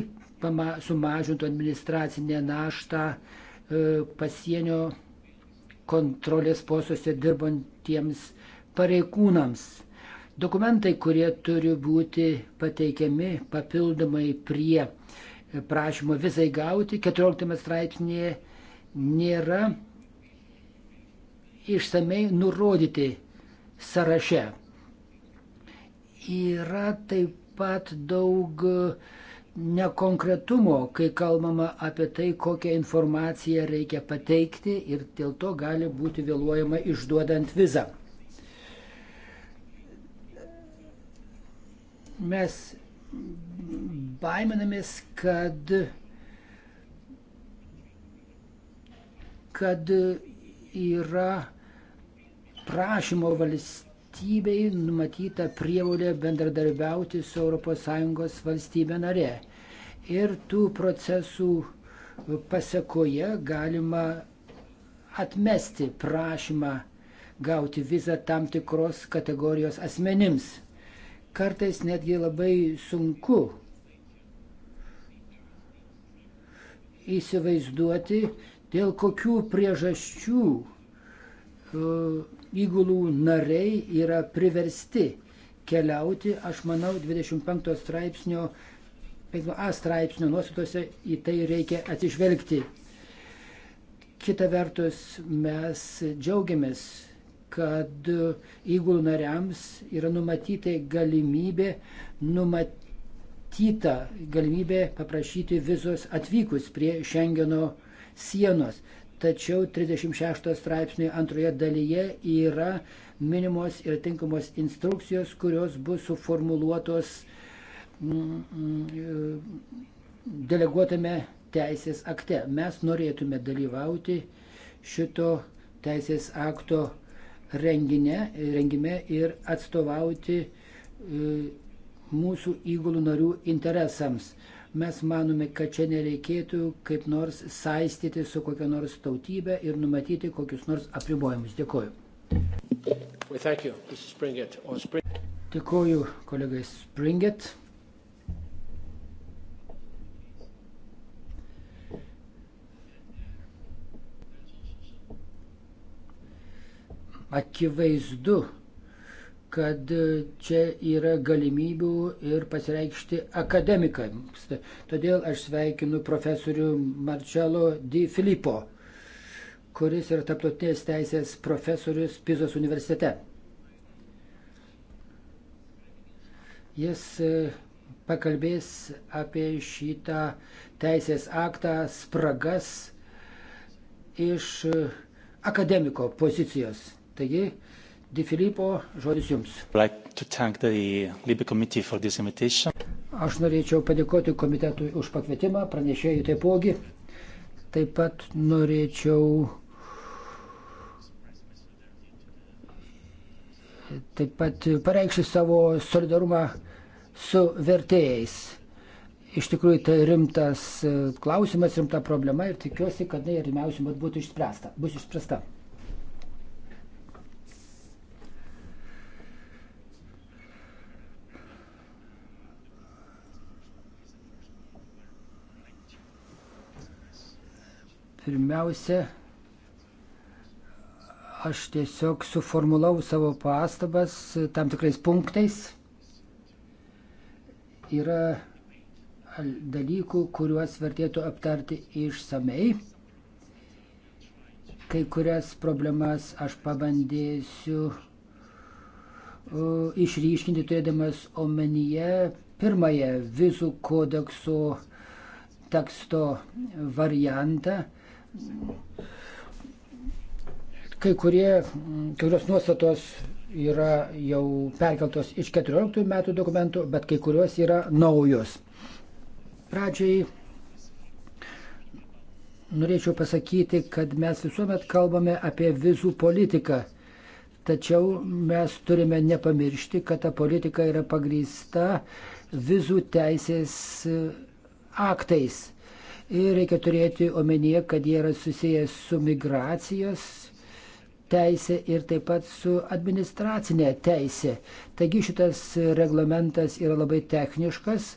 sumažintų administracinę naštą e, pasienio kontrolės postuose dirbantiems pareigūnams. Dokumentai, kurie turi būti pateikiami papildomai prie prašymo visai gauti, 14 straipsnėje nėra išsamei nurodyti sąraše. Yra taip pat daug nekonkretumo, kai kalbama apie tai, kokią informaciją reikia pateikti ir dėl to gali būti vėluojama išduodant vizą. Mes baiminamės, kad kad yra prašymo valstybei numatyta prievolė bendradarbiauti su ES valstybė narė. Ir tų procesų pasakoje galima atmesti prašymą gauti vizą tam tikros kategorijos asmenims. Kartais netgi labai sunku įsivaizduoti dėl kokių priežasčių e, įgulų nariai yra priversti keliauti, aš manau, 25 straipsnio, 5a straipsnio nuostatose į tai reikia atsižvelgti. Kita vertus, mes džiaugiamės, kad įgulų nariams yra numatyta galimybė, numatyta galimybė paprašyti vizos atvykus prie Šengeno sienos. Tačiau 36 straipsnio antroje dalyje yra minimos ir tinkamos instrukcijos, kurios bus suformuluotos mm, mm, deleguotame teisės akte. Mes norėtume dalyvauti šito teisės akto rengine, rengime ir atstovauti e, mūsų įgulų narių interesams. Mes manome, kad čia nereikėtų kaip nors saistyti su kokia nors tautybė ir numatyti kokius nors apribojimus. Dėkuoju. Dėkuoju kolegai Springet. Akivaizdu, kad e, čia yra galimybių ir pasireikšti akademikams. Todėl aš sveikinu profesorių Marcelo Di Filippo, kuris yra taptautinės teisės profesorius Pizos universitete. Jis e, pakalbės apie šitą teisės aktą spragas iš e, akademiko pozicijos. Taigi, Di Filipo, žodis Jums. Aš norėčiau padėkoti komitetui už pakvietimą, pranešėjai taipogi. Taip pat norėčiau. Taip pat pareikšti savo solidarumą su vertėjais. Iš tikrųjų, tai rimtas klausimas, rimta problema ir tikiuosi, kad tai artimiausiu metu būtų išspręsta. Bus išspręsta. Pirmiausia, aš tiesiog suformulau savo pastabas tam tikrais punktais. Yra dalykų, kuriuos vertėtų aptarti išsamei. Kai kurias problemas aš pabandėsiu išryškinti turėdamas omenyje pirmąją vizų kodekso teksto variantą, Kai kurie, kurios nuostatos yra jau perkeltos iš 14 metų dokumentų, bet kai kurios yra naujos. Pradžiai norėčiau pasakyti, kad mes visuomet kalbame apie vizų politiką. Tačiau mes turime nepamiršti, kad ta politika yra pagrįsta vizų teisės aktais. Ir reikia turėti omenyje, kad jie yra susijęs su migracijos teisė ir taip pat su administracinė teisė. Taigi šitas reglamentas yra labai techniškas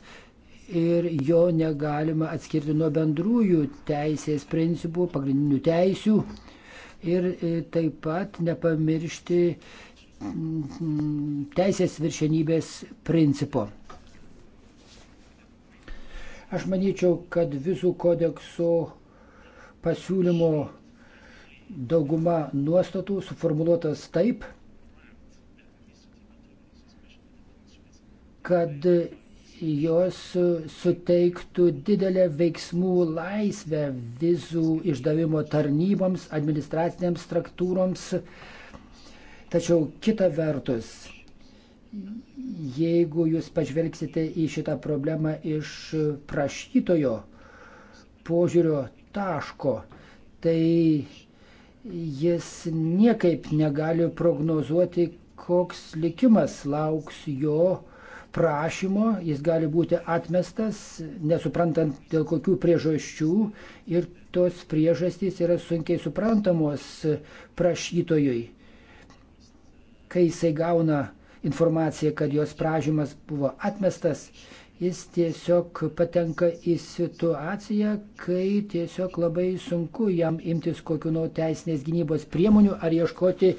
ir jo negalima atskirti nuo bendrųjų teisės principų, pagrindinių teisių. Ir e, taip pat nepamiršti teisės viršenybės principo. Aš manyčiau, kad vizų kodekso pasiūlymo dauguma nuostatų suformuoluotas taip, kad jos suteiktų didelę veiksmų laisvę vizų išdavimo tarnyboms, administracinėms struktūroms. Tačiau kita vertus, jeigu jūs pažvelgsite į šitą problemą iš prašytojo požiūrio taško, tai jis niekaip negali prognozuoti, koks likimas lauks jo prašymo, jis gali būti atmestas, nesuprantant dėl kokių priežasčių ir tos priežastys yra sunkiai suprantamos prašytojui. Kai jisai gauna informacija, kad jos prašymas buvo atmestas, jis tiesiog patenka į situaciją, kai tiesiog labai sunku jam imtis kokiu nors teisinės gynybos priemonių ar ieškoti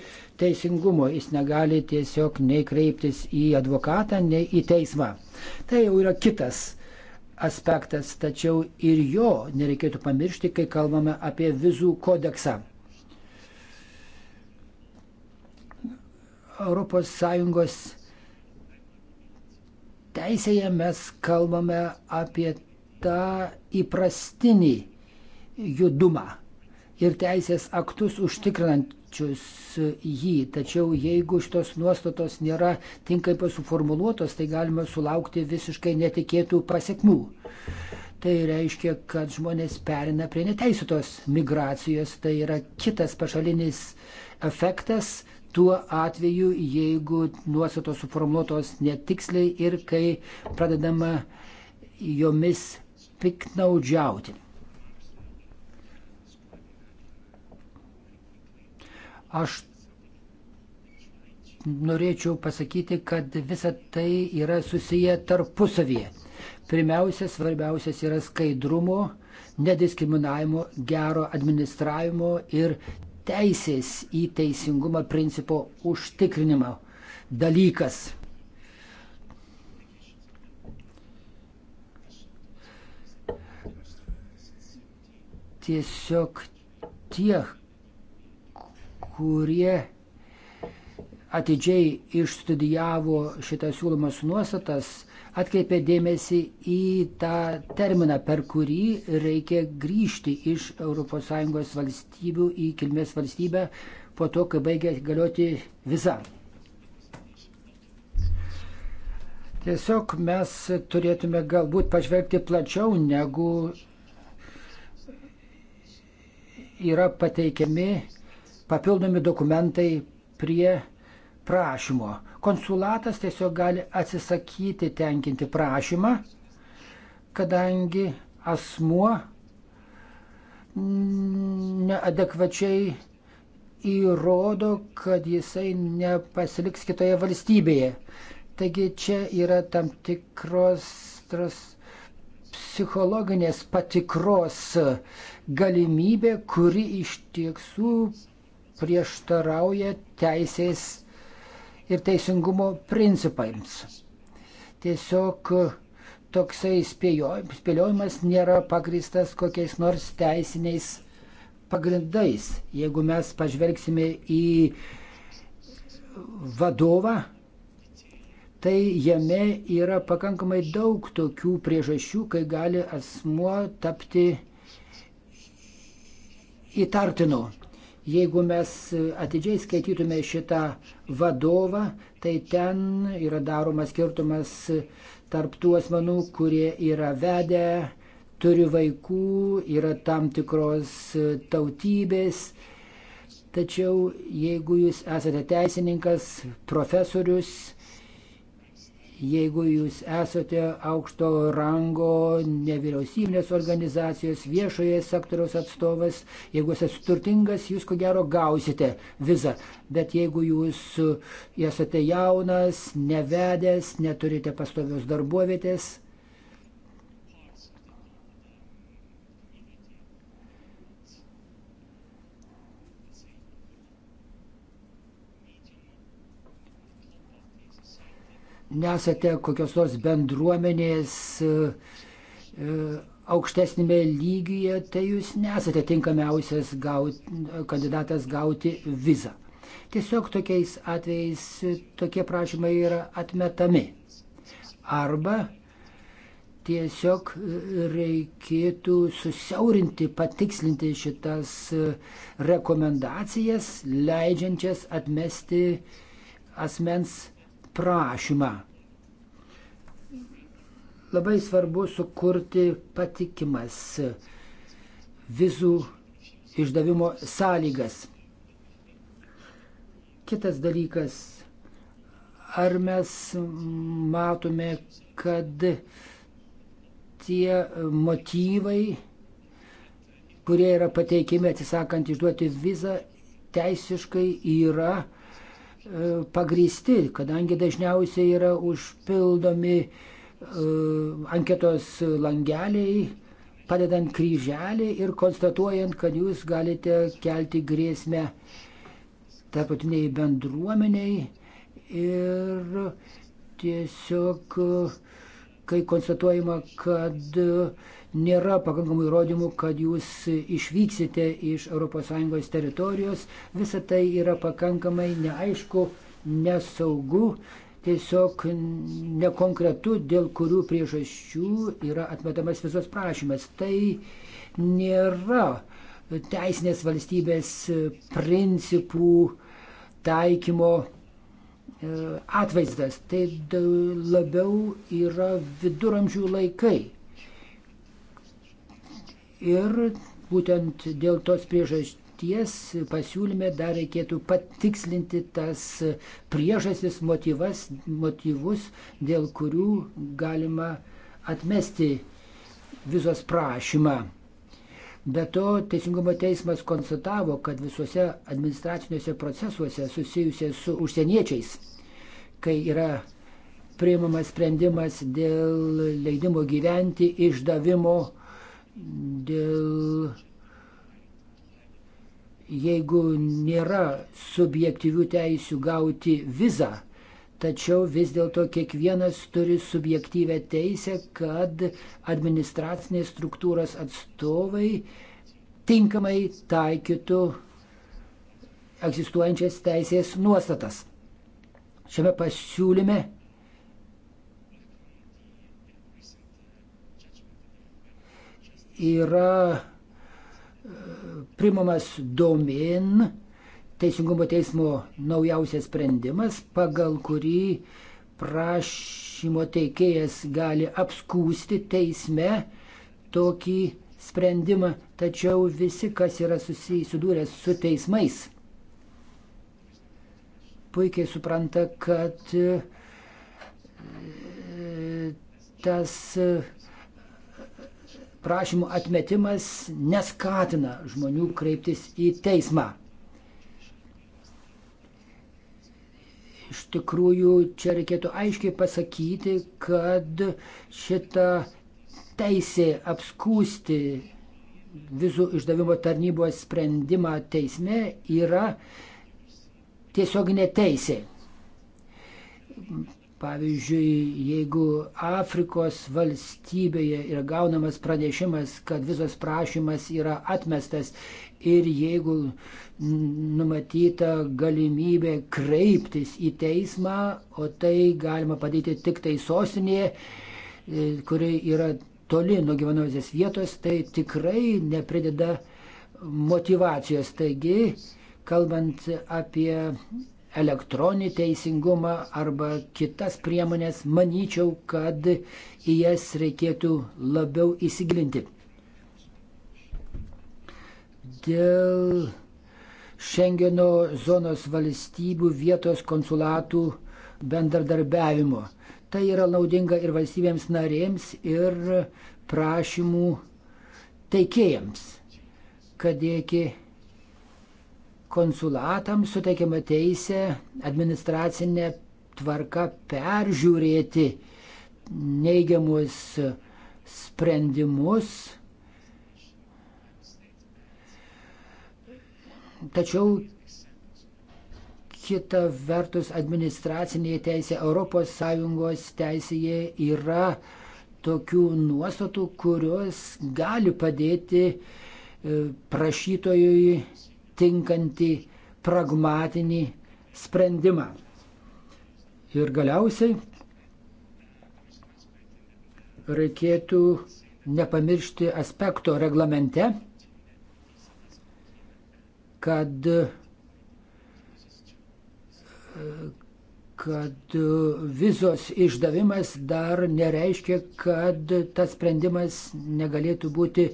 teisingumo. Jis negali tiesiog nei kreiptis į advokatą, nei į teismą. Tai jau yra kitas aspektas, tačiau ir jo nereikėtų pamiršti, kai kalbame apie vizų kodeksą. ES teisėje mes kalbame apie tą įprastinį judumą ir teisės aktus užtikrinančius jį. Tačiau jeigu šitos nuostatos nėra tinkamai suformuoluotos, tai galima sulaukti visiškai netikėtų pasiekmių. Tai reiškia, kad žmonės perina prie neteisėtos migracijos, tai yra kitas pašalinis efektas tuo atveju, jeigu nuostatos suformuotos netiksliai ir kai pradedama jomis piknaudžiauti. Aš norėčiau pasakyti, kad visa tai yra susiję tarpusavyje. Pirmiausia, svarbiausias yra skaidrumo, nediskriminavimo, gero administravimo ir teisės į teisingumą principo užtikrinimą dalykas. Tiesiog tie, kurie atidžiai išstudijavo šitas siūlomas nuostatas, atkreipė dėmesį į tą terminą, per kurį reikia grįžti iš ES valstybių į kilmės valstybę po to, kai baigia galioti viza. Tiesiog mes turėtume galbūt pažvelgti plačiau negu yra pateikiami papildomi dokumentai prie prašymo konsulatas tiesiog gali atsisakyti tenkinti prašymą, kadangi asmuo neadekvačiai įrodo, kad jisai nepasiliks kitoje valstybėje. Taigi čia yra tam tikros tras, psichologinės patikros galimybė, kuri iš tiesų prieštarauja teisės ir teisingumo principams. Tiesiog e, toksai spėliojimas nėra pagristas kokiais nors teisiniais pagrindais. Jeigu mes pažvelgsime į vadovą, tai jame yra pakankamai daug tokių priežasčių, kai gali asmuo tapti įtartinu. Jeigu mes atidžiai skaitytume šitą vadovą, tai ten yra daromas skirtumas tarp tų asmenų, kurie yra vedę, turi vaikų, yra tam tikros tautybės. Tačiau jeigu jūs esate teisininkas, profesorius, jeigu jūs esate aukšto rango nevyriausybinės organizacijos, viešoje sektoriaus atstovas, jeigu esate turtingas, jūs ko gero gausite vizą. Bet jeigu jūs esate jaunas, nevedęs, neturite pastovios darbovietės, nesate kokios nors bendruomenės e, e, aukštesnėme lygyje, tai jūs nesate tinkamiausias gauti, kandidatas gauti vizą. Tiesiog tokiais atvejais tokie prašymai yra atmetami. Arba tiesiog reikėtų susiaurinti, patikslinti šitas rekomendacijas, leidžiančias atmesti asmens prašymą. Labai svarbu sukurti patikimas vizų išdavimo sąlygas. Kitas dalykas, ar mes matome, kad tie motyvai, kurie yra pateikimi atsisakant išduoti vizą, teisiškai yra E, pagrysti, kadangi dažniausiai yra užpildomi e, anketos langeliai, padedant kryželį ir konstatuojant, kad jūs galite kelti grėsmę tarptautiniai bendruomeniai ir tiesiog uh, kai konstatuojama, kad nėra pakankamų įrodymų, kad jūs išvyksite iš ES teritorijos, visa tai yra pakankamai neaišku, nesaugu, tiesiog nekonkretu, dėl kurių priežasčių yra atmetamas visos prašymas. Tai nėra teisinės valstybės principų taikymo E, atvaizdas. Tai labiau yra viduramžių laikai. Ir būtent dėl tos priežasties pasiūlyme dar reikėtų patikslinti tas priežastis, motyvas, motyvus, dėl kurių galima atmesti vizos prašymą. Be to, Teisingumo teismas konstatavo, kad visuose administraciniuose procesuose susijusiais su užsieniečiais, kai yra priimamas sprendimas dėl leidimo gyventi, išdavimo, dėl jeigu nėra subjektyvių teisių gauti vizą, tačiau vis dėlto kiekvienas turi subjektyvę teisę, kad administracinės struktūros atstovai tinkamai taikytų egzistuojančias teisės nuostatas. Šiame pasiūlyme yra e, primamas domin Teisingumo teismo naujausias sprendimas, pagal kurį prašymo teikėjas gali apskūsti teisme tokį sprendimą, tačiau visi, kas yra susidūrę su teismais, puikiai supranta, kad e, tas e, prašymų atmetimas neskatina žmonių kreiptis į teismą. iš tikrųjų čia reikėtų aiškiai pasakyti, kad šita teisė apskūsti vizų išdavimo tarnybos sprendimą teisme yra tiesiog neteisė. Pavyzdžiui, jeigu Afrikos valstybėje yra gaunamas pranešimas, kad vizos prašymas yra atmestas ir jeigu numatyta galimybė kreiptis į teismą, o tai galima padaryti tik tai sostinėje, e, kuri yra toli nuo gyvenamosios vietos, tai tikrai neprideda motivacijos. Taigi, kalbant apie elektroninį teisingumą arba kitas priemonės, manyčiau, kad į jas reikėtų labiau įsigilinti dėl Šengeno zonos valstybių vietos konsulatų bendradarbiavimo. Tai yra naudinga ir valstybėms narėms, ir prašymų teikėjams, kad iki konsulatams suteikiama teisė administracinė tvarka peržiūrėti neigiamus sprendimus Tačiau kita vertus administracinėje teisėje, ES teisėje yra tokių nuostatų, kurios gali padėti e, prašytojui tinkantį pragmatinį sprendimą. Ir galiausiai reikėtų nepamiršti aspekto reglamente, kad, kad vizos išdavimas dar nereiškia, kad tas sprendimas negalėtų būti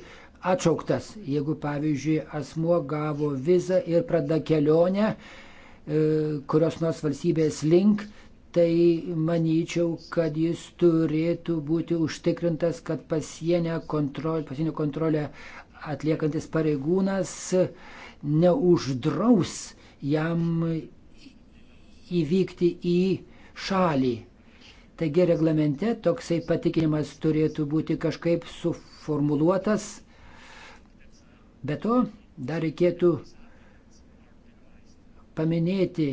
atšauktas. Jeigu, pavyzdžiui, asmuo gavo vizą ir pradeda kelionę e, kurios nors valstybės link, tai manyčiau, kad jis turėtų būti užtikrintas, kad pasienio, kontrol, pasienio kontrolę atliekantis pareigūnas uh, neuždraus jam įvykti į šalį. Taigi reglamente toksai patikinimas turėtų būti kažkaip suformuluotas. Be to, dar reikėtų paminėti,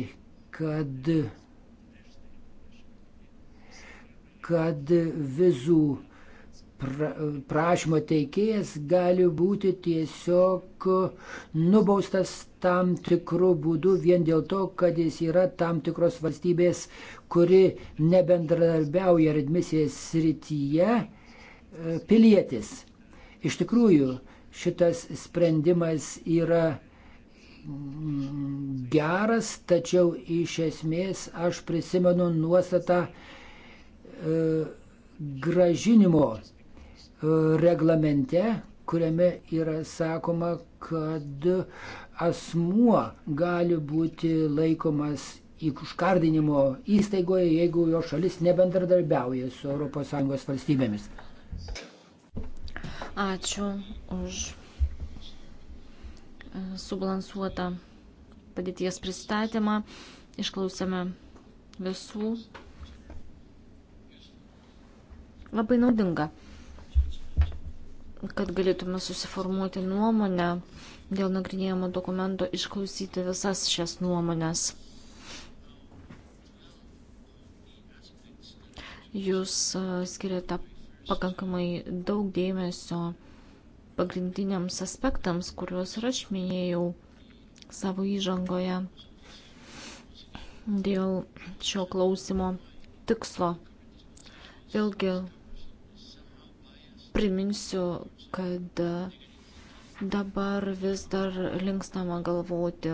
kad, kad vizų pra, prašymo teikėjas gali būti tiesiog nubaustas tam tikru būdu vien dėl to, kad jis yra tam tikros valstybės, kuri nebendradarbiauja redmisijos srityje e, pilietis. Iš tikrųjų, šitas sprendimas yra mm, geras, tačiau iš esmės aš prisimenu nuostatą e, gražinimo reglamente, kuriame yra sakoma, kad asmuo gali būti laikomas užkardinimo įstaigoje, jeigu jo šalis nebendradarbiauja su ES valstybėmis. Ačiū už e, subalansuotą padėties pristatymą. Išklausėme visų. Labai naudinga kad galėtume susiformuoti nuomonę dėl nagrinėjimo dokumento, išklausyti visas šias nuomonės. Jūs e, skiriate pakankamai daug dėmesio pagrindiniams aspektams, kuriuos ir aš minėjau savo įžangoje dėl šio klausimo tikslo. Vėlgi Priminsiu, kad dabar vis dar linkstama galvoti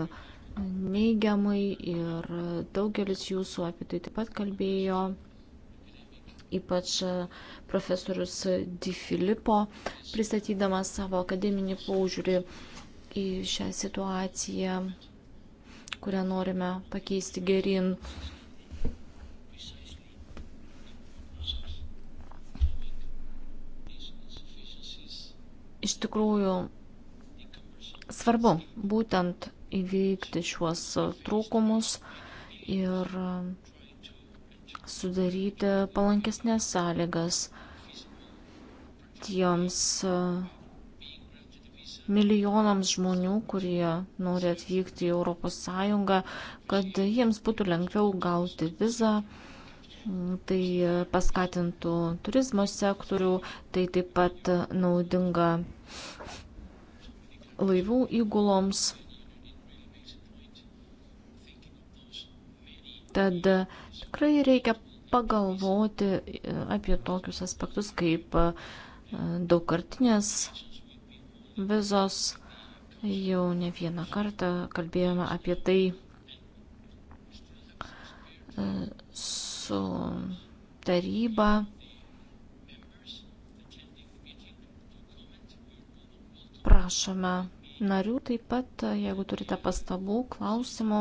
neigiamai ir daugelis jūsų apie tai taip pat kalbėjo, ypač profesorius Di Filippo, pristatydamas savo akademinį paužiūrį į šią situaciją, kurią norime pakeisti gerin. iš tikrųjų svarbu būtent įveikti šiuos trūkumus ir sudaryti palankesnės sąlygas tiems e, milijonams žmonių, kurie nori atvykti į ES, kad jiems būtų lengviau gauti vizą, Tai paskatintų turizmo sektorių, tai taip pat naudinga laivų įguloms. Tad tikrai reikia pagalvoti apie tokius aspektus kaip daugkartinės vizos. Jau ne vieną kartą kalbėjome apie tai su taryba. Prašome narių taip pat, jeigu turite pastabų, klausimų,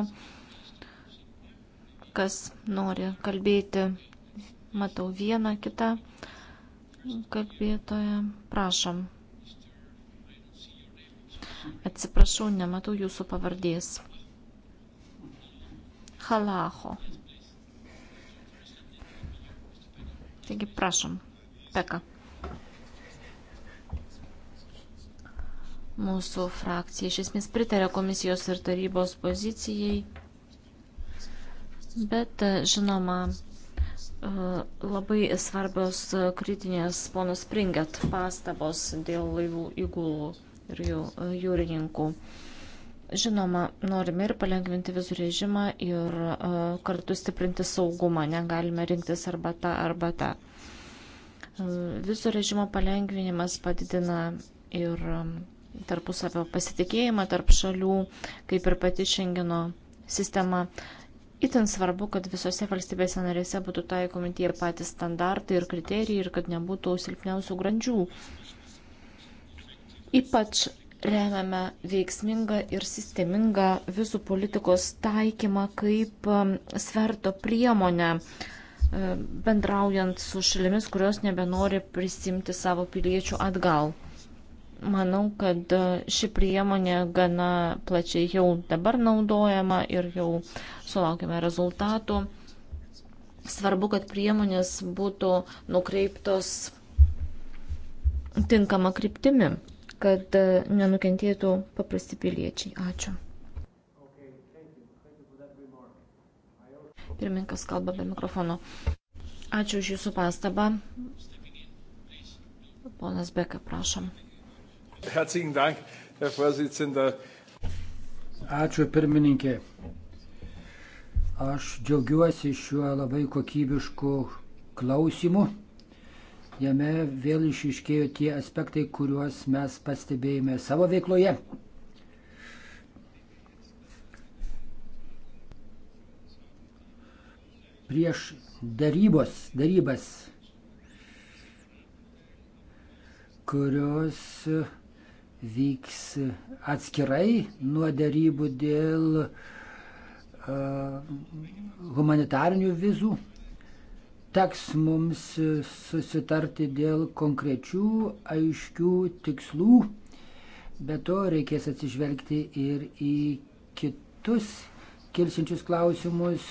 kas nori kalbėti, matau vieną kitą kalbėtoją, prašom. Atsiprašau, nematau jūsų pavardės. Halacho. Taigi prašom, Peka. Mūsų frakcija iš esmės pritarė komisijos ir tarybos pozicijai, bet žinoma, e, labai svarbios kritinės ponos Springet pastabos dėl laivų įgulų ir jų e, jūrininkų. Jų Žinoma, norime ir palengvinti vizų režimą ir uh, kartu stiprinti saugumą. Negalime rinktis arba tą, arba tą. Uh, vizų režimo palengvinimas padidina ir um, tarpusavio pasitikėjimą tarp šalių, kaip ir pati Šengeno sistema. Itin svarbu, kad visose valstybėse narėse būtų taikomi tie patys standartai ir kriterijai ir kad nebūtų silpniausių grandžių. Ypač remiame veiksmingą ir sistemingą visų politikos taikymą kaip um, sverto priemonę e, bendraujant su šalimis, kurios nebenori prisimti savo piliečių atgal. Manau, kad e, ši priemonė gana plačiai jau dabar naudojama ir jau sulaukime rezultatų. Svarbu, kad priemonės būtų nukreiptos tinkama kryptimi kad e, nenukentėtų paprasti piliečiai. Ačiū. Pirmininkas kalba be mikrofono. Ačiū už Jūsų pastabą. Ponas Beka, prašom. Ačiū pirmininkė. Aš džiaugiuosi šiuo labai kokybišku klausimu. Jame vėl išiškėjo tie aspektai, kuriuos mes pastebėjome savo veikloje. Prieš darybos, darybas, kurios vyks atskirai nuo darybų dėl uh, humanitarinių vizų teks mums susitarti dėl konkrečių, aiškių tikslų, bet to reikės atsižvelgti ir į kitus kilsinčius klausimus.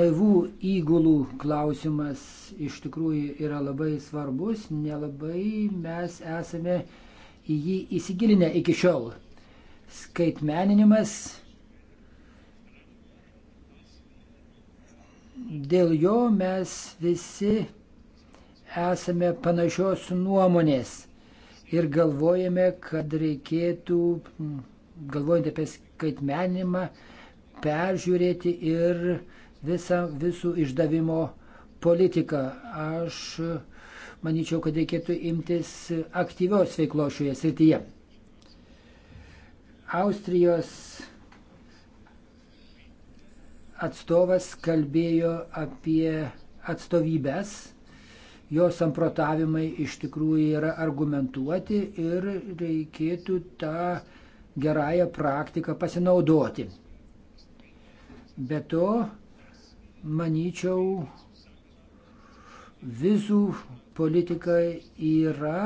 Laivų įgulų klausimas iš tikrųjų yra labai svarbus, nelabai mes esame į jį įsigilinę iki šiol. Skaitmeninimas Dėl jo mes visi esame panašios nuomonės ir galvojame, kad reikėtų, galvojant apie skaitmenimą, peržiūrėti ir visą visų išdavimo politiką. Aš manyčiau, kad reikėtų imtis aktyvios veiklos šioje srityje. Austrijos atstovas kalbėjo apie atstovybės. Jo samprotavimai iš tikrųjų yra argumentuoti ir reikėtų tą gerąją praktiką pasinaudoti. Be to, manyčiau, vizų politika yra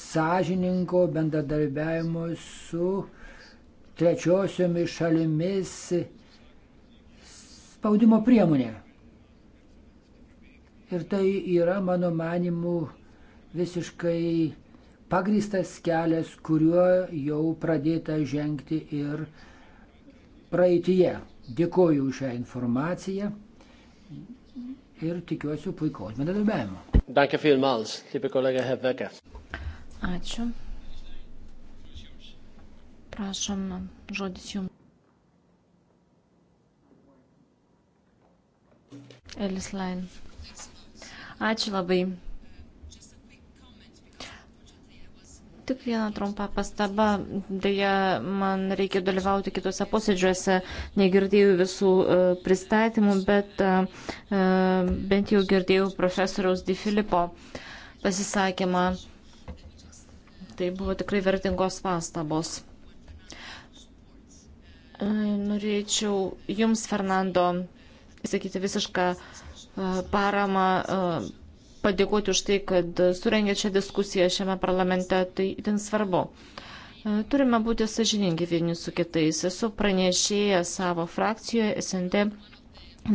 sąžininko bendradarbiavimo su trečiosiomis šalimis spaudimo priemonė. Ir tai yra, mano manimu, visiškai pagristas kelias, kuriuo jau pradėta žengti ir praeitie. Dėkoju už šią informaciją ir tikiuosi puikaus bendradarbiavimo. Ačiū. Prašom, žodis jums. Elis Lain. Ačiū labai. Tik vieną trumpą pastabą. Deja, man reikia dalyvauti kitose posėdžiuose. Negirdėjau visų e, pristatymų, bet e, e, bent jau girdėjau profesoriaus Di Filipo pasisakymą. Tai buvo tikrai vertingos pastabos. Norėčiau Jums, Fernando, sakyti, visišką e, paramą, e, padėkoti už tai, kad surengė čia diskusiją šiame parlamente, tai itin svarbu. E, turime būti sažiningi vieni su kitais. Esu pranešėję savo frakcijoje SND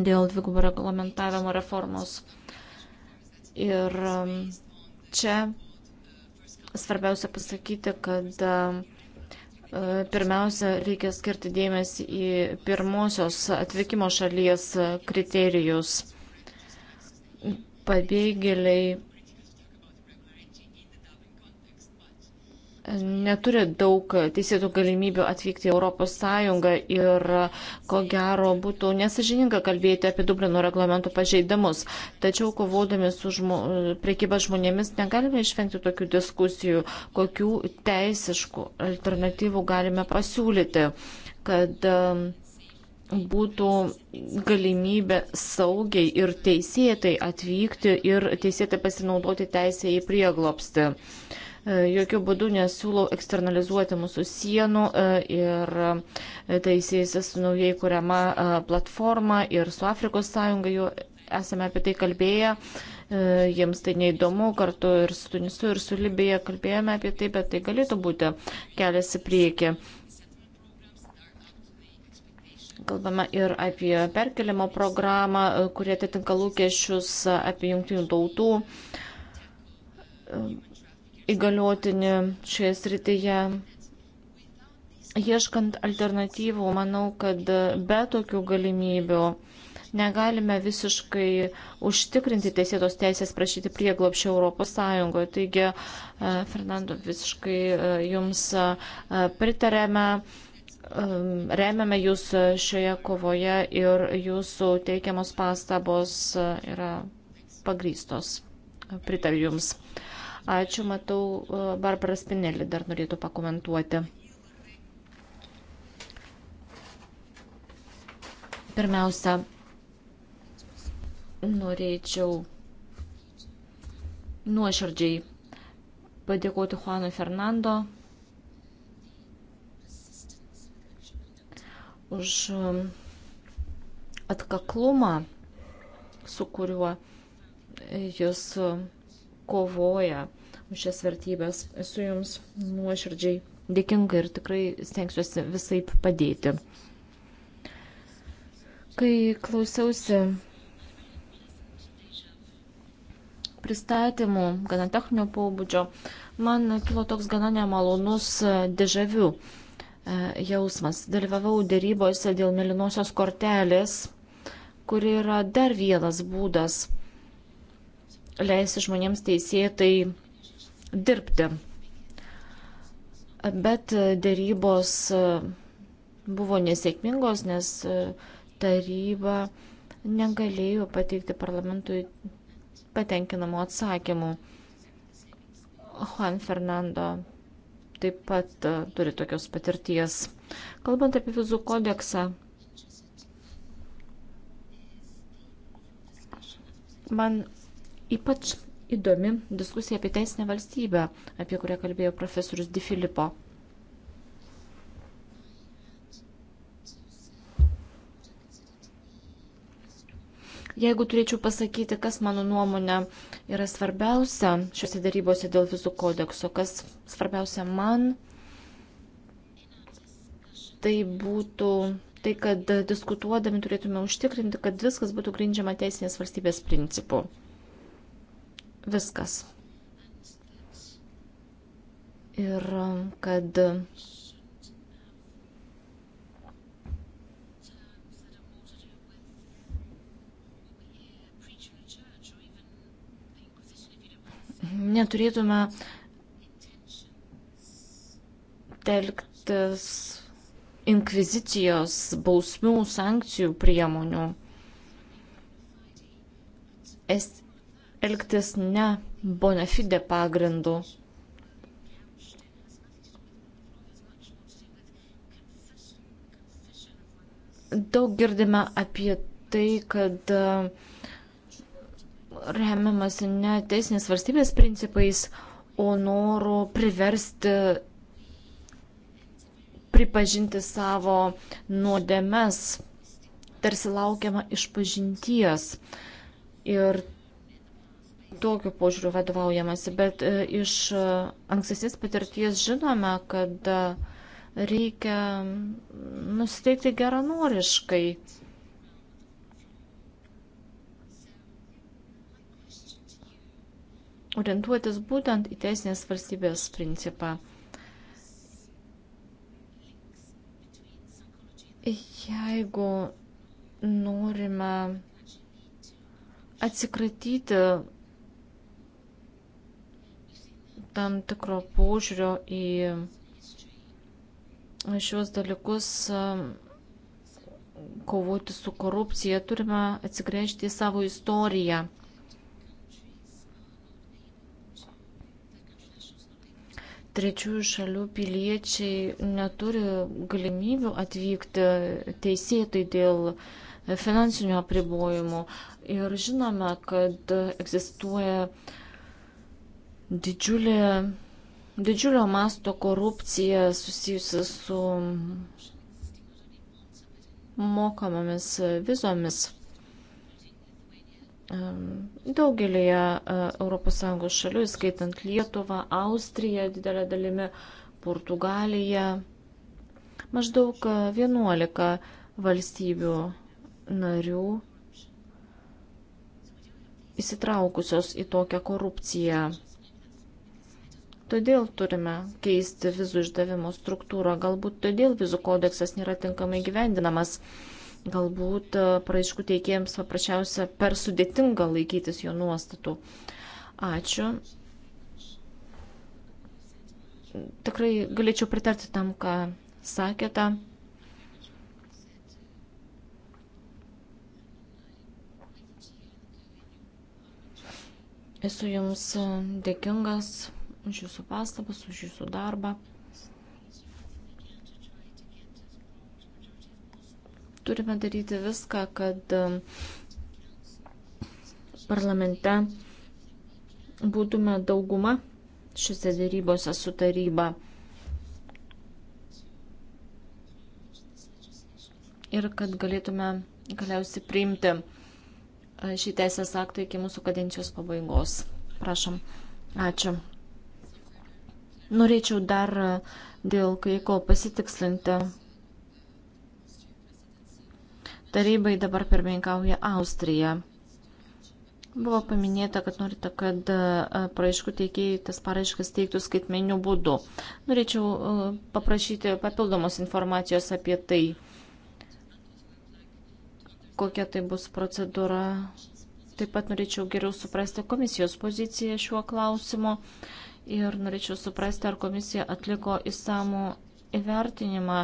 dėl dvigubo reglamentavimo reformos. Ir čia svarbiausia pasakyti, kad E, pirmiausia, reikia skirti dėmesį į pirmosios atvykimo šalies kriterijus. Pabėgėliai neturi daug teisėtų galimybių atvykti į ES ir ko gero būtų nesažininga kalbėti apie Dublino reglamento pažeidimus. Tačiau kovodami su žmo, priekyba žmonėmis negalime išvengti tokių diskusijų, kokių teisiškų alternatyvų galime pasiūlyti, kad um, būtų galimybė saugiai ir teisėtai atvykti ir teisėtai pasinaudoti teisę į prieglopstį. Uh, E, jokių būdų nesiūlau eksternalizuoti mūsų sienų e, ir e, tai siejasi su naujai kuriama platforma ir su Afrikos sąjunga jau esame apie tai kalbėję. Jiems tai neįdomu, kartu ir su Tunisu, ir su Libija kalbėjome apie tai, bet tai galėtų būti kelias į priekį. Kalbame ir apie perkelimo programą, kurie atitinka lūkesčius apie jungtinių tautų įgaliotinį šioje srityje. Ieškant alternatyvų, manau, kad be tokių galimybių negalime visiškai užtikrinti teisėtos teisės prašyti prieglopščio Europos Sąjungoje. Taigi, e, Fernando, visiškai e, jums e, pritarėme, remiame jūs šioje kovoje ir jūsų teikiamos pastabos yra pagrystos. Pritariu jums. Ačiū, matau, e, Barbara Spinelli dar norėtų pakomentuoti. Pirmiausia, norėčiau nuoširdžiai padėkoti Juanui Fernando už e, atkaklumą, su kuriuo jis kovoja už šias vertybės. Esu jums nuoširdžiai dėkinga ir tikrai stengsiuosi visai padėti. Kai klausiausi pristatymų, gana techninio pobūdžio, man kilo toks gana nemalonus dežavių e, jausmas. Dalyvavau dėrybose dėl melinosios kortelės, kuri yra dar vienas būdas leisi žmonėms teisėtai dirbti. Bet dėrybos buvo nesėkmingos, nes taryba negalėjo pateikti parlamentui patenkinamų atsakymų. Juan Fernando taip pat turi tokios patirties. Kalbant apie vizų kodeksą, man Ypač įdomi diskusija apie teisinę valstybę, apie kurią kalbėjo profesorius Di Filipo. Jeigu turėčiau pasakyti, kas mano nuomonė yra svarbiausia šiuose darybose dėl vizų kodekso, kas svarbiausia man, tai būtų tai, kad diskutuodami turėtume užtikrinti, kad viskas būtų grindžiama teisinės valstybės principu. Viskas. Ir kad neturėtume telktis inkvizicijos bausmių sankcijų priemonių. Es elgtis ne bonafide pagrindu. Daug girdime apie tai, kad e, remiamasi ne teisinės valstybės principais, o noru priversti pripažinti savo nuodėmes, tarsi laukiama išpažinties. Ir tokiu požiūriu vadovaujamasi, bet e, iš e, ankstesnės patirties žinome, kad e, reikia mm, nusiteikti geranoriškai. Orientuotis būtent į teisinės valstybės principą. Jeigu norime atsikratyti tam tikro požiūrio į šios dalykus um, kovoti su korupcija, turime atsigręžti į savo istoriją. trečiųjų šalių piliečiai neturi galimybių atvykti teisėtai dėl finansinių apribojimų. Ir žinome, kad egzistuoja didžiulė, didžiulio masto korupcija susijusi su mokamomis vizomis. Daugelėje ES šalių, įskaitant Lietuvą, Austriją, didelę dalimi Portugaliją, maždaug 11 e, valstybių narių įsitraukusios į tokią korupciją. Todėl turime keisti vizų išdavimo struktūrą. Galbūt todėl vizų kodeksas nėra tinkamai gyvendinamas. Galbūt e, praaiškų teikėjams paprasčiausia per sudėtinga laikytis jo nuostatų. Ačiū. Tikrai galėčiau pritarti tam, ką sakėte. Esu Jums e, dėkingas už jūsų pastabas, už jūsų darbą. Turime daryti viską, kad um, parlamente būtume dauguma šiuose dėrybose su taryba. Ir kad galėtume galiausiai priimti uh, šį teisės aktą iki mūsų kadencijos pabaigos. Prašom. Ačiū. Norėčiau dar dėl kai ko pasitikslinti. Tarybai dabar pirmininkauja Austrija. Buvo paminėta, kad norite, kad e, praaiškų teikėjai tas paraiškas teiktų skaitmeniu būdu. Norėčiau e, paprašyti papildomos informacijos apie tai, kokia tai bus procedūra. Taip pat norėčiau geriau suprasti komisijos poziciją šiuo klausimu. Uh, ir norėčiau suprasti, ar komisija atliko įsamų įvertinimą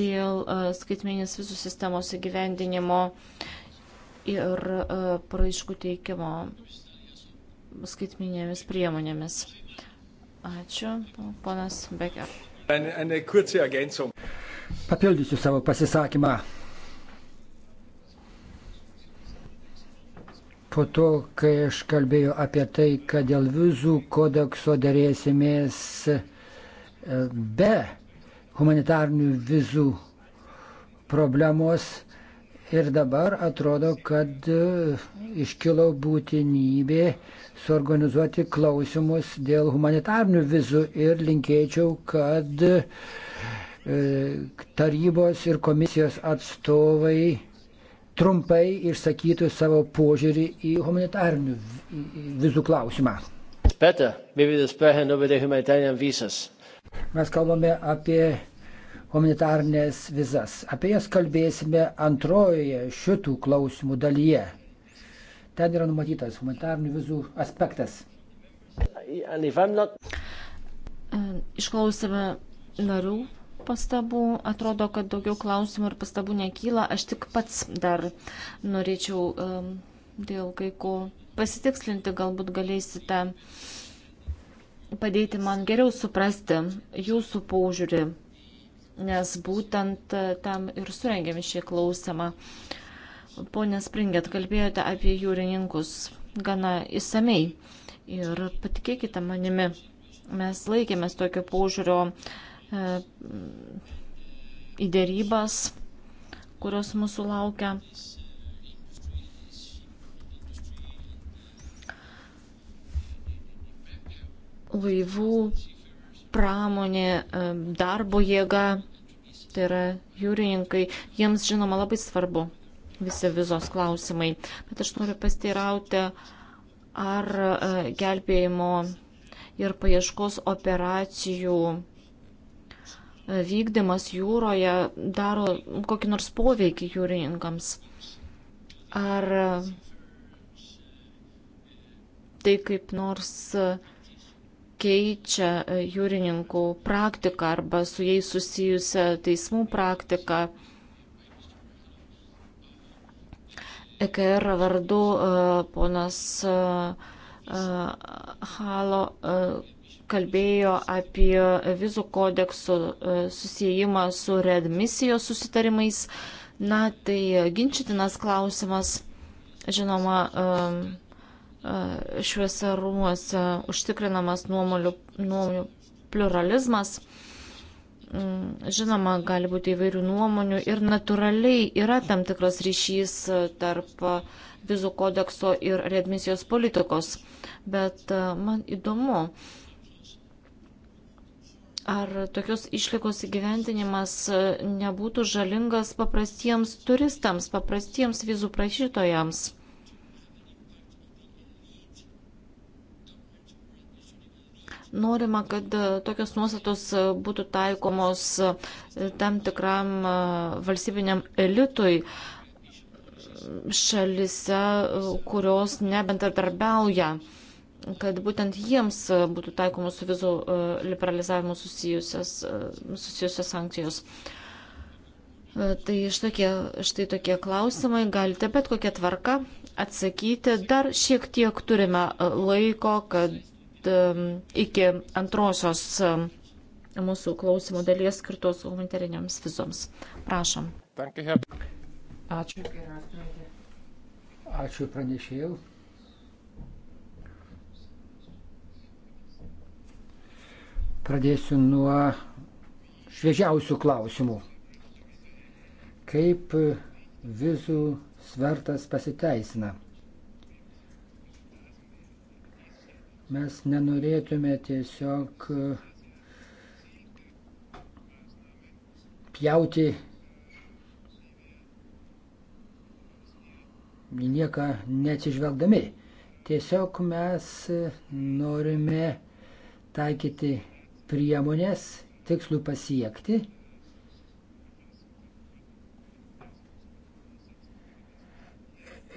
dėl e, skaitmeninės visų sistemos įgyvendinimo ir e, paraiškų teikimo skaitmeninėmis priemonėmis. Ačiū, ponas Becker. Papildysiu savo pasisakymą. Po to, kai aš kalbėjau apie tai, kad dėl vizų kodekso dėrėsimės e, be humanitarnių vizų problemos ir dabar atrodo, kad e, iškilo būtinybė suorganizuoti klausimus dėl humanitarnių vizų ir linkėčiau, kad e, tarybos ir komisijos atstovai trumpai išsakytų savo požiūrį į humanitarnių vizų klausimą. Mes kalbame apie humanitarnės vizas. Apie jas kalbėsime antrojoje šitų klausimų dalyje. Ten yra numatytas humanitarnių vizų aspektas. Išklausėme narių pastabų. Atrodo, kad daugiau klausimų ir pastabų nekyla. Aš tik pats dar norėčiau um, dėl kai ko pasitikslinti, galbūt galėsite padėti man geriau suprasti jūsų paužiūrį, nes būtent e, tam ir surengėme šį klausimą. Pone Springėt, kalbėjote apie jūrininkus gana įsamei ir patikėkite manimi, mes laikėmės tokio paužiūrio uh, E, į dėrybas, kurios mūsų laukia. Laivų pramonė, e, darbo jėga, tai yra jūrininkai, jiems žinoma labai svarbu visi vizos klausimai. Bet aš noriu pasteirauti, ar e, gelbėjimo ir paieškos operacijų vykdymas jūroje daro kokį nors poveikį jūrininkams. Ar tai kaip nors keičia jūrininkų praktiką arba su jais susijusią teismų praktiką. EKR vardu e, ponas e, e, Halo kalbėjo apie vizų kodekso e, susijimą su readmisijos susitarimais. Na, tai ginčytinas klausimas, žinoma, e, šiuose rūmuose užtikrinamas nuomonių, nuomonių pluralizmas. Mm, žinoma, gali būti įvairių nuomonių ir natūraliai yra tam tikras ryšys tarp vizų kodekso ir readmisijos politikos. Bet e, man įdomu, Ar tokios išlikos įgyventinimas e, nebūtų žalingas paprastiems turistams, paprastiems vizų prašytojams? norima, kad e, tokios nuostatos e, būtų taikomos tam tikram valstybiniam elitui šalise, kurios nebendradarbiauja. darbiauja kad būtent jiems e, būtų taikomos su vizų e, liberalizavimu susijusios, e, susijusios sankcijos. Tai štokie, štai tokie klausimai. Galite bet kokią tvarką atsakyti. Dar šiek tiek turime laiko, kad iki antrosios mūsų klausimo dalies skirtos humanitariniams vizoms. Prašom. Ačiū. Ačiū pranešėjau. Pradėsiu nuo šviežiausių klausimų. Kaip vizų svertas pasiteisina? Mes nenorėtume tiesiog pjauti į nieką neatsižvelgdami. Tiesiog mes norime taikyti priemonės tikslui pasiekti.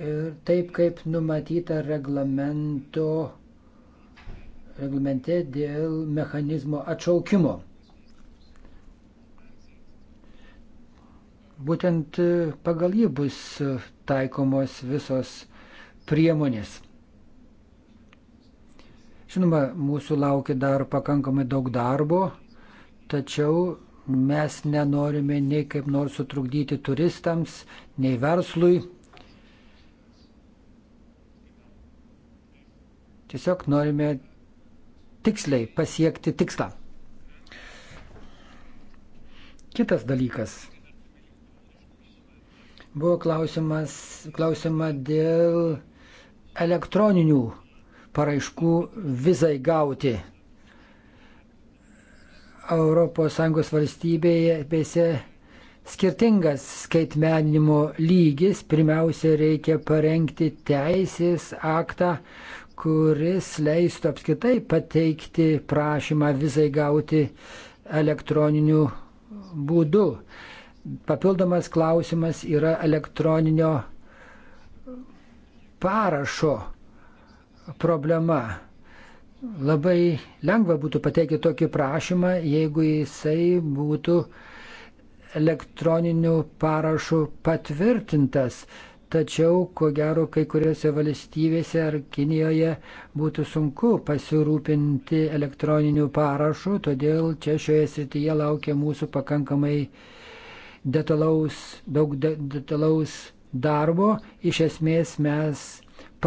Ir taip kaip numatyta reglamento, reglamente dėl mechanizmo atšaukimo. Būtent pagal jį bus taikomos visos priemonės. Žinoma, mūsų laukia dar pakankamai daug darbo, tačiau mes nenorime nei kaip nors sutrukdyti turistams, nei verslui. Tiesiog norime tiksliai pasiekti tikslą. Kitas dalykas. Buvo klausimas, klausima dėl elektroninių paraiškų vizai gauti. ES valstybėje bėse skirtingas skaitmeninimo lygis. Pirmiausia, reikia parengti teisės aktą, kuris leistų apskritai pateikti prašymą vizai gauti elektroniniu būdu. Papildomas klausimas yra elektroninio parašo problema. Labai lengva būtų pateikti tokį prašymą, jeigu jisai būtų elektroniniu parašu patvirtintas. Tačiau, ko gero, kai kuriuose valstybėse ar Kinijoje būtų sunku pasirūpinti elektroniniu parašu, todėl čia šioje srityje laukia mūsų pakankamai detalaus, daug de, detalaus darbo. Iš esmės mes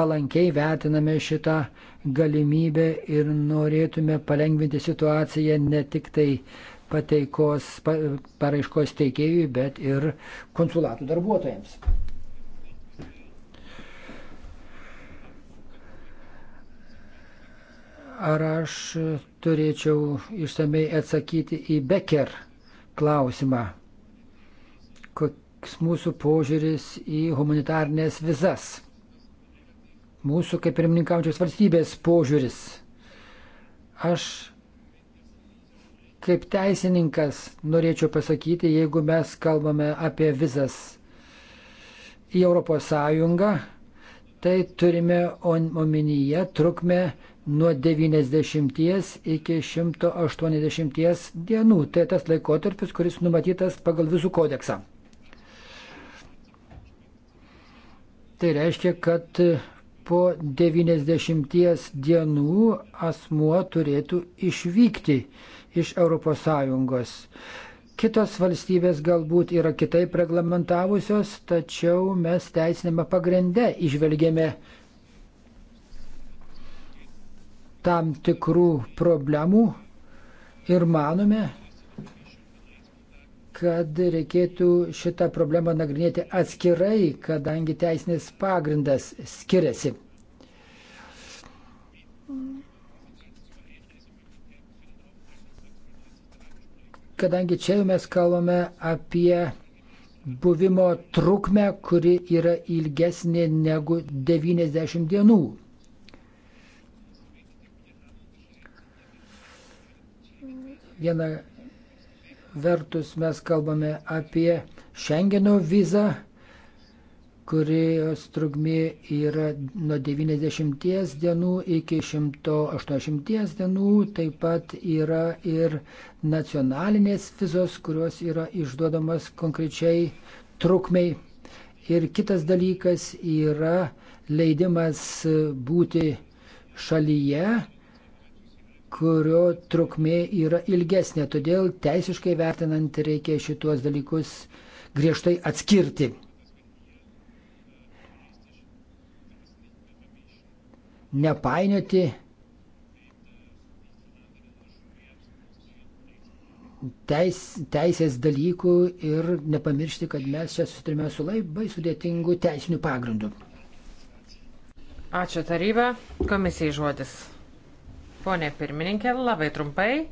palankiai vertiname šitą galimybę ir norėtume palengvinti situaciją ne tik tai pateikos, paraiškos teikėjui, bet ir konsulatų darbuotojams. Ar aš turėčiau išsamei atsakyti į Becker klausimą, koks mūsų požiūris į humanitarnės vizas? mūsų kaip pirmininkaujančios valstybės požiūris. Aš kaip teisininkas norėčiau pasakyti, jeigu mes kalbame apie vizas į ES, tai turime omenyje trukmę nuo 90 iki 180 dienų. Tai tas laikotarpis, kuris numatytas pagal vizų kodeksą. Tai reiškia, kad po 90 dienų asmuo turėtų išvykti iš ES. Kitos valstybės galbūt yra kitaip reglamentavusios, tačiau mes teisinėme pagrinde išvelgėme tam tikrų problemų ir manome, kad reikėtų šitą problemą nagrinėti atskirai, kadangi teisinis pagrindas skiriasi. Kadangi čia mes kalbame apie buvimo trukmę, kuri yra ilgesnė negu 90 dienų. Viena vertus mes kalbame apie Schengeno vizą, kurios trukmė yra nuo 90 dienų iki 180 dienų. Taip pat yra ir nacionalinės vizos, kurios yra išduodamas konkrečiai trukmei. Ir kitas dalykas yra leidimas būti šalyje kurio trukmė yra ilgesnė. Todėl teisiškai vertinant reikia šitos dalykus griežtai atskirti. Nepainioti teis, teisės dalykų ir nepamiršti, kad mes čia susiturime su labai sudėtingu teisiniu pagrindu. Ačiū taryba, komisijai žodis. Pone pirmininkė, labai trumpai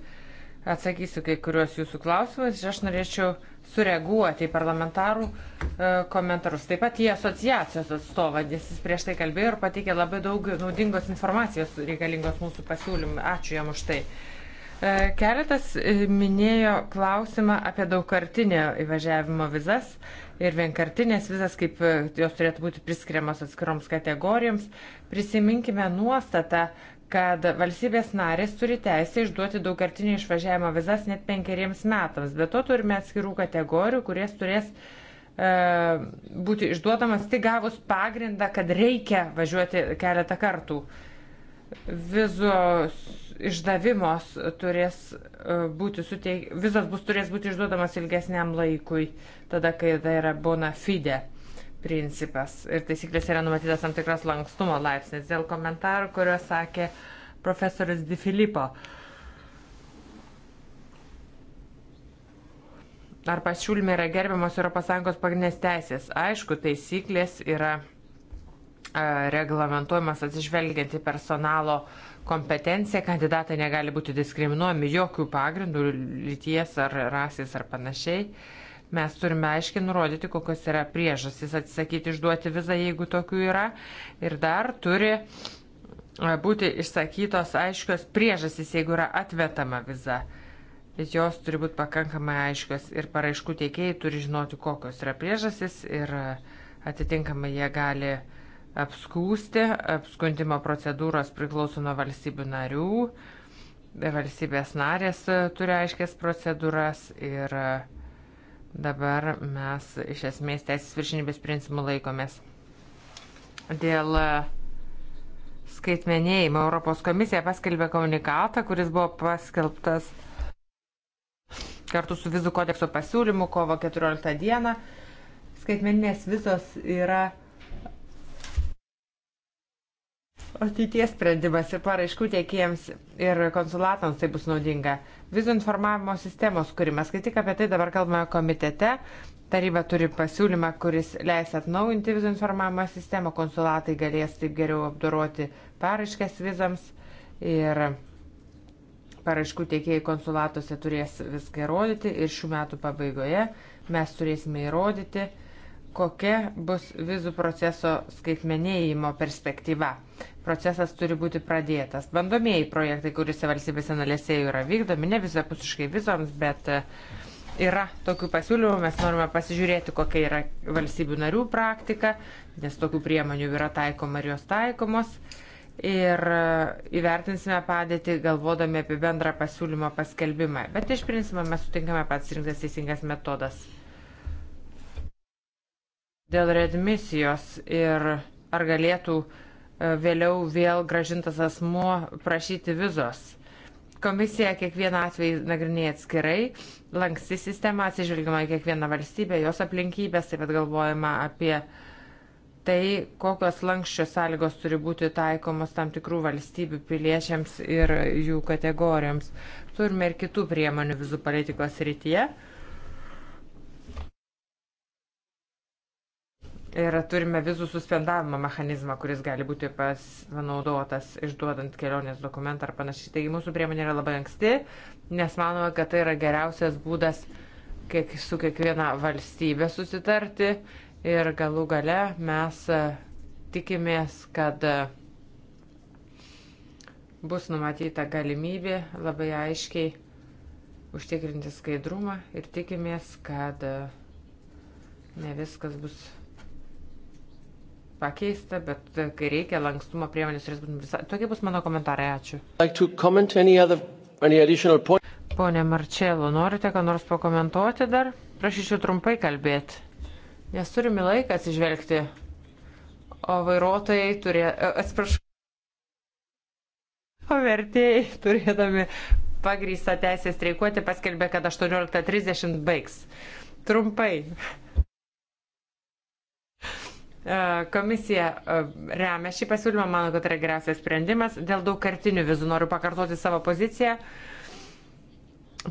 atsakysiu kai kuriuos jūsų klausimus ir aš norėčiau sureaguoti į parlamentarų e, komentarus. Taip pat į asociacijos atstovą, nes jis prieš tai kalbėjo ir pateikė labai daug naudingos informacijos reikalingos mūsų pasiūlymui. Ačiū jam už tai. E, keletas e, minėjo klausimą apie daugkartinio įvažiavimo vizas ir vienkartinės vizas, kaip e, jos turėtų būti priskiriamos atskiroms kategorijoms. Prisiminkime nuostatą, kad valstybės narės turi teisę išduoti daugkartinį išvažiavimo vizas net penkeriems metams. Be to turime atskirų kategorijų, kurias turės e, būti išduodamas tik gavus pagrindą, kad reikia važiuoti keletą kartų. Vizos išdavimos turės e, būti suteik... vizos bus turės būti išduodamas ilgesniam laikui, tada, kai tai yra bona fide principas ir taisyklės yra numatytas tam tikras lankstumo laipsnis. Dėl komentarų, kuriuos sakė profesorius Di Filipo. Ar pasiūlymai yra gerbiamos ES pagrindinės teisės? Aišku, taisyklės yra reglamentuojamas atsižvelgiant į personalo kompetenciją, kandidatai negali būti diskriminuojami jokių pagrindų, lyties ar rasės ar panašiai. Uh, Mes turime aiškiai nurodyti, kokios yra priežastys atsisakyti išduoti vizą, jeigu tokių yra. Ir dar turi e, būti išsakytos aiškios priežastys, jeigu yra atvetama viza. Jos turi būti pakankamai aiškios ir paraiškų teikėjai turi žinoti, kokios yra priežastys ir e, atitinkamai jie gali apskūsti. Apskundimo procedūros priklauso nuo valstybių narių. Valstybės narės e, turi aiškės procedūras ir uh, Dabar mes iš esmės teisės viršinybės principų laikomės. Dėl e, skaitmenėjimo Europos komisija paskelbė komunikatą, kuris buvo paskelbtas kartu su vizų kodekso pasiūlymu kovo 14 dieną. Skaitmeninės vizos yra ateities sprendimas ir paraiškų tiekėjams ir konsulatams tai bus naudinga vizų informavimo sistemos kūrimas. Kai tik apie tai dabar kalbame komitete, taryba turi pasiūlymą, kuris leis atnaujinti vizų informavimo sistemą, konsulatai galės taip geriau apdoroti paraiškas vizams ir paraiškų tiekėjai konsulatuose turės viską įrodyti ir šių metų pabaigoje mes turėsime įrodyti, kokia bus vizų proceso skaitmenėjimo perspektyva. Procesas turi būti pradėtas. Bandomieji projektai, kuriuose valstybėse analėse yra vykdomi, ne visapusiškai vizoms, bet e, yra tokių pasiūlymų, mes norime pasižiūrėti, kokia yra valstybių narių praktika, nes tokių priemonių yra taikoma ir jos taikomos. Ir e, įvertinsime padėtį, galvodami apie bendrą pasiūlymo paskelbimą. Bet iš principo mes sutinkame pats rinktas teisingas metodas dėl redmisijos ir ar galėtų e, vėliau vėl gražintas asmuo prašyti vizos. Komisija kiekvieną atvejį nagrinėja atskirai, lanksti sistema atsižvelgiama į kiekvieną valstybę, jos aplinkybės, taip pat galvojama apie tai, kokios lankščios sąlygos turi būti taikomos tam tikrų valstybių piliečiams ir jų kategorijoms. Turime ir kitų priemonių vizų politikos rytyje. Ir turime vizų suspendavimo mechanizmą, kuris gali būti panaudotas išduodant kelionės dokumentą ar panašiai. Taigi mūsų priemonė yra labai anksti, nes manome, kad tai yra geriausias būdas kiek, su kiekviena valstybė susitarti. Ir galų gale mes e, tikimės, kad e, bus numatyta galimybė labai aiškiai užtikrinti skaidrumą ir tikimės, kad e, ne viskas bus pakeista, bet e, kai reikia lankstumo priemonės, turės būti visai. Tokie bus mano komentarai, ačiū. Like Pone Marčelo, norite ką nors pakomentuoti dar? Prašyčiau trumpai kalbėti, nes turime laiką atsižvelgti, o vairuotojai turė, e, atsiprašau, o vertėjai turėdami pagrįstą teisę streikuoti paskelbė, kad 18.30 baigs. Trumpai. E, komisija e, remia šį pasiūlymą, manau, kad tai yra geriausias sprendimas. Dėl daug kartinių vizų noriu pakartoti savo poziciją.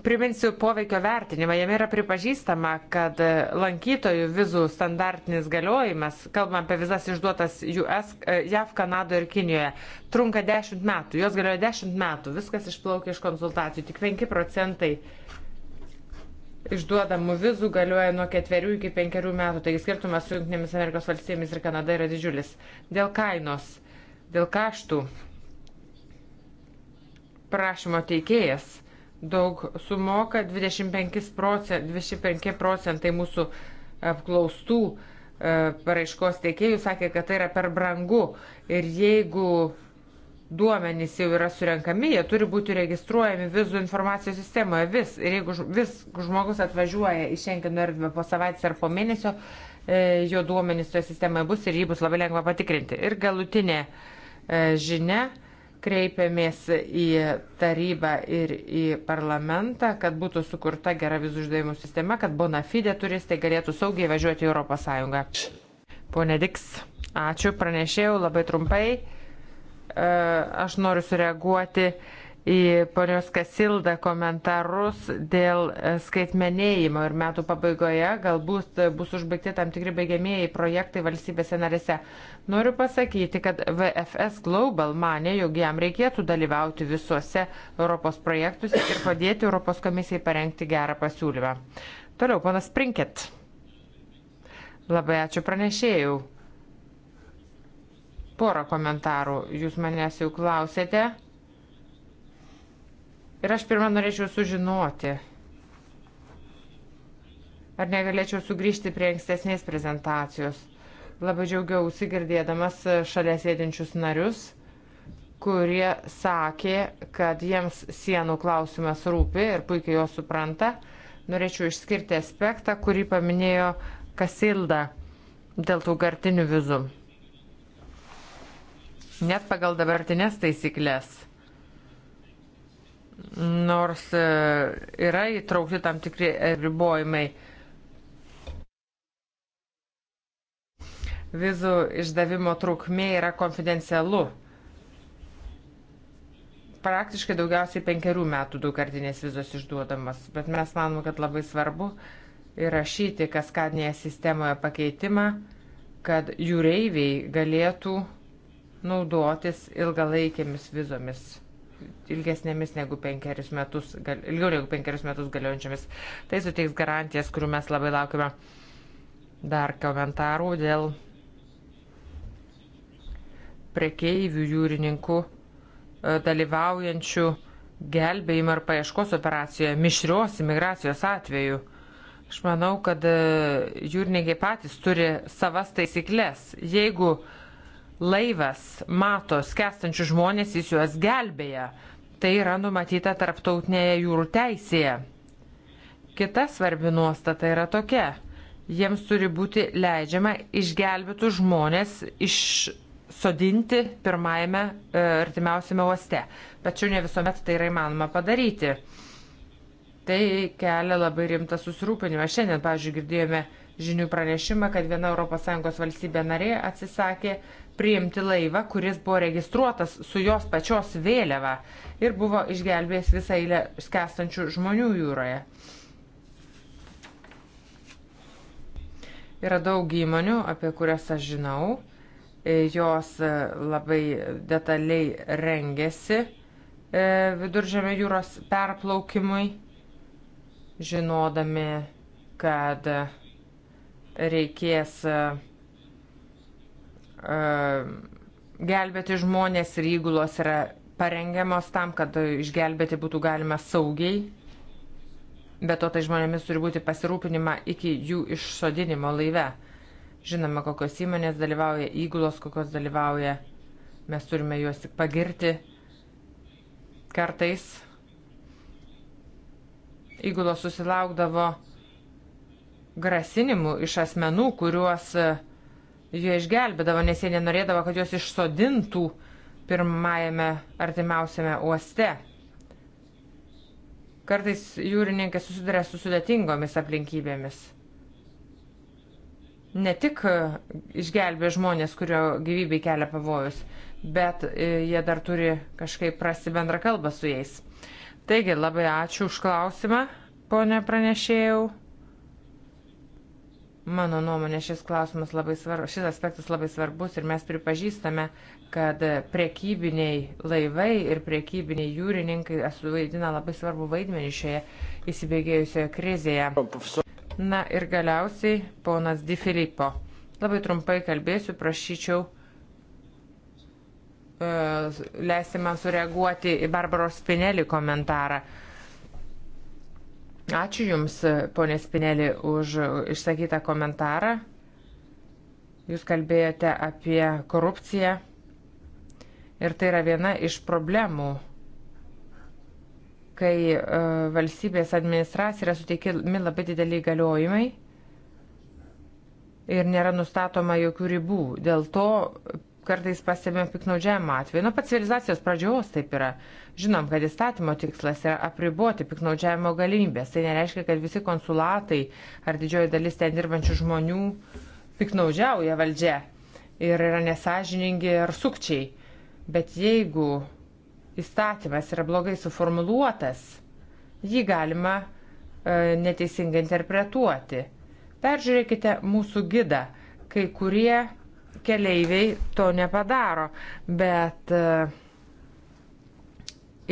Priminsiu poveikio vertinimą. Jame yra pripažįstama, kad lankytojų vizų standartinis galiojimas, kalbam apie vizas išduotas US, e, JAV, Kanadoje ir Kinijoje, trunka 10 metų. Jos galioja 10 metų. Viskas išplaukia iš konsultacijų. Tik 5 procentai išduodamų vizų galioja nuo ketverių iki penkerių metų, taigi skirtumas su Junktinėmis Amerikos valstybėmis ir Kanada yra didžiulis. Dėl kainos, dėl kaštų prašymo teikėjas daug sumoka 25 procentai, 25 procentai mūsų apklaustų e, paraiškos teikėjų sakė, kad tai yra per brangu ir jeigu duomenys jau yra surenkami, jie turi būti registruojami vizų informacijos sistemoje vis. Ir jeigu vis žmogus atvažiuoja į Šengeno erdvę po savaitės ar po mėnesio, e, jo duomenys toje sistemoje bus ir jį bus labai lengva patikrinti. Ir galutinė e, žinia kreipėmės į tarybą ir į parlamentą, kad būtų sukurta gera vizų išdavimų sistema, kad bona fide turistai galėtų saugiai važiuoti į ES. Pone Diks, ačiū, pranešėjau labai trumpai aš noriu sureaguoti į ponios Kasildą komentarus dėl e, skaitmenėjimo ir metų pabaigoje galbūt bus užbaigti tam tikri baigiamieji projektai valstybėse narėse. Noriu pasakyti, kad VFS Global mane, jog jam reikėtų dalyvauti visuose Europos projektuose ir padėti Europos komisijai parengti gerą pasiūlymą. Toliau, ponas Prinkit. Labai ačiū pranešėjau Porą komentarų. Jūs manęs jau klausėte. Ir aš pirmą norėčiau sužinoti, ar negalėčiau sugrįžti prie ankstesnės prezentacijos. Labai džiaugiausi girdėdamas šalia sėdinčius narius, kurie sakė, kad jiems sienų klausimas rūpi ir puikiai jo supranta. Norėčiau išskirti aspektą, kurį paminėjo Kasilda dėl tų kartinių vizų. Net pagal dabartinės taisyklės nors e, yra įtraukti tam tikri ribojimai. Vizų išdavimo trukmė yra konfidencialu. Praktiškai daugiausiai penkerių metų daugkartinės vizos išduodamas, bet mes manome, kad labai svarbu įrašyti kaskadinėje sistemoje pakeitimą, kad jūreiviai galėtų naudotis ilgalaikėmis vizomis, ilgesnėmis negu penkerius metus, gal, ilgiau negu penkerius metus galiojančiamis. Tai suteiks garantijas, kurių mes labai laukime. Dar komentarų dėl prekeivių jūrininkų e, dalyvaujančių gelbėjimo ar paieškos operacijoje mišrios imigracijos atveju. Aš manau, kad e, jūrininkai patys turi savas taisyklės. Jeigu uh, laivas mato skęstančius žmonės, jis juos gelbėja. Tai yra numatyta tarptautinėje jūrų teisėje. Kita svarbi nuostata yra tokia. Jiems turi būti leidžiama išgelbėtų žmonės išsodinti pirmajame e, artimiausiame uoste. Tačiau ne visuomet tai yra įmanoma padaryti. Tai kelia labai rimtą susirūpinimą. Šiandien, pavyzdžiui, girdėjome žinių pranešimą, kad viena ES valstybė narė atsisakė priimti laivą, kuris buvo registruotas su jos pačios vėliava ir buvo išgelbėjęs visą eilę skęstančių žmonių jūroje. Yra daug įmonių, apie kurias aš žinau. E, jos e, labai detaliai rengėsi e, viduržėmio jūros perplaukimui, žinodami, kad reikės uh, E, gelbėti žmonės ir įgulos yra parengiamos tam, kad išgelbėti būtų galima saugiai. Be to, tai žmonėmis turi būti pasirūpinima iki jų išsodinimo laive. Žinoma, kokios įmonės dalyvauja, įgulos kokios dalyvauja. Mes turime juos tik pagirti. Kartais įgulos susilaukdavo grasinimų iš asmenų, kuriuos uh, jie išgelbėdavo, nes jie nenorėdavo, kad juos išsodintų pirmajame artimiausiame uoste. Kartais jūrininkai susiduria su sudėtingomis aplinkybėmis. Ne tik išgelbė žmonės, kurio gyvybei kelia pavojus, bet e, jie dar turi kažkaip prasti bendrą kalbą su jais. Taigi, labai ačiū už klausimą, ponė pranešėjau. Mano nuomonė šis klausimas labai svarbus, šis aspektas labai svarbus ir mes pripažįstame, kad prekybiniai laivai ir prekybiniai jūrininkai suvaidina labai svarbu vaidmenį šioje įsibėgėjusioje krizėje. Na ir galiausiai ponas Di Filippo. Labai trumpai kalbėsiu, prašyčiau e, leisti man sureaguoti į Barbaros Spinelį komentarą. Ačiū Jums, ponė Spinelį, už išsakytą komentarą. Jūs kalbėjote apie korupciją ir tai yra viena iš problemų, kai e, valstybės administracija yra suteikiami labai dideliai galiojimai ir nėra nustatoma jokių ribų. Dėl to kartais pastebėm piknaudžiavimo atveju. Nuo pat civilizacijos pradžios taip yra. Žinom, kad įstatymo tikslas yra apriboti piknaudžiavimo galimybės. Tai nereiškia, kad visi konsulatai ar didžioji dalis ten dirbančių žmonių piknaudžiauja valdžia ir yra nesažiningi ar sukčiai. Bet jeigu įstatymas yra blogai suformuluotas, jį galima e, neteisingai interpretuoti. Peržiūrėkite mūsų gidą. Kai kurie keleiviai to nepadaro, bet e,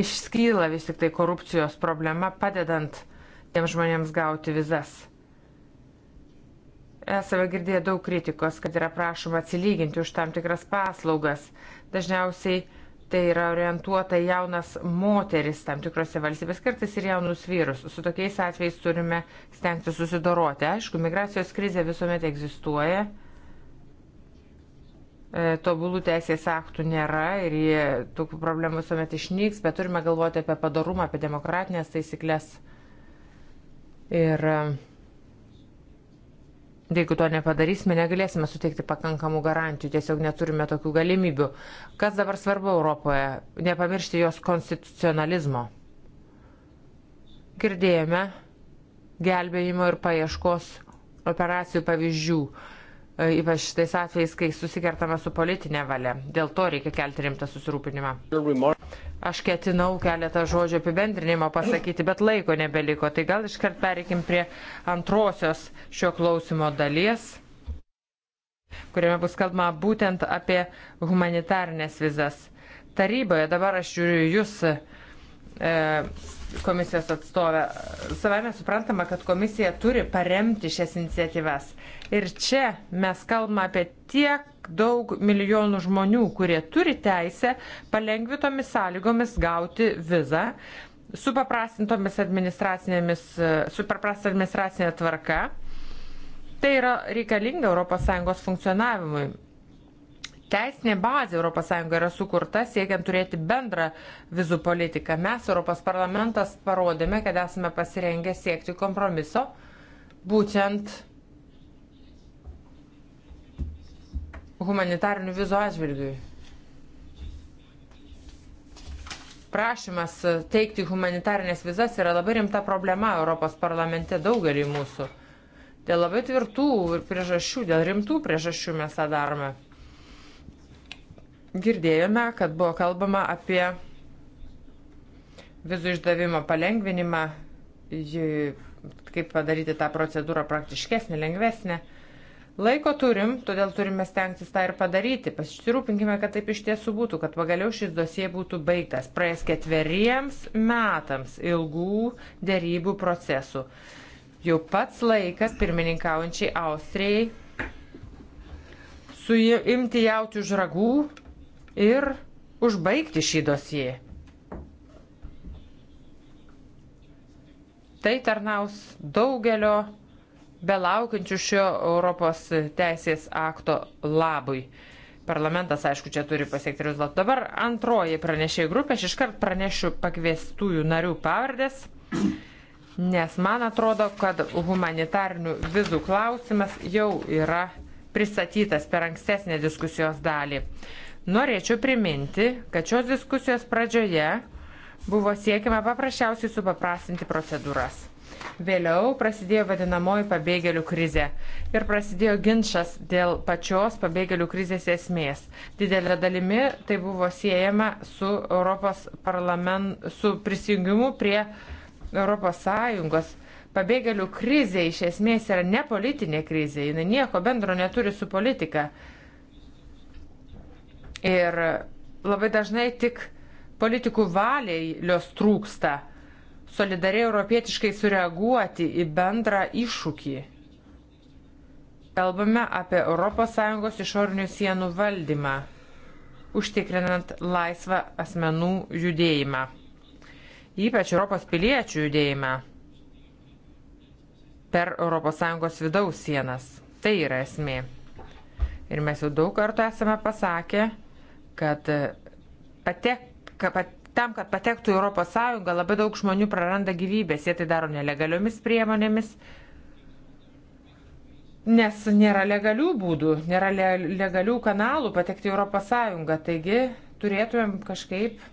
išskyla vis tik tai korupcijos problema, padedant tiem žmonėms gauti vizas. Esame girdėję daug kritikos, kad yra prašoma atsilyginti už tam tikras paslaugas. Dažniausiai tai yra orientuota jaunas moteris tam tikrose valstybės, kartais ir jaunus vyrus. Su tokiais atvejais turime stengti susidoroti. Aišku, migracijos krizė visuomet egzistuoja. E, tobulų teisės aktų nėra ir jie, tokių problemų visuomet išnyks, bet turime galvoti apie padarumą, apie demokratinės taisyklės. Ir e, jeigu to nepadarysime, negalėsime suteikti pakankamų garantijų, tiesiog neturime tokių galimybių. Kas dabar svarbu Europoje? Nepamiršti jos konstitucionalizmo. Girdėjome gelbėjimo ir paieškos operacijų pavyzdžių. E, ypač tais atvejais, kai susikertama su politinė valia. Dėl to reikia kelti rimtą susirūpinimą. Aš ketinau keletą žodžių apibendrinimo pasakyti, bet laiko nebeliko. Tai gal iškart pereikim prie antrosios šio klausimo dalies, kuriame bus kalbama būtent apie humanitarnės vizas. Taryboje dabar aš žiūriu jūs. E, komisijos atstovę. Savame suprantama, kad komisija turi paremti šias iniciatyvas. Ir čia mes kalbame apie tiek daug milijonų žmonių, kurie turi teisę palengvitomis sąlygomis gauti vizą su paprastintomis administracinėmis, e, su paprastinė administracinė tvarka. Tai yra reikalinga ES funkcionavimui teisinė bazė ES yra sukurta siekiant turėti bendrą vizų politiką. Mes, Europos parlamentas, parodėme, kad esame pasirengę siekti kompromiso, būtent humanitarinių vizų atžvilgiui. Prašymas teikti humanitarinės vizas yra labai rimta problema Europos parlamente daugelį mūsų. Dėl labai tvirtų priežasčių, dėl rimtų priežasčių mes tą darome. Girdėjome, kad buvo kalbama apie vizų išdavimo palengvinimą, kaip padaryti tą procedūrą praktiškesnė, lengvesnė. Laiko turim, todėl turime stengtis tą ir padaryti. Pasirūpinkime, kad taip iš tiesų būtų, kad pagaliau šis dosie būtų baigtas. Praėjus ketveriems metams ilgų dėrybų procesų. Jau pats laikas pirmininkaujančiai Austrijai suimti jauti už ragų ir užbaigti šį dosiją. Tai tarnaus daugelio belaukiančių šio Europos teisės akto labui. Parlamentas, aišku, čia turi pasiekti rezultatų. Dabar antroji pranešėjų grupė. Aš iškart pranešiu pakviestųjų narių pavardės, nes man atrodo, kad humanitarnių vizų klausimas jau yra pristatytas per ankstesnę diskusijos dalį. Uh, Norėčiau priminti, kad šios diskusijos pradžioje buvo siekiama paprasčiausiai supaprastinti procedūras. Vėliau prasidėjo vadinamoji pabėgėlių krizė ir prasidėjo ginčas dėl pačios pabėgėlių krizės esmės. Didelė dalimi tai buvo siejama su, Europos parlament, su prisijungimu prie ES. Pabėgėlių krizė iš esmės yra ne politinė krizė, jinai nieko bendro neturi su politika Ir labai dažnai tik politikų valiai jos trūksta solidariai europietiškai sureaguoti į bendrą iššūkį. Kalbame apie ES išorinių sienų valdymą, užtikrinant laisvą asmenų judėjimą, ypač Europos piliečių judėjimą per ES vidaus sienas. Tai yra esmė. Ir mes jau daug kartų esame pasakę, kad, e, patek, kad tam, kad patektų į ES, labai daug žmonių praranda gyvybės, jie tai daro nelegaliomis priemonėmis, nes nėra legalių būdų, nėra le legalių kanalų patekti į ES, taigi turėtumėm kažkaip.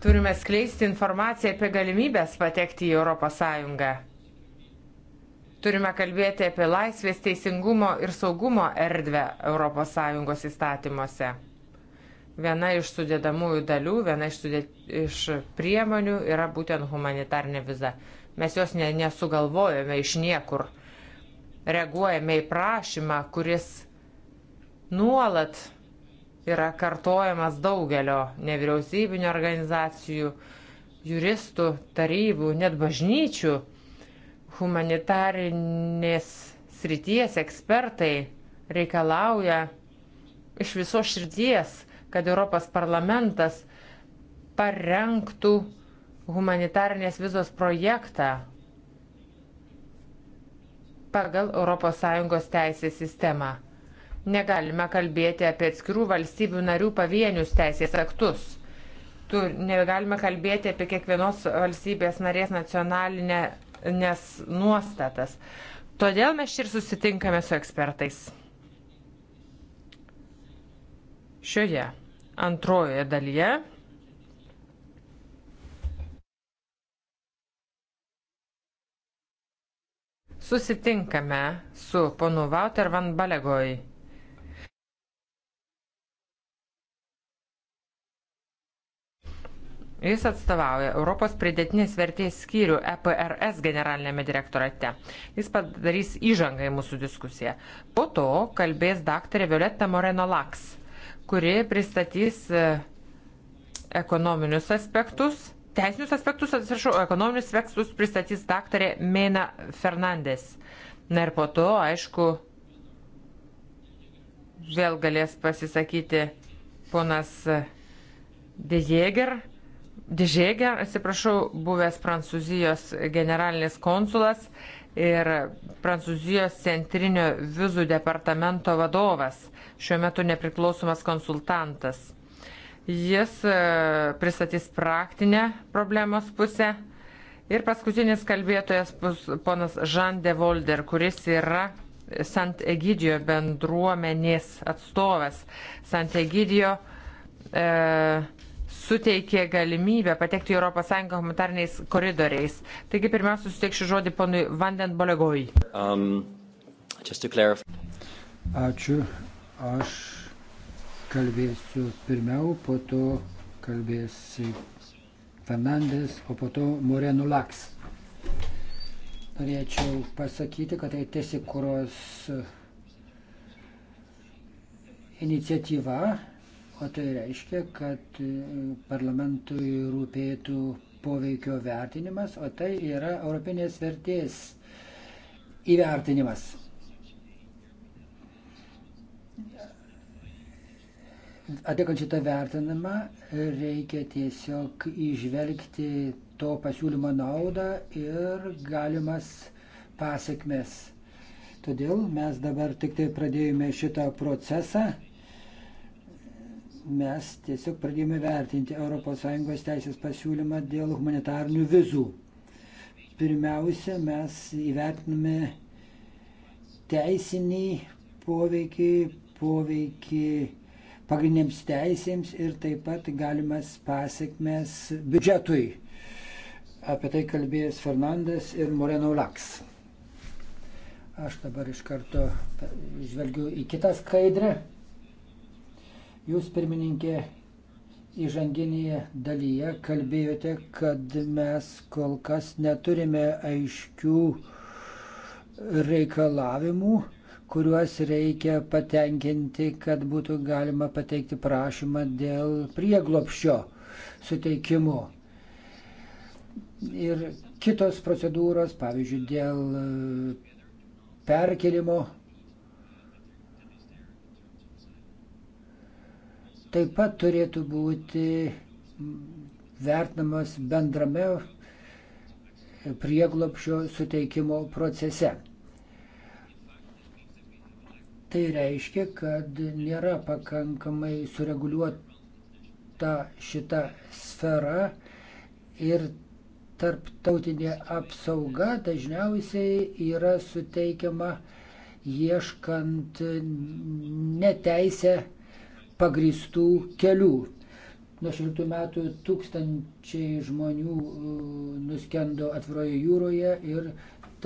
Turime skleisti informaciją apie galimybės patekti į ES. Turime kalbėti apie laisvės, teisingumo ir saugumo erdvę ES įstatymuose. Viena iš sudėdamųjų dalių, viena iš, sudėt, iš priemonių yra būtent humanitarnė viza. Mes jos ne, nesugalvojame iš niekur. Reaguojame į prašymą, kuris nuolat yra kartojamas daugelio nevyriausybinio organizacijų, juristų, tarybų, net bažnyčių humanitarinės srities ekspertai reikalauja iš viso širdies, kad Europos parlamentas parengtų humanitarinės vizos projektą pagal ES teisės sistemą. Negalime kalbėti apie atskirų valstybių narių pavienius teisės aktus. Tu, negalime kalbėti apie kiekvienos valstybės narės nacionalinę nes nuostatas. Todėl mes ir susitinkame su ekspertais. Šioje antrojoje dalyje susitinkame su ponu Wouter van Balegoj Jis atstovauja Europos pridėtinės vertės skyrių EPRS generalinėme direktorate. Jis padarys įžangą į mūsų diskusiją. Po to kalbės daktarė Violetta Moreno Laks, kuri pristatys e, ekonominius aspektus, teisinius aspektus, atsiprašau, ekonominius aspektus pristatys daktarė Mena Fernandes. Na ir po to, aišku, vėl galės pasisakyti ponas e, Dejeger Dėžėgė, atsiprašau, buvęs Prancūzijos generalinis konsulas ir Prancūzijos centrinio vizų departamento vadovas, šiuo metu nepriklausomas konsultantas. Jis e, pristatys praktinę problemos pusę. Ir paskutinis kalbėtojas bus ponas Jean de Volder, kuris yra Sant Egidijo bendruomenės atstovas. Sant Egidijo e, suteikė galimybę patekti į ES humanitariniais koridoriais. Taigi pirmiausia, suteikšiu žodį ponui Vanden Bolegoj. Um, Ačiū. Aš kalbėsiu pirmiau, po to kalbės Fernandės, o po to Moreno Laks. Norėčiau pasakyti, kad tai tiesikuros iniciatyva O tai reiškia, kad e, parlamentui rūpėtų poveikio vertinimas, o tai yra europinės vertės įvertinimas. Atliekant šitą vertinimą, reikia tiesiog išvelgti to pasiūlymo naudą ir galimas pasiekmes. Todėl mes dabar tik tai pradėjome šitą procesą mes tiesiog pradėjome vertinti ES teisės pasiūlymą dėl humanitarnių vizų. Pirmiausia, mes įvertiname teisinį poveikį, poveikį pagrindiniams teisėms ir taip pat galimas pasiekmes biudžetui. Apie tai kalbėjęs Fernandas ir Moreno Laks. Aš dabar iš karto žvelgiu į kitą skaidrę. Jūs, pirmininkė, įžanginėje dalyje kalbėjote, kad mes kol kas neturime aiškių reikalavimų, kuriuos reikia patenkinti, kad būtų galima pateikti prašymą dėl prieglopščio suteikimo. Ir kitos procedūros, pavyzdžiui, dėl perkelimo taip pat turėtų būti vertinamas bendrame prieglopšio suteikimo procese. Tai reiškia, kad nėra pakankamai sureguliuota šita sfera ir tarptautinė apsauga dažniausiai yra suteikiama ieškant neteisę pagristų kelių. Nuo šiltų metų tūkstančiai žmonių e, nuskendo atviroje jūroje ir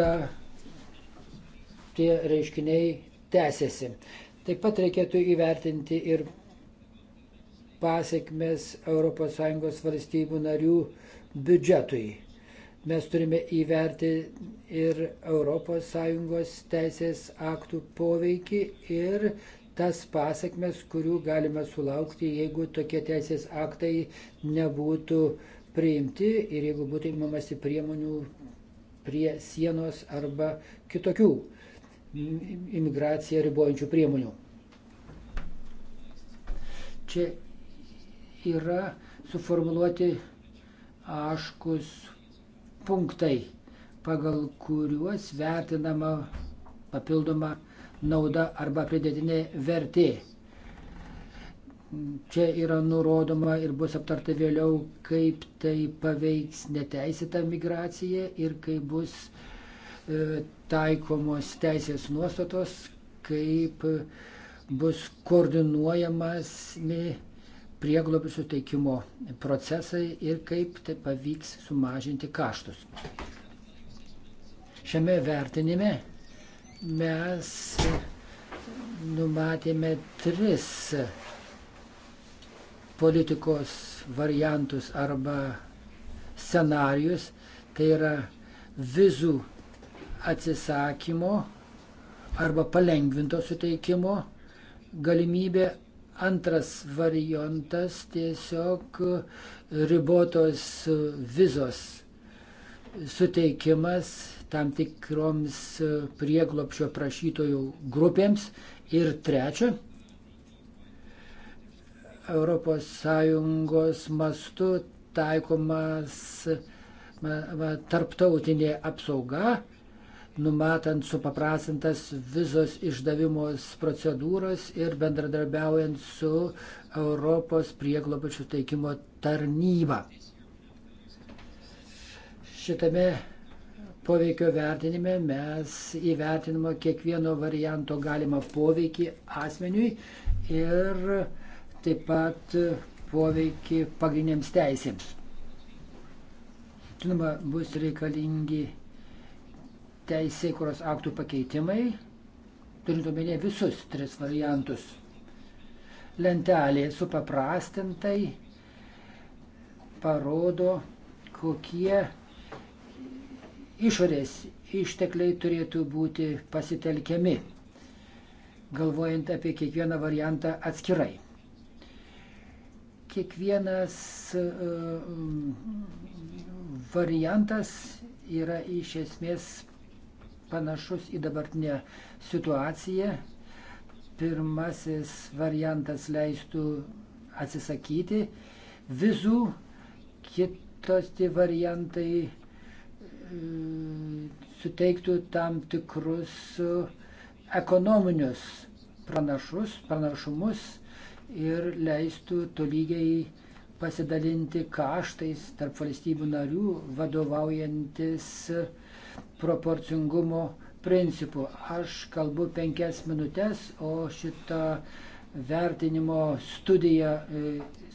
ta, tie reiškiniai tęsiasi. Taip pat reikėtų įvertinti ir pasiekmes ES valstybių narių biudžetui. Mes turime įvertinti ir ES teisės aktų poveikį ir tas pasiekmes, kurių galime sulaukti, jeigu tokie teisės aktai nebūtų priimti ir jeigu būtų imamasi priemonių prie sienos arba kitokių imigraciją ribojančių priemonių. Čia yra suformuluoti aškus punktai, pagal kuriuos vertinama papildoma nauda arba pridėtinė vertė. Čia yra nurodoma ir bus aptarta vėliau, kaip tai paveiks neteisėta migracija ir kaip bus e, taikomos teisės nuostatos, kaip bus koordinuojamas prieglobių suteikimo procesai ir kaip tai pavyks sumažinti kaštus. Šiame vertinime mes numatėme tris politikos variantus arba scenarius. Tai yra vizų atsisakymo arba palengvinto suteikimo galimybė. Antras variantas tiesiog ribotos vizos suteikimas tam tikroms e, prieglopšio prašytojų grupėms. Ir trečia, ES mastu taikomas tarptautinė apsauga, numatant supaprasintas vizos išdavimos procedūros ir bendradarbiaujant su Europos prieglobačių teikimo tarnyba. Šitame poveikio vertinime mes įvertinimo kiekvieno varianto galima poveikį asmeniui ir taip pat poveikį pagrindiniams teisėms. Žinoma, bus reikalingi teisė, kurios aktų pakeitimai, turint omenyje visus tris variantus. Lentelė supaprastintai parodo, kokie išorės ištekliai turėtų būti pasitelkiami, galvojant apie kiekvieną variantą atskirai. Kiekvienas e, variantas yra iš esmės panašus į dabartinę situaciją. Pirmasis variantas leistų atsisakyti vizų, kitos tie variantai suteiktų tam tikrus e, ekonominius pranašus, pranašumus ir leistų tolygiai pasidalinti kaštais tarp valstybių narių, vadovaujantis proporcingumo principu. Aš kalbu penkias minutės, o šitą vertinimo studiją e,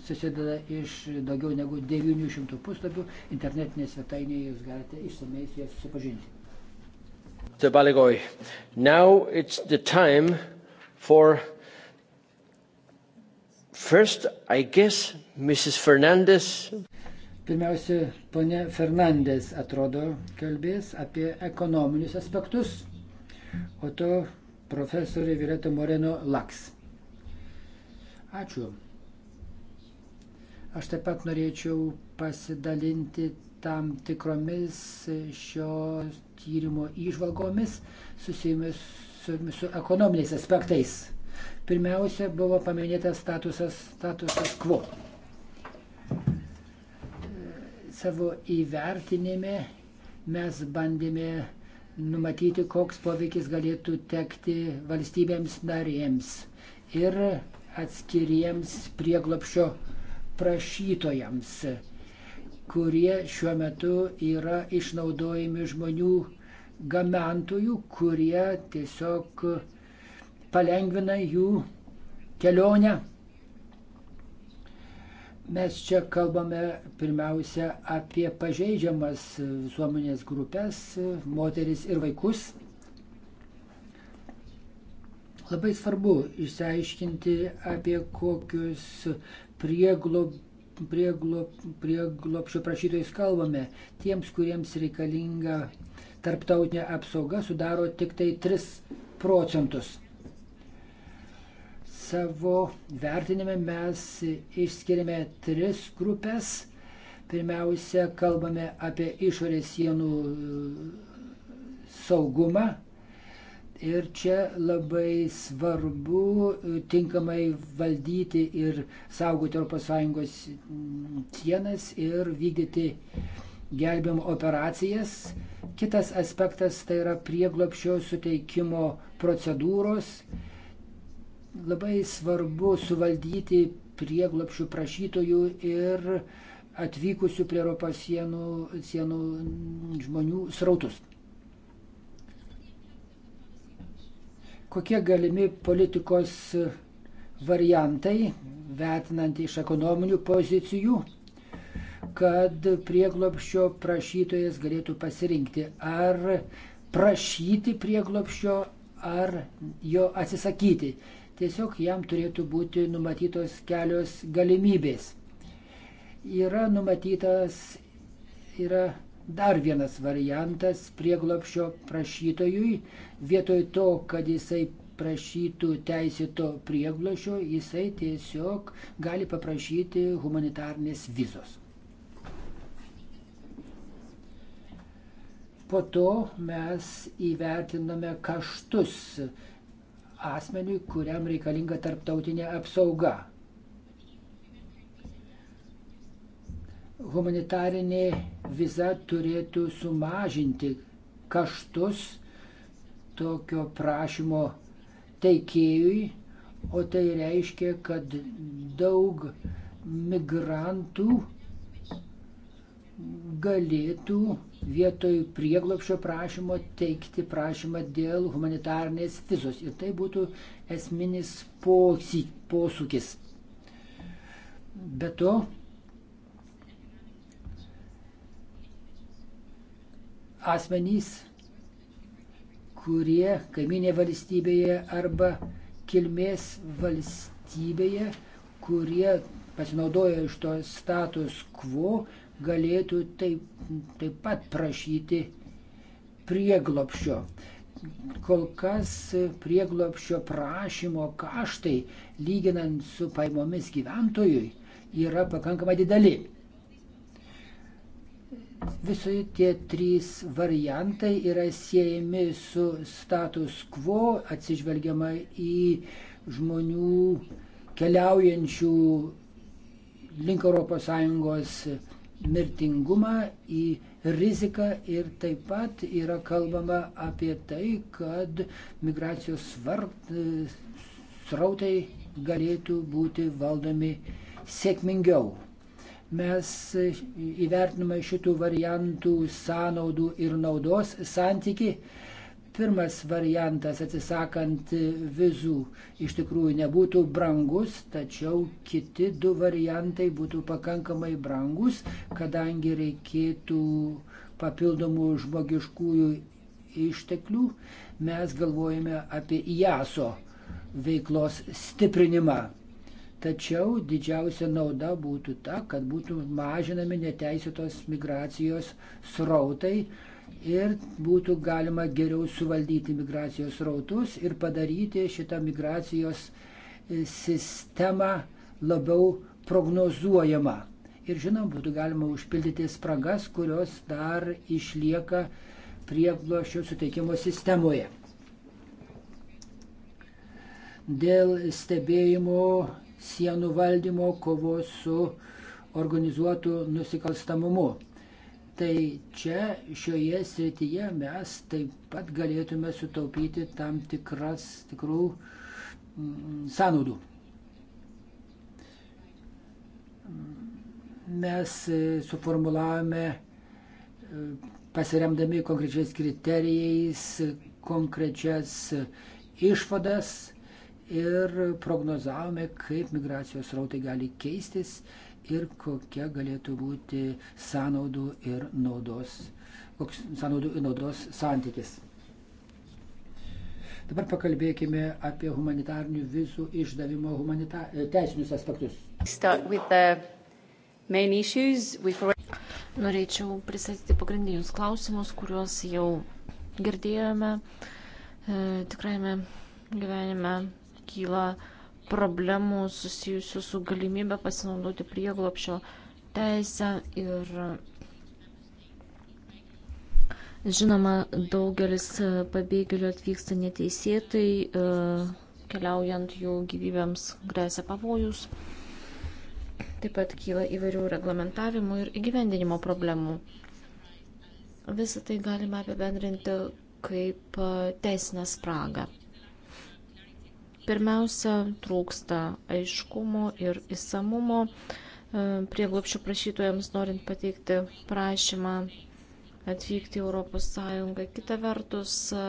susideda iš daugiau negu 900 puslapių. Internetinėje svetainėje jūs galite išsamei su jais susipažinti. To Baligoi. Now it's the time for first, I guess, Mrs. Fernandez. Pirmiausia, ponė Fernandez atrodo kalbės apie ekonominius aspektus, o to profesorė Violeta Moreno Laks. Ačiū. Aš taip pat norėčiau pasidalinti tam tikromis šio tyrimo įžvalgomis susijusiamis su, su ekonominiais aspektais. Pirmiausia, buvo paminėtas statusas, statusas quo. Savo įvertinime mes bandėme numatyti, koks poveikis galėtų tekti valstybėms narėms ir atskiriems prieglopšio prašytojams, kurie šiuo metu yra išnaudojami žmonių gamintojų, kurie tiesiog palengvina jų kelionę. Mes čia kalbame pirmiausia apie pažeidžiamas visuomenės grupės, moteris ir vaikus. Labai svarbu išsiaiškinti, apie kokius prieglobio prieglopšio prie, prie prašytojais kalbame, tiems, kuriems reikalinga tarptautinė apsauga, sudaro tik tai 3 procentus. Savo vertinime mes išskiriame 3 grupės. Pirmiausia, kalbame apie išorės sienų e, saugumą, Ir čia labai svarbu e, tinkamai valdyti ir saugoti ES sienas ir vykdyti gelbėjimo operacijas. Kitas aspektas tai yra prieglopščio suteikimo procedūros. Labai svarbu suvaldyti prieglopščių prašytojų ir atvykusių prie Europos sienų, sienų žmonių srautus. kokie galimi politikos variantai, vertinant iš ekonominių pozicijų, kad prieglopščio prašytojas galėtų pasirinkti ar prašyti prieglopščio, ar jo atsisakyti. Tiesiog jam turėtų būti numatytos kelios galimybės. Yra numatytas, yra dar vienas variantas prieglopščio prašytojui vietoj to, kad jisai prašytų teisėto prieglošio, jisai tiesiog gali paprašyti humanitarnės vizos. Po to mes įvertiname kaštus asmeniui, kuriam reikalinga tarptautinė apsauga. Humanitarinė viza turėtų sumažinti kaštus tokio prašymo teikėjui, o tai reiškia, kad daug migrantų galėtų vietoj prieglopšio prašymo teikti prašymą dėl humanitarnės vizos. Ir tai būtų esminis posy, posūkis. Be to, asmenys kurie kaiminė valstybėje arba kilmės valstybėje, kurie pasinaudojo iš to status quo, galėtų taip, taip pat prašyti prieglopščio. Kol kas prieglopščio prašymo kaštai, lyginant su paimomis gyventojui, yra pakankamai dideli. Visi tie trys variantai yra siejami su status quo, atsižvelgiama į žmonių keliaujančių link ES mirtingumą, į riziką ir taip pat yra kalbama apie tai, kad migracijos svart, srautai galėtų būti valdomi sėkmingiau mes įvertinome šitų variantų sąnaudų ir naudos santyki. Pirmas variantas atsisakant vizų iš tikrųjų nebūtų brangus, tačiau kiti du variantai būtų pakankamai brangus, kadangi reikėtų papildomų žmogiškųjų išteklių. Mes galvojame apie IASO veiklos stiprinimą. Tačiau didžiausia nauda būtų ta, kad būtų mažinami neteisėtos migracijos srautai ir būtų galima geriau suvaldyti migracijos srautus ir padaryti šitą migracijos e, sistemą labiau prognozuojamą. Ir žinom, būtų galima užpildyti spragas, kurios dar išlieka prieglošio suteikimo sistemoje. Dėl stebėjimo sienų valdymo, kovos su organizuotu nusikalstamumu. Tai čia šioje srityje mes taip pat galėtume sutaupyti tam tikras tikrų mm, sąnaudų. Mes e, suformulavome e, pasiremdami konkrečiais kriterijais, konkrečias e, išvadas ir prognozavome, kaip migracijos rautai gali keistis ir kokia galėtų būti sąnaudų ir naudos, koks sąnaudų ir naudos santykis. Dabar pakalbėkime apie humanitarnių vizų išdavimo humanita e, teisinius aspektus. Norėčiau pristatyti pagrindinius klausimus, kuriuos jau girdėjome e, tikrajame gyvenime kyla problemų susijusių su galimybė pasinaudoti prieglopšio teisę ir žinoma, daugelis pabėgėlių atvyksta neteisėtai, e, keliaujant jų gyvybėms grėsia pavojus. Taip pat kyla įvairių reglamentavimų ir įgyvendinimo problemų. Visą tai galime apibendrinti kaip teisinę spragą. Pirmiausia, trūksta aiškumo ir įsamumo e, prieglopščių prašytojams norint pateikti prašymą atvykti į ES. Kita vertus, e,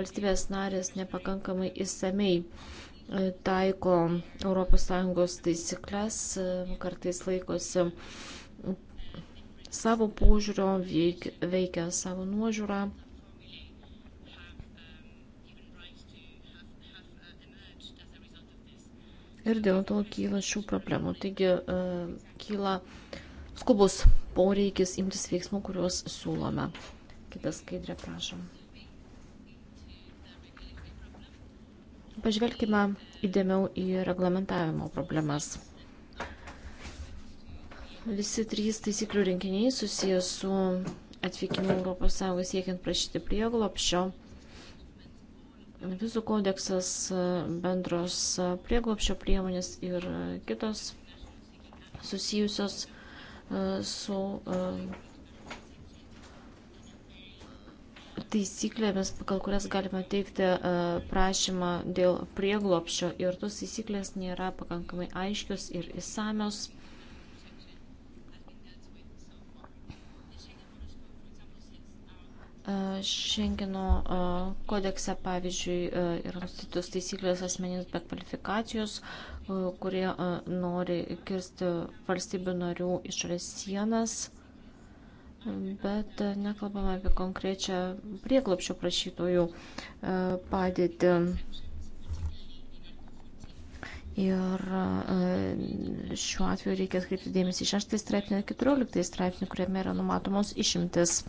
valstybės narės nepakankamai įsamei e, taiko ES taisyklės, kartais laikosi savo požiūrio, veikia, veikia savo nuožiūrą. ir dėl to kyla šių problemų. Taigi e, kyla skubus poreikis imtis veiksmų, kuriuos siūlome. Kitas skaidrė, prašom. Pažvelkime įdėmiau į reglamentavimo problemas. Visi trys taisyklių rinkiniai susijęs su atvykimu Europos Sąjungos siekiant prašyti prieglopščio. Visų kodeksas, bendros prieglopšio priemonės ir kitos susijusios e, su e, taisyklėmis, pagal kurias galima teikti e, prašymą dėl prieglopščio ir tos taisyklės nėra pakankamai aiškios ir įsamios. Šengino kodekse, pavyzdžiui, yra nustatytos taisyklės asmenims be kvalifikacijos, kurie nori kirsti valstybių narių išorės sienas, bet nekalbame apie konkrečią prieglopšio prašytojų padėtį. Ir šiuo atveju reikia atkreipti dėmesį 6 straipsnį ir 14 straipsnį, kuriame yra numatomos išimtis.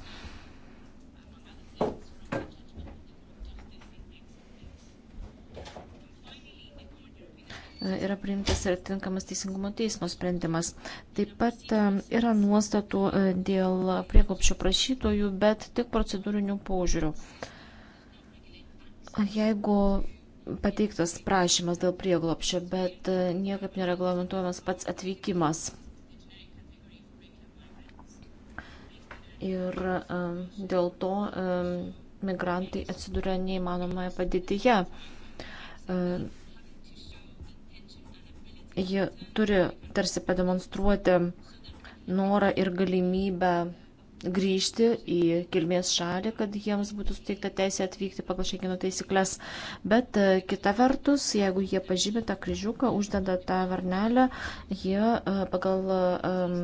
yra priimtas ir tinkamas teisingumo teismo sprendimas. Taip pat e, yra nuostatų e, dėl prieglopščio prašytojų, bet tik procedūrinių požiūrių. Jeigu pateiktas prašymas dėl prieglopščio, bet e, niekaip nereglamentuojamas pats atvykimas. Ir dėl to migrantai atsiduria neįmanomoje padėtyje Ji turi tarsi pademonstruoti norą ir galimybę grįžti į kilmės šalį, kad jiems būtų suteikta teisė atvykti pagal šengino taisyklės. Bet e, kita vertus, jeigu jie pažymė tą kryžiuką, uždeda tą varnelę, jie e, pagal um,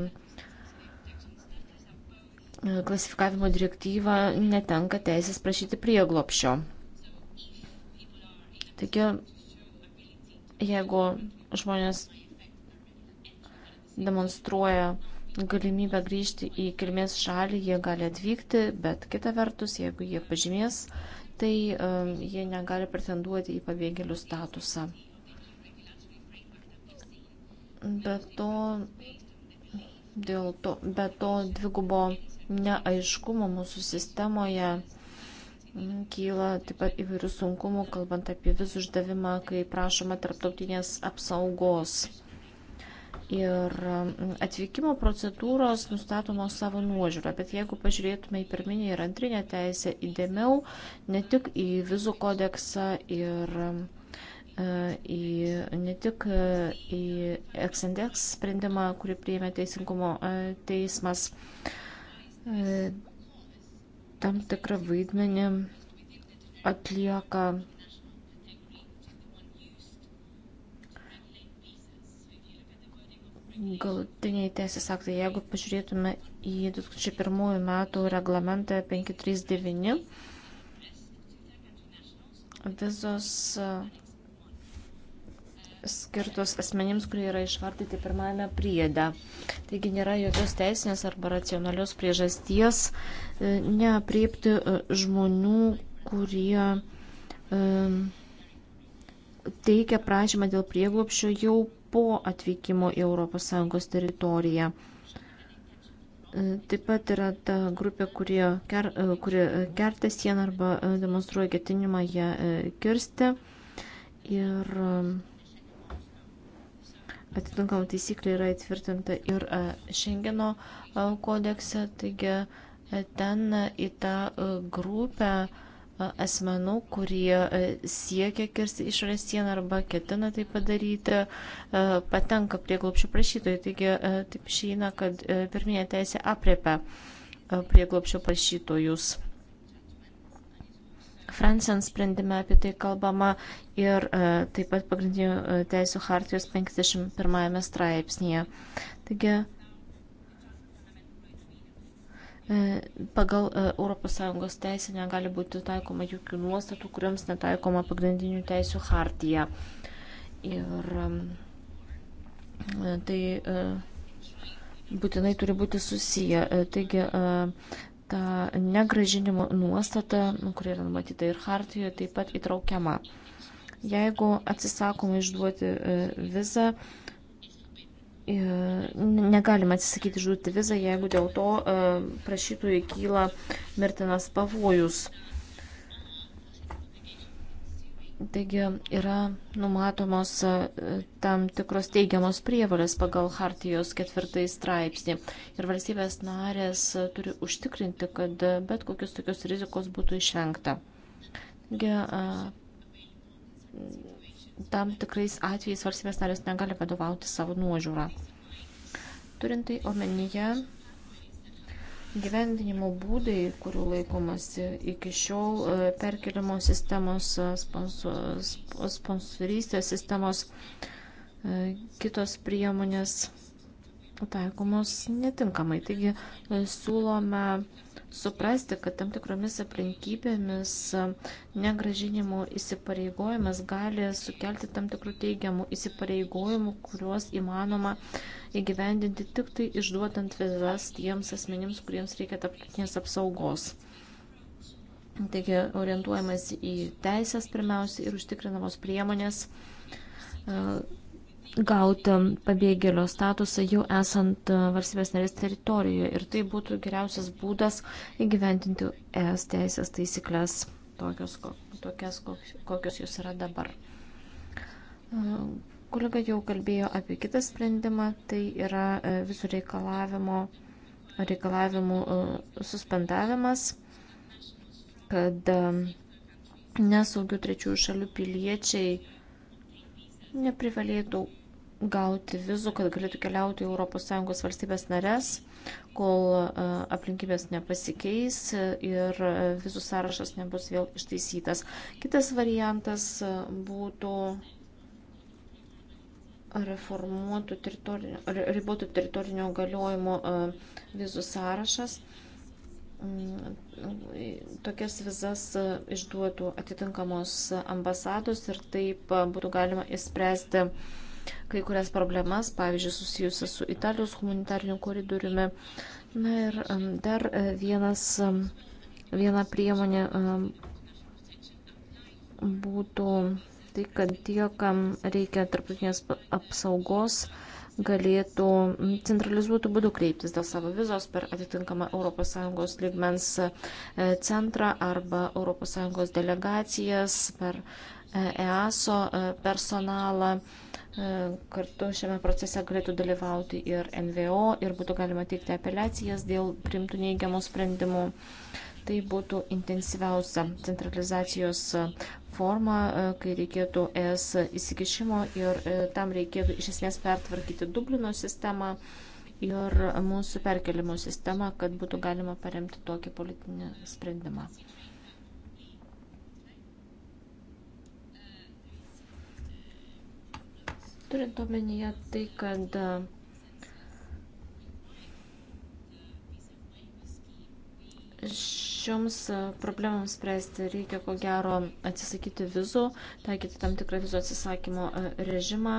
klasifikavimo direktyvą netenka teisės prašyti prieglopšio. Taigi, jeigu žmonės demonstruoja galimybę grįžti į kilmės šalį, jie gali atvykti, bet kita vertus, jeigu jie pažymės, tai um, jie negali pretenduoti į pabėgėlių statusą. Be to, dėl to, be to dvigubo neaiškumo mūsų sistemoje Kyla taip pat įvairių sunkumų, kalbant apie vizų išdavimą, kai prašoma tarptautinės apsaugos. Ir mm, atvykimo procedūros nustatomos savo nuožiūrą, bet jeigu pažiūrėtume į pirminį ir antrinę teisę įdėmiau, ne tik į vizų kodeksą ir mm, e, į, ne tik e, į Exindex sprendimą, kurį priėmė Teisingumo e, teismas, tam tikrą vaidmenį atlieka galutiniai teisės aktai. Jeigu pažiūrėtume į 2001 metų reglamentą 539, vizos skirtos asmenims, kurie yra išvardyti pirmame priede. Taigi nėra jokios teisinės arba racionalios priežasties e, neapriepti e, žmonių, kurie e, teikia prašymą dėl prieglopščio jau po atvykimo į ES teritoriją. Taip pat yra ta grupė, kurie, ker, kurie kerta sieną arba demonstruoja ketinimą ją kirsti. Ir atitinkama taisyklė yra įtvirtinta ir e, Šengeno e, kodekse, taigi e, ten į tą grupę asmenų, kurie siekia kirsti išorės sieną arba ketina tai padaryti, patenka prie glopščių prašytojų. Taigi taip išeina, kad pirminė teisė apriepia prie glopščių prašytojus. Fransen sprendime apie tai kalbama ir e, taip pat pagrindinių e, teisų hartijos 51 straipsnėje. Taigi, e, pagal ES teisę negali būti taikoma jokių nuostatų, kuriams netaikoma pagrindinių teisų hartija. Ir tai būtinai turi būti susiję. Taigi ta negražinimo nuostata, nu, kuri yra numatyta ir hartijoje, taip pat įtraukiama. Jeigu atsisakoma išduoti e, vizą, e, negalime atsisakyti išduoti vizą, jeigu dėl to e, prašytojai kyla mirtinas pavojus. Taigi yra numatomos e, tam tikros teigiamos prievalės pagal Hartijos ketvirtąjį straipsnį. Ir valstybės narės turi užtikrinti, kad bet kokius tokios rizikos būtų išvengta. Taigi e, tam tikrais atvejais valstybės narės negali vadovauti savo nuožiūrą. Turintai omenyje Gyvendinimo būdai, kurių laikomasi iki šiol e, perkelimo sistemos, e, sponsorystės sistemos, e, kitos priemonės taikomos netinkamai. Taigi siūlome suprasti, kad tam tikromis aplinkybėmis negražinimo įsipareigojimas gali sukelti tam tikrų teigiamų įsipareigojimų, kuriuos įmanoma įgyvendinti tik tai išduodant vizas tiems asmenims, kuriems reikia tarptautinės apsaugos. Taigi orientuojamas į teisės pirmiausia ir užtikrinamos priemonės gauti pabėgėlio statusą jau esant e, valstybės narės teritorijoje. Ir tai būtų geriausias būdas įgyventinti ES teisės taisyklės, tokios, tokias, kokios jūs yra dabar. E, kolega jau kalbėjo apie kitą sprendimą, tai yra e, visų reikalavimo, reikalavimų suspendavimas, kad nesaugių trečiųjų šalių piliečiai neprivalėtų gauti vizų, kad galėtų keliauti į ES valstybės nares, kol e, aplinkybės nepasikeis ir e, vizų sąrašas nebus vėl ištaisytas. Kitas variantas e, būtų reformuotų teritorinio, ribotų teritorinio galiojimo vizų sąrašas. Mm, tokias vizas išduotų atitinkamos ambasados ir taip būtų galima įspręsti uh, kai kurias problemas, pavyzdžiui, susijusias su Italijos humanitariniu koridoriumi. Na ir dar e, vienas, viena priemonė būtų tai, kad tie, kam reikia tarptautinės apsaugos, galėtų centralizuotų būdų kreiptis dėl savo vizos per atitinkamą ES lygmens e, centrą arba ES delegacijas, per e, EASO personalą, E, kartu šiame procese galėtų dalyvauti ir NVO ir būtų galima teikti apeliacijas dėl primtų neįgiamų sprendimų. Tai būtų intensyviausia centralizacijos forma, e, kai reikėtų ES įsikišimo ir e, tam reikėtų iš esmės pertvarkyti Dublino sistemą ir mūsų perkelimo sistemą, kad būtų galima paremti tokį politinį sprendimą. Turint omenyje tai, kad šioms problemams spręsti reikia ko gero atsisakyti vizų, taikyti tam tikrą vizų atsisakymo režimą.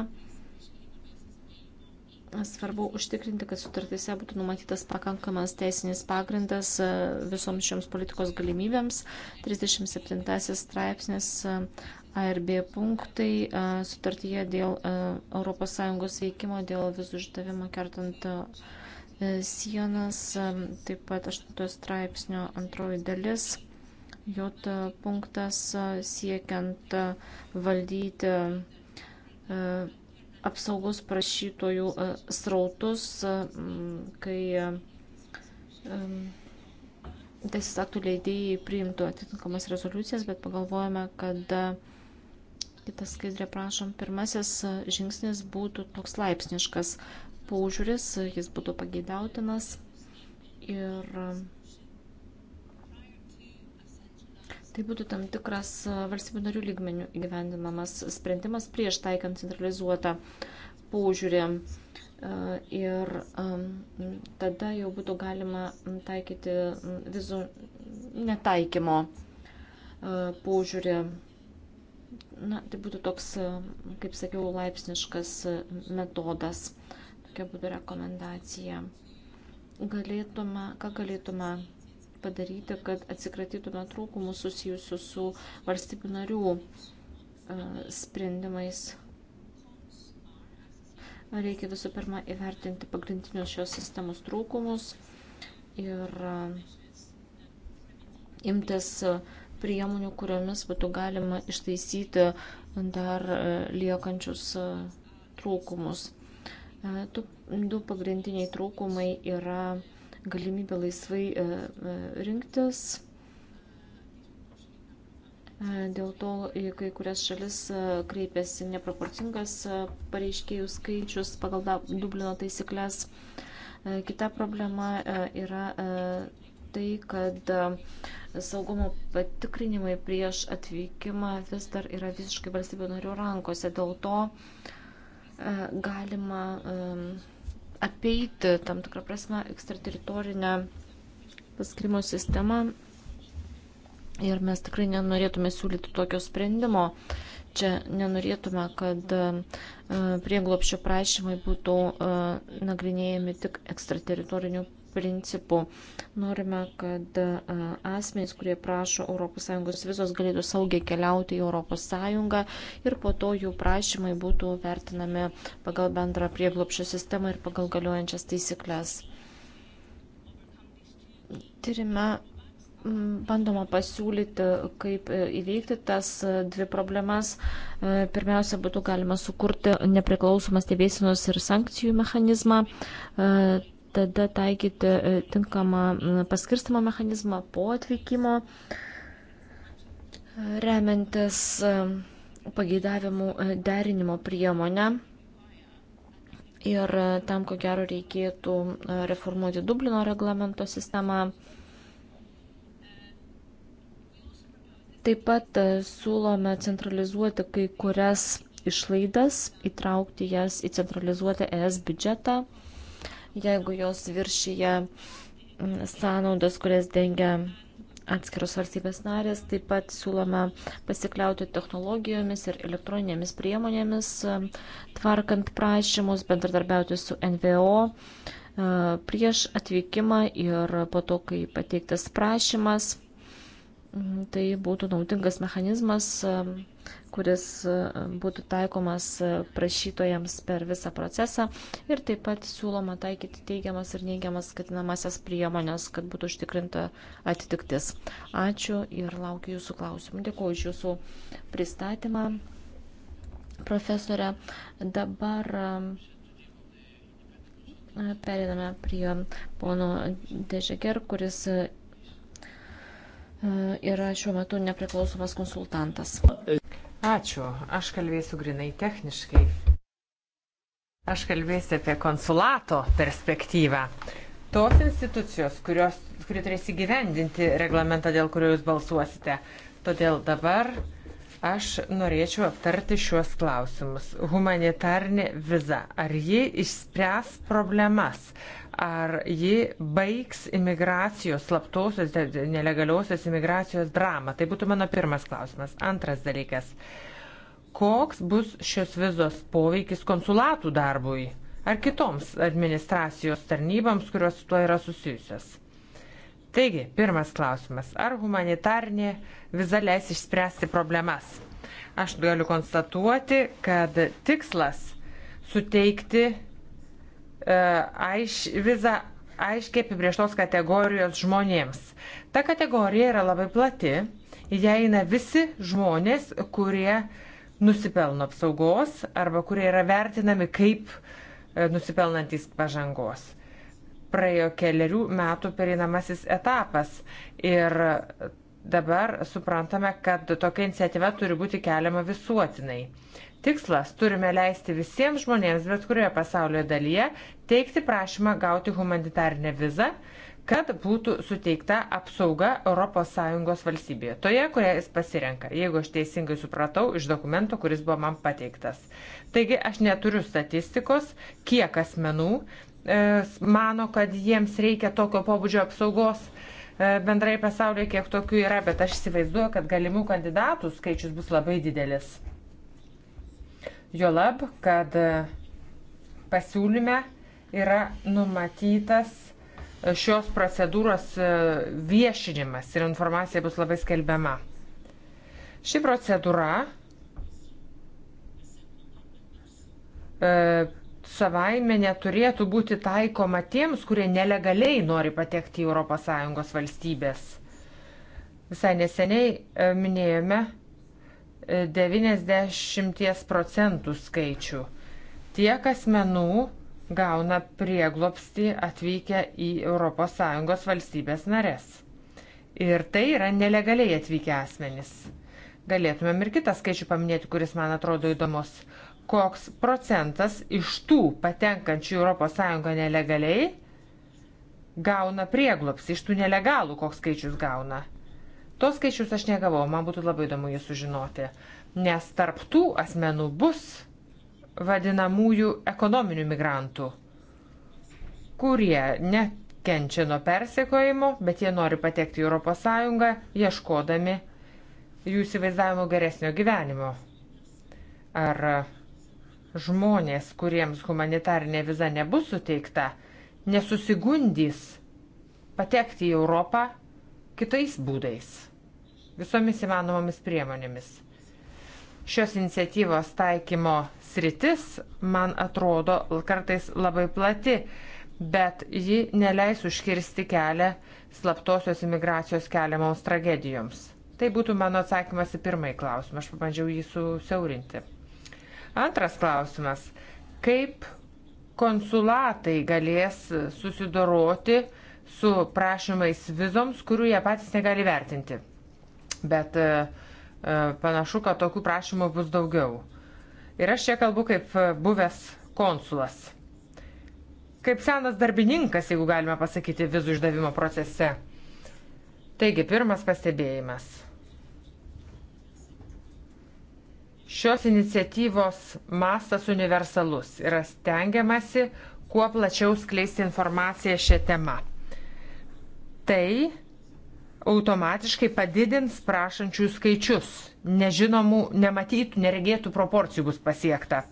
Svarbu užtikrinti, kad sutartyse būtų numatytas pakankamas teisinis pagrindas visoms šioms politikos galimybėms. 37 straipsnis A ir B punktai sutartyje dėl ES veikimo, dėl vizų išdavimo kertant e, sienas, taip pat 8 straipsnio antroji dalis, J punktas siekiant valdyti apsaugos prašytojų srautus, kai teisės aktų leidėjai priimtų atitinkamas rezoliucijas, bet pagalvojame, kad Kitas skaidrė, prašom, pirmasis e, žingsnis būtų toks laipsniškas paužiūris, jis būtų pageidautinas ir e, Tai būtų tam tikras e, valstybių narių lygmenių įgyvendinamas sprendimas prieš taikant centralizuotą požiūrį. Ir tada jau būtų galima taikyti vizų netaikymo požiūrį Na, tai būtų toks, e, kaip sakiau, laipsniškas e, metodas. Tokia būtų rekomendacija. Galėtume, ką galėtume padaryti, kad atsikratytume trūkumų susijusių su valstybių narių e, sprendimais. Reikia visų pirma įvertinti pagrindinius šios sistemos trūkumus ir imtis uh, priemonių, kuriomis būtų galima ištaisyti dar e, liekančius e, trūkumus. E, du pagrindiniai trūkumai yra galimybė laisvai rinktis. Dėl to į kai kurias šalis kreipiasi neproporcingas pareiškėjų skaičius pagal Dublino taisyklės. Kita problema yra tai, kad e, saugumo patikrinimai prieš atvykimą vis dar yra visiškai valstybių narių rankose. Dėl to e, galima e, apeiti tam tikrą prasme ekstrateritorinę paskirimo sistemą ir mes tikrai nenorėtume siūlyti tokio sprendimo. Čia nenorėtume, kad prieglopščio prašymai būtų nagrinėjami tik ekstrateritorinių principu. Norime, kad asmenys, kurie prašo ES vizos, galėtų saugiai keliauti į ES ir po to jų prašymai būtų vertinami pagal bendrą prieglopšio sistemą ir pagal galiojančias taisyklės. Tyrime bandoma pasiūlyti, kaip e, įveikti tas e, dvi problemas. E, pirmiausia, būtų galima sukurti nepriklausomas stebėsinos ir sankcijų mechanizmą tada taikyti e, tinkamą paskirstimo mechanizmą po atvykimo, e, remiantis e, pageidavimų derinimo priemonę. Ir tam, ko gero, reikėtų reformuoti Dublino reglamento sistemą. Taip pat siūlome centralizuoti kai kurias išlaidas, įtraukti jas į centralizuotą ES biudžetą jeigu jos viršyje mm, sąnaudas, kurias dengia atskiros valstybės narės. Taip pat siūlome pasikliauti technologijomis ir elektroninėmis priemonėmis, mm, tvarkant prašymus, bendradarbiauti su NVO mm, prieš atvykimą ir po to, kai pateiktas prašymas. Mhm, tai būtų naudingas mechanizmas, kuris e, būtų taikomas e, prašytojams per visą procesą ir taip pat siūloma taikyti teigiamas ir neigiamas skatinamasias priemonės, kad būtų užtikrinta atitiktis. Ačiū ir laukiu jūsų klausimų. Dėkuoju už jūsų pristatymą, profesorė. Dabar Periname prie pono Dežeger, kuris E, yra šiuo metu nepriklausomas konsultantas. Ačiū. Aš kalbėsiu grinai techniškai. Aš kalbėsiu apie konsulato perspektyvą. Tos institucijos, kurios, kuri turės įgyvendinti reglamentą, dėl kurio jūs balsuosite. Todėl dabar aš norėčiau aptarti šiuos klausimus. Humanitarnė viza. Ar ji išspręs problemas? ar ji baigs imigracijos, slaptosios, nelegaliosios imigracijos dramą. Tai būtų mano pirmas klausimas. Antras dalykas. Koks bus šios vizos poveikis konsulatų darbui ar kitoms administracijos tarnybams, kurios su tuo yra susijusios? Taigi, pirmas klausimas. Ar humanitarnė viza leis išspręsti problemas? Aš galiu konstatuoti, kad tikslas suteikti E, aiš, vizą aiškiai apibrieštos kategorijos žmonėms. Ta kategorija yra labai plati, jie eina visi žmonės, kurie nusipelno apsaugos arba kurie yra vertinami kaip e, nusipelnantis pažangos. Praėjo keliarių metų pereinamasis etapas ir dabar suprantame, kad tokia iniciatyva turi būti keliama visuotinai tikslas - turime leisti visiems žmonėms bet kurioje pasaulio dalyje teikti prašymą gauti humanitarinę vizą, kad būtų suteikta apsauga ES valstybėje, toje, kurią jis pasirenka, jeigu aš teisingai supratau iš dokumento, kuris buvo man pateiktas. Taigi aš neturiu statistikos, kiek asmenų e, mano, kad jiems reikia tokio pobūdžio apsaugos e, bendrai pasaulyje, kiek tokių yra, bet aš įsivaizduoju, kad galimų kandidatų skaičius bus labai didelis. Jolab, kad pasiūlyme yra numatytas šios procedūros e, viešinimas ir informacija bus labai skelbiama. Ši procedūra e, savaime neturėtų būti taikoma tiems, kurie nelegaliai nori patekti į ES valstybės. Visai neseniai e, minėjome 90 procentų skaičių. Tiek asmenų gauna prieglopsti atvykę į ES valstybės narės. Ir tai yra nelegaliai atvykę asmenys. Galėtumėm ir kitą skaičių paminėti, kuris man atrodo įdomus. Koks procentas iš tų patenkančių ES nelegaliai gauna prieglopsi, iš tų nelegalų koks skaičius gauna. Tos skaičius aš negavau, man būtų labai įdomu jį sužinoti, nes tarptų asmenų bus vadinamųjų ekonominių migrantų, kurie nekenčia nuo persekojimo, bet jie nori patekti į ES, ieškodami jų įsivaizdavimo geresnio gyvenimo. Ar žmonės, kuriems humanitarinė viza nebus suteikta, nesusigundys patekti į Europą kitais būdais, visomis įmanomomis priemonėmis. Šios iniciatyvos taikymo sritis, man atrodo, kartais labai plati, bet ji neleis užkirsti kelią slaptosios imigracijos keliamoms tragedijoms. Tai būtų mano atsakymas į pirmąjį klausimą, aš pabandžiau jį susiaurinti. Antras klausimas. Kaip konsulatai galės susidoroti uh, su prašymais vizoms, kurių jie patys negali vertinti. Bet e, e, panašu, kad tokių prašymų bus daugiau. Ir aš čia kalbu kaip e, buvęs konsulas. Kaip senas darbininkas, jeigu galime pasakyti, vizų išdavimo procese. Taigi, pirmas pastebėjimas. Šios iniciatyvos mastas universalus yra stengiamasi kuo plačiau skleisti informaciją šią temą tai automatiškai padidins prašančių skaičius. Nežinomų, nematytų, neregėtų proporcijų bus pasiekta.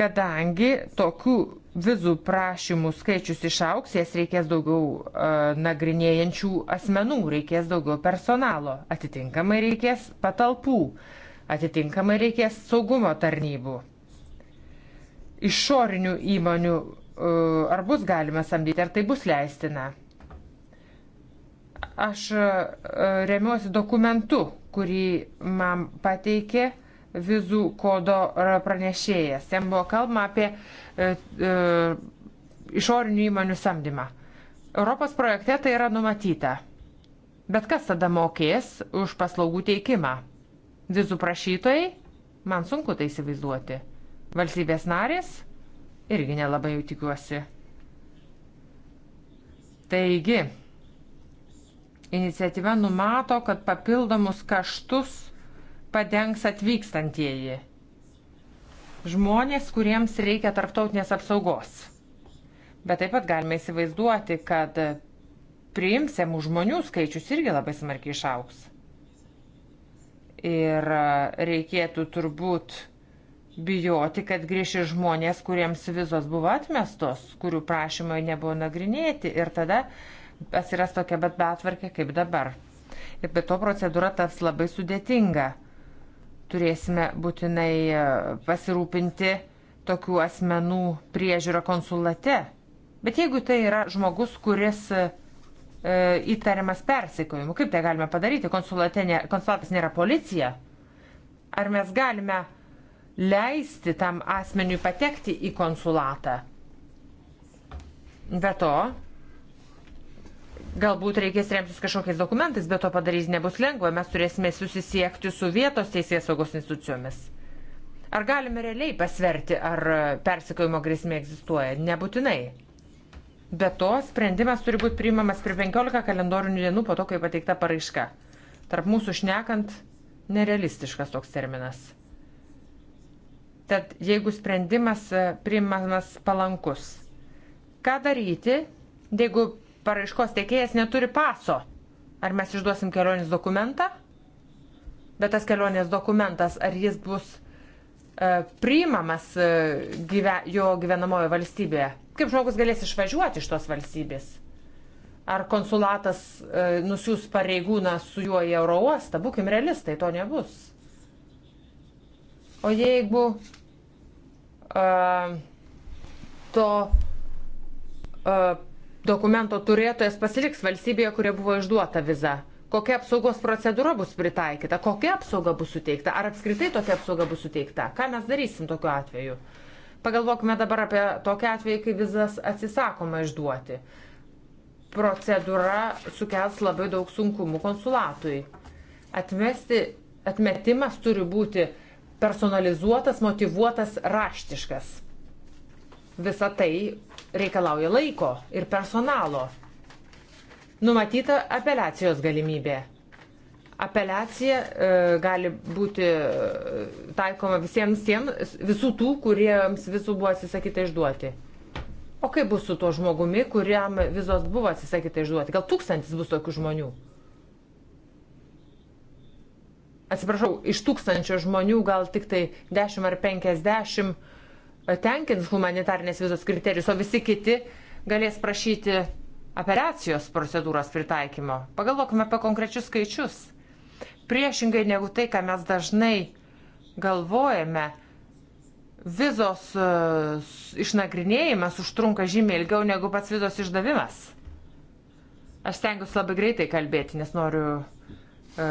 Kadangi tokių vizų prašymų skaičius išauks, jas reikės daugiau e, nagrinėjančių asmenų, reikės daugiau personalo, atitinkamai reikės patalpų, atitinkamai reikės saugumo tarnybų. Išorinių įmonių Uh, ar bus galima samdyti, ar tai bus leistina. Aš uh, remiuosi dokumentu, kurį man pateikė vizų kodo uh, pranešėjas. Jam buvo kalbama apie e, e, išorinių įmonių samdymą. Europos projekte tai yra numatyta. Bet kas tada mokės už paslaugų teikimą? Vizų prašytojai? Man sunku tai įsivaizduoti. Valstybės narės? irgi nelabai jau tikiuosi. Taigi, iniciatyva numato, kad papildomus kaštus padengs atvykstantieji. Žmonės, kuriems reikia tarptautinės apsaugos. Bet taip pat galime įsivaizduoti, kad priimsiamų žmonių skaičius irgi labai smarkiai išauks. Ir reikėtų turbūt bijoti, kad grįš ir žmonės, kuriems vizos buvo atmestos, kurių prašymai nebuvo nagrinėti ir tada atsiras tokia bet betvarkė kaip dabar. Ir be to procedūra taps labai sudėtinga. Turėsime būtinai e, pasirūpinti tokių asmenų priežiūrą konsulate. Bet jeigu tai yra žmogus, kuris e, e įtariamas persikojimu, kaip tai galime padaryti? Konsulate ne, konsulatas nėra policija. Ar mes galime leisti tam asmeniui patekti į konsulatą. Be to, galbūt reikės remtis kažkokiais dokumentais, bet to padaryti nebus lengva, mes turėsime susisiekti su vietos teisės saugos institucijomis. Ar galime realiai pasverti, ar persikojimo grėsmė egzistuoja? Nebūtinai. Be to, sprendimas turi būti priimamas per 15 kalendorinių dienų po to, kai pateikta paraiška. Tarp mūsų šnekant, nerealistiškas toks terminas. Tad jeigu sprendimas e, priimamas palankus, ką daryti, jeigu paraiškos tiekėjas neturi paso? Ar mes išduosim kelionės dokumentą? Bet tas kelionės dokumentas, ar jis bus e, priimamas e, gyve, jo gyvenamojo valstybėje? Kaip žmogus galės išvažiuoti iš tos valstybės? Ar konsulatas e, nusiūs pareigūną su juo į euro uostą? Būkim realistai, to nebus. O jeigu to dokumento turėtojas pasiliks valstybėje, kurie buvo išduota viza. Kokia apsaugos procedūra bus pritaikyta, kokia apsauga bus suteikta, ar apskritai tokia apsauga bus suteikta, ką mes darysim tokiu atveju. Pagalvokime dabar apie tokią atvejį, kai vizas atsisakoma išduoti. Procedūra sukels labai daug sunkumų konsulatui. Atmesti, atmetimas turi būti uh, personalizuotas, motivuotas, raštiškas. Visa tai reikalauja laiko ir personalo. Numatyta apeliacijos galimybė. Apeliacija e, gali būti e, taikoma visiems tiems, visų tų, kuriems visų buvo atsisakyta išduoti. O kaip bus su tuo žmogumi, kuriam vizos buvo atsisakyta išduoti? Gal tūkstantis bus tokių žmonių? atsiprašau, iš tūkstančio žmonių gal tik tai 10 ar 50 e, tenkins humanitarnės vizos kriterijus, o visi kiti galės prašyti apeliacijos procedūros pritaikymo. Pagalvokime apie konkrečius skaičius. Priešingai negu tai, ką mes dažnai galvojame, vizos e, išnagrinėjimas užtrunka žymiai ilgiau negu pats vizos išdavimas. Aš stengiuosi labai greitai kalbėti, nes noriu E,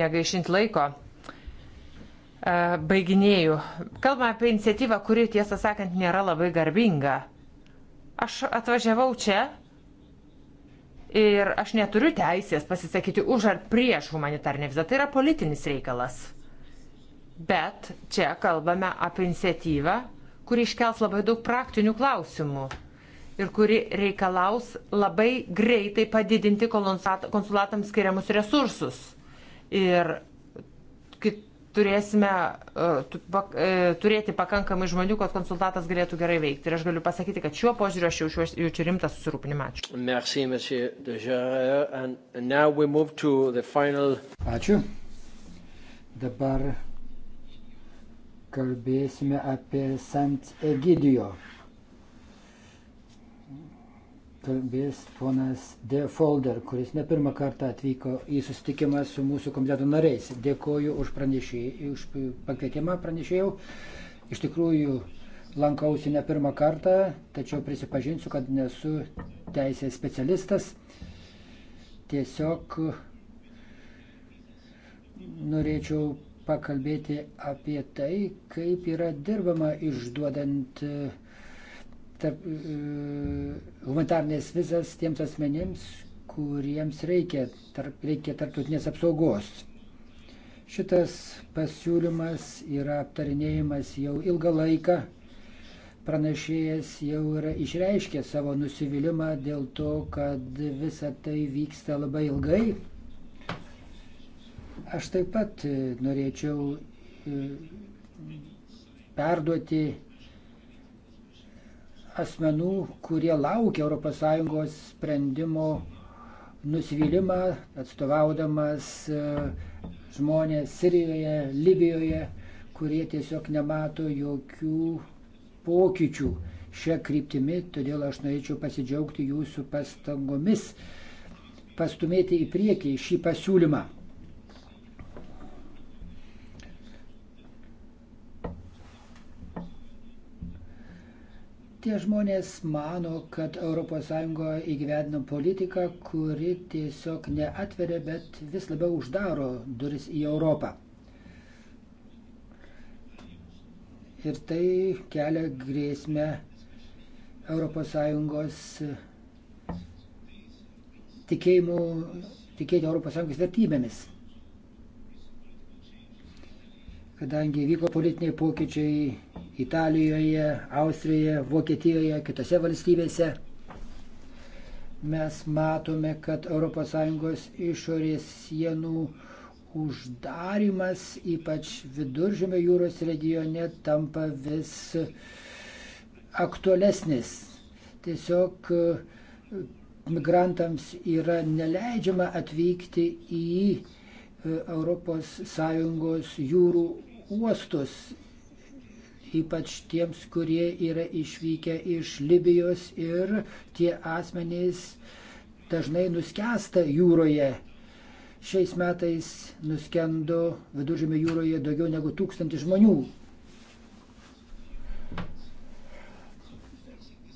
negaišinti laiko. E, Baiginėjau. Kalbame apie iniciatyvą, kuri tiesą sakant nėra labai garbinga. Aš atvažiavau čia ir aš neturiu teisės pasisakyti už ar prieš humanitarnę vizą. Tai yra politinis reikalas. Bet čia kalbame apie iniciatyvą, kuri iškels labai daug praktinių klausimų ir kuri reikalaus labai greitai padidinti konsulatams skiriamus resursus. Ir turėsime uh, turėti pakankamai žmonių, kad konsultatas galėtų gerai veikti. Ir aš galiu pasakyti, kad šiuo požiūriu aš jaučiu, jaučiu rimtą susirūpinimą. Ačiū. Merci, monsieur Dejarre. And, and now we move to the final. Ačiū. Dabar kalbėsime apie Sant Egidijo kalbės ponas De Folder, kuris ne pirmą kartą atvyko į susitikimą su mūsų komiteto nariais. Dėkoju už, už pakvietimą pranešėjau. Iš tikrųjų, lankausi ne pirmą kartą, tačiau prisipažinsiu, kad nesu teisės specialistas. Tiesiog norėčiau pakalbėti apie tai, kaip yra dirbama išduodant uh, tarp, e, humanitarnės vizas tiems asmenims, kuriems reikia, tarp, reikia tarptautinės apsaugos. Šitas pasiūlymas yra aptarinėjimas jau ilgą laiką. Pranašėjas jau yra išreiškė savo nusivylimą dėl to, kad visa tai vyksta labai ilgai. Aš taip pat e, norėčiau e, perduoti asmenų, kurie laukia ES sprendimo nusivylimą, atstovaudamas e, žmonės Sirijoje, Libijoje, kurie tiesiog nemato jokių pokyčių šią kryptimį, todėl aš norėčiau pasidžiaugti jūsų pastangomis pastumėti į priekį šį pasiūlymą. Tie žmonės mano, kad ES įgyvedino politiką, kuri tiesiog neatveria, bet vis labiau uždaro duris į Europą. Ir tai kelia grėsmę ES tikėjimu, tikėti ES vertybėmis kadangi vyko politiniai pokyčiai Italijoje, Austrijoje, Vokietijoje, kitose valstybėse, mes matome, kad ES išorės sienų uždarimas, ypač viduržėmio jūros regione, tampa vis aktualesnis. Tiesiog e, migrantams yra neleidžiama atvykti į ES jūrų uostus, ypač tiems, kurie yra išvykę iš Libijos ir tie asmenys dažnai nuskęsta jūroje. Šiais metais nuskendo viduržėmio jūroje daugiau negu tūkstantį žmonių.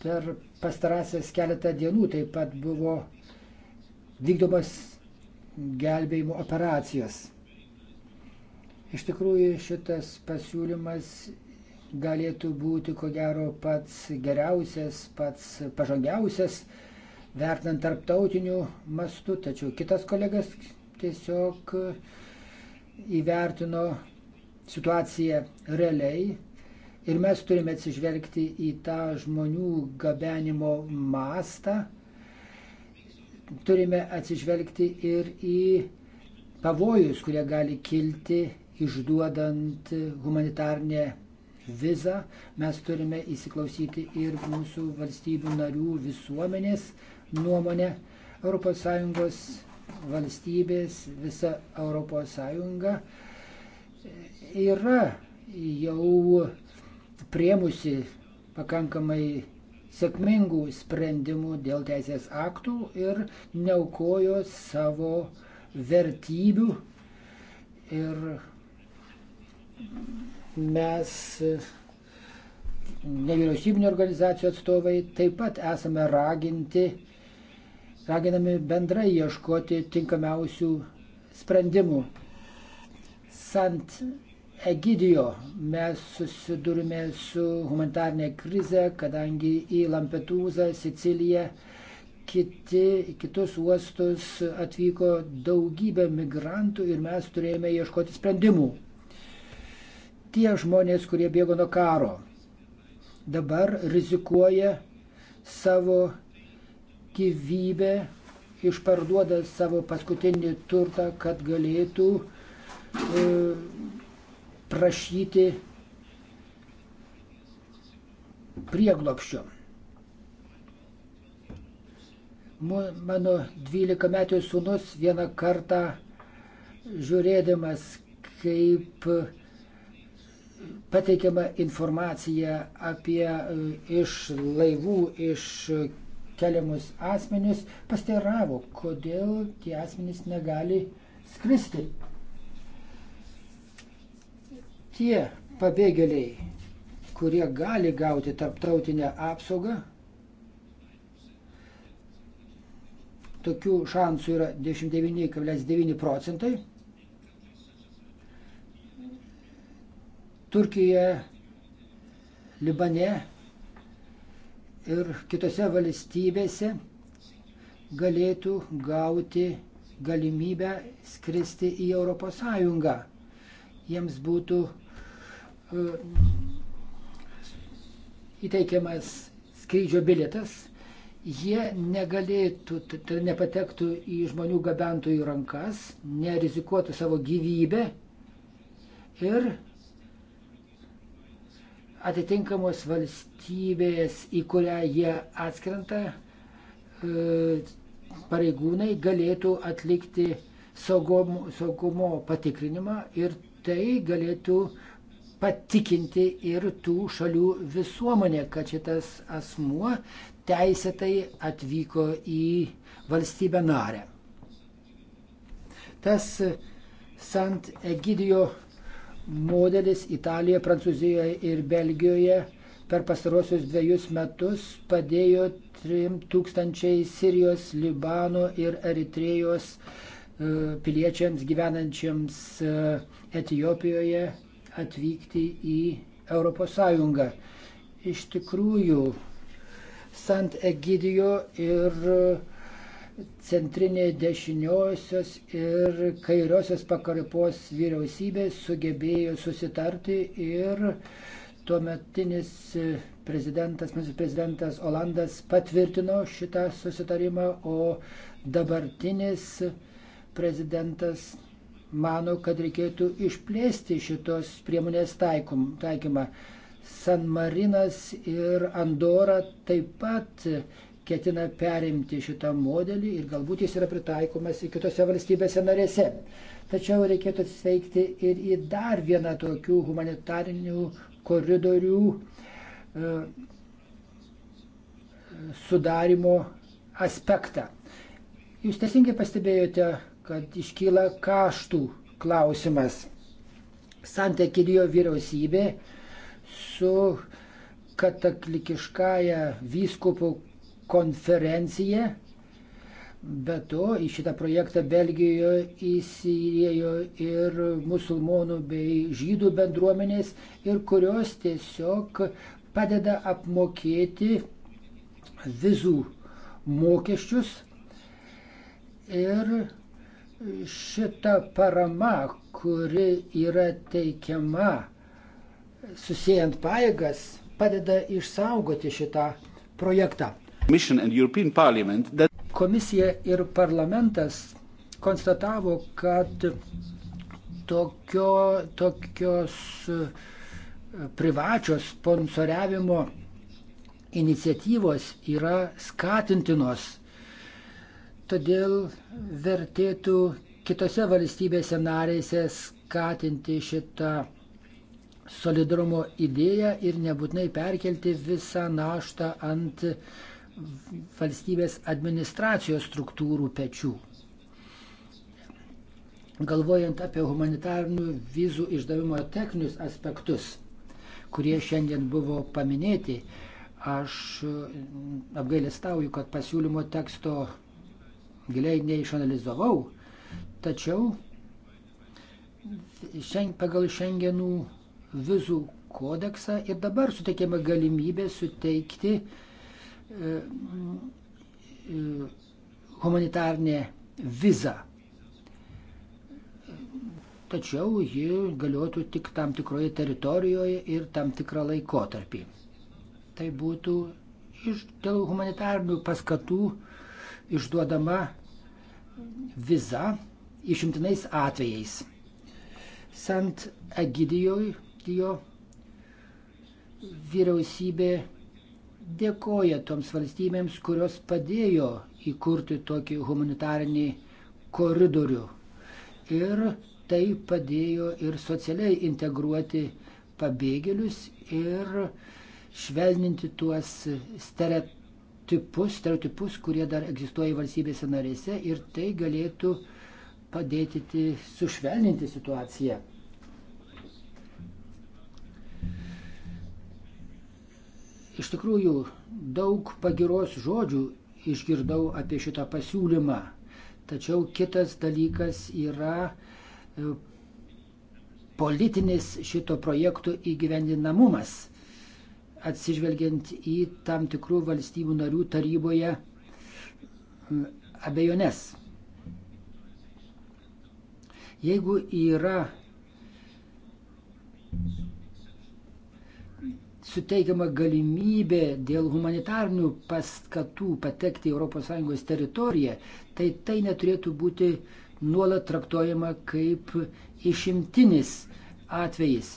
per pastarąsias keletą dienų taip pat buvo vykdomas gelbėjimo operacijos. Iš tikrųjų šitas pasiūlymas galėtų būti ko gero pats geriausias, pats pažangiausias, vertinant tarptautiniu mastu, tačiau kitas kolegas tiesiog įvertino situaciją realiai ir mes turime atsižvelgti į tą žmonių gabenimo mastą, turime atsižvelgti ir į pavojus, kurie gali kilti išduodant humanitarnę vizą, mes turime įsiklausyti ir mūsų valstybių narių visuomenės nuomonę. ES valstybės, visa ES yra jau priemusi pakankamai sėkmingų sprendimų dėl teisės aktų ir neukojo savo vertybių ir mes e, nevyriausybinio organizacijų atstovai taip pat esame raginti, raginami bendrai ieškoti tinkamiausių sprendimų. Sant Egidijo mes susidurime su humanitarnė krize, kadangi į Lampetūzą, Siciliją, kiti, kitus uostus atvyko daugybė migrantų ir mes turėjome ieškoti sprendimų tie žmonės, kurie bėgo nuo karo, dabar rizikuoja savo gyvybę, išparduoda savo paskutinį turtą, kad galėtų e, prašyti prieglopščio. Mano 12 metų sūnus vieną kartą žiūrėdamas, kaip pateikiama informacija apie e, iš laivų iškeliamus asmenius, pasteiravo, kodėl tie asmenys negali skristi. Tie pabėgėliai, kurie gali gauti tarptautinę apsaugą, tokių šansų yra 99,9 procentai. Turkijoje, Libane ir kitose valstybėse galėtų gauti galimybę skristi į ES. Jiems būtų uh, įteikiamas skrydžio bilietas, jie negalėtų, tai nepatektų į žmonių gabentojų rankas, nerizikuotų savo gyvybę ir atitinkamos valstybės, į kurią jie atskrenta, e, pareigūnai galėtų atlikti saugumo, saugumo patikrinimą ir tai galėtų patikinti ir tų šalių visuomenė, kad šitas asmuo teisėtai atvyko į valstybę narę. Tas Sant Egidijo modelis Italijoje, Prancūzijoje ir Belgijoje per pastarosius dviejus metus padėjo 3000 Sirijos, Libano ir Eritrėjos e, piliečiams gyvenančiams Etijopijoje atvykti į ES. Iš tikrųjų, Sant Egidijo ir centrinė dešiniosios ir kairiosios pakarpos vyriausybė sugebėjo susitarti ir tuometinis prezidentas, mūsų prezidentas Olandas patvirtino šitą susitarimą, o dabartinis prezidentas mano, kad reikėtų išplėsti šitos priemonės taikum, taikymą. San Marinas ir Andora taip pat ketina perimti šitą modelį ir galbūt jis yra pritaikomas ir kitose valstybėse narėse. Tačiau reikėtų atsveikti ir į dar vieną tokių humanitarinių koridorių e, sudarimo aspektą. Jūs teisingai pastebėjote, kad iškyla kaštų klausimas. Santekirijo vyriausybė su kataklikiškąją vyskupų konferencija. Be to, į šitą projektą Belgijoje įsirėjo ir musulmonų bei žydų bendruomenės, ir kurios tiesiog padeda apmokėti vizų mokesčius. Ir šita parama, kuri yra teikiama susijęs pajėgas, padeda išsaugoti šitą projektą. Komisija ir parlamentas konstatavo, kad tokio, tokios e, privačios sponsoriavimo iniciatyvos yra skatintinos. Todėl vertėtų kitose valstybėse narėse skatinti šitą solidarumo idėją ir nebūtinai perkelti visą naštą ant uh, valstybės administracijos struktūrų pečių. Galvojant apie humanitarnių vizų išdavimo techninius aspektus, kurie šiandien buvo paminėti, aš e, apgailestauju, kad pasiūlymo teksto giliai neišanalizavau, tačiau pagal šiandienų vizų kodeksą ir dabar suteikiama galimybė suteikti uh, humanitarnė viza. Tačiau ji galiotų tik tam tikroje teritorijoje ir tam tikrą laikotarpį. Tai būtų iš, dėl humanitarnių paskatų išduodama viza išimtinais atvejais. Sant Egidijoje vyriausybė dėkoja toms valstybėms, kurios padėjo įkurti tokį humanitarinį koridorių. Ir tai padėjo ir socialiai integruoti pabėgėlius ir švelninti tuos stereotipus, stereotipus kurie dar egzistuoja valstybėse narėse ir tai galėtų padėti sušvelninti situaciją. Iš tikrųjų, daug pagiros žodžių išgirdau apie šitą pasiūlymą. Tačiau kitas dalykas yra e, politinis šito projekto įgyvendinamumas, atsižvelgiant į tam tikrų valstybių narių taryboje abejones. Jeigu yra suteikiama galimybė dėl humanitarnių paskatų patekti į ES teritoriją, tai tai neturėtų būti nuolat traktuojama kaip išimtinis atvejis.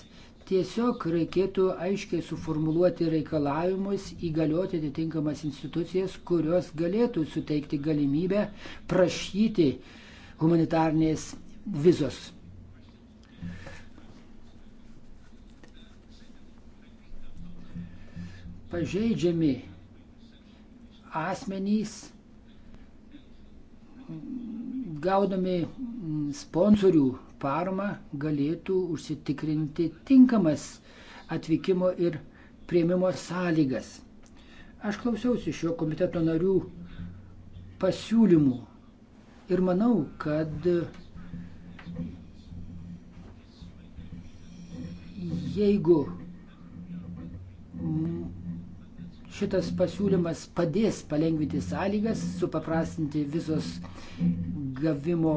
Tiesiog reikėtų aiškiai suformuluoti reikalavimus, įgalioti atitinkamas institucijas, kurios galėtų suteikti galimybę prašyti humanitarnės vizos. pažeidžiami asmenys gaudami mm, sponsorių paramą galėtų užsitikrinti tinkamas atvykimo ir prieimimo sąlygas. Aš klausiausi šio komiteto narių pasiūlymų ir manau, kad jeigu mm, Šitas pasiūlymas padės palengvinti sąlygas, supaprastinti visos gavimo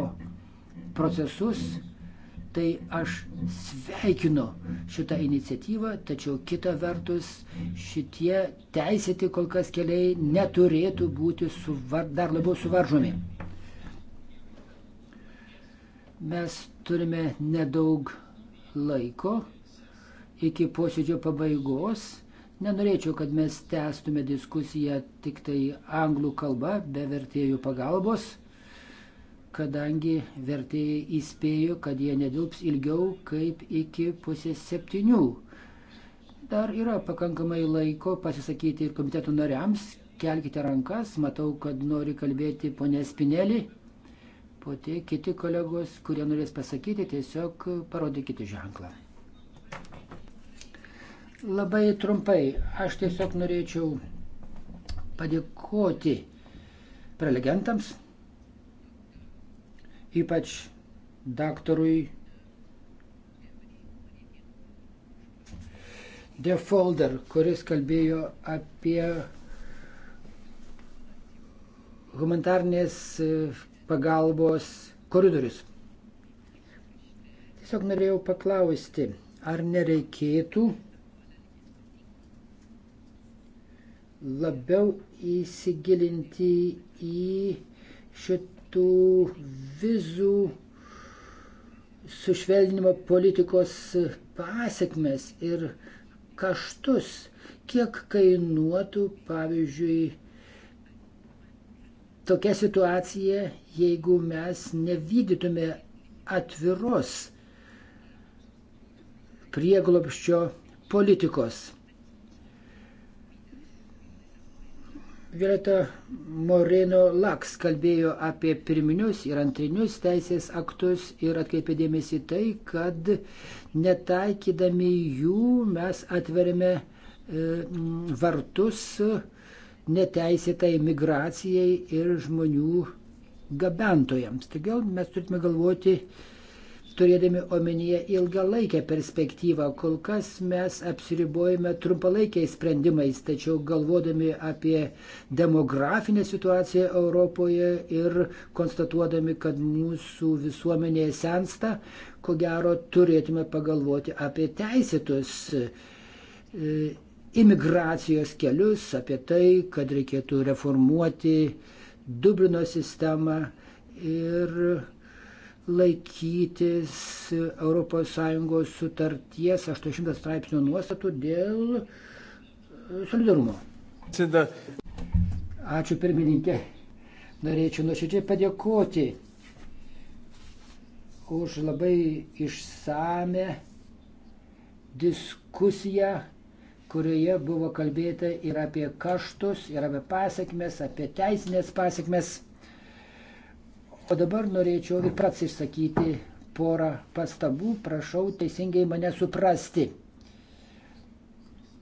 procesus. Tai aš sveikinu šitą iniciatyvą, tačiau kita vertus šitie teisėti kol kas keliai neturėtų būti suvar, dar labiau suvaržomi. Mes turime nedaug laiko iki posėdžio pabaigos Nenorėčiau, kad mes tęstume diskusiją tik tai anglų kalba, be vertėjų pagalbos, kadangi vertėjai įspėjo, kad jie nedilps ilgiau kaip iki pusės septynių. Dar yra pakankamai laiko pasisakyti ir komiteto nariams. Kelkite rankas, matau, kad nori kalbėti ponė Spinelį. Po tie kiti kolegos, kurie norės pasakyti, tiesiog parodykite ženklą. Labai trumpai, aš tiesiog norėčiau padėkoti prelegentams, ypač daktarui De Folder, kuris kalbėjo apie humanitarnės e, pagalbos koridorius. Tiesiog norėjau paklausti, ar nereikėtų labiau įsigilinti į šitų vizų sušvelnimo politikos pasiekmes ir kaštus, kiek kainuotų, pavyzdžiui, tokia situacija, jeigu mes nevykdytume atviros prieglopščio politikos. Violeta Moreno Laks kalbėjo apie pirminius ir antrinius teisės aktus ir atkreipė dėmesį tai, kad netaikydami jų mes atveriame e, vartus neteisėtai migracijai ir žmonių gabentojams. Todėl mes turime galvoti turėdami omenyje ilgalaikę perspektyvą. Kol kas mes apsiribojame trumpalaikiais sprendimais, tačiau galvodami apie demografinę situaciją Europoje ir konstatuodami, kad mūsų visuomenė sensta, ko gero turėtume pagalvoti apie teisėtus e, imigracijos kelius, apie tai, kad reikėtų reformuoti Dublino sistemą ir laikytis ES sutarties 80 straipsnio nuostatų dėl e, solidarumo. Ačiū pirmininkė. Norėčiau nuoširdžiai padėkoti už labai išsame diskusiją, kurioje buvo kalbėta ir apie kaštus, ir apie pasiekmes, apie teisinės pasiekmes. O dabar norėčiau ir pats išsakyti porą pastabų, prašau teisingai mane suprasti.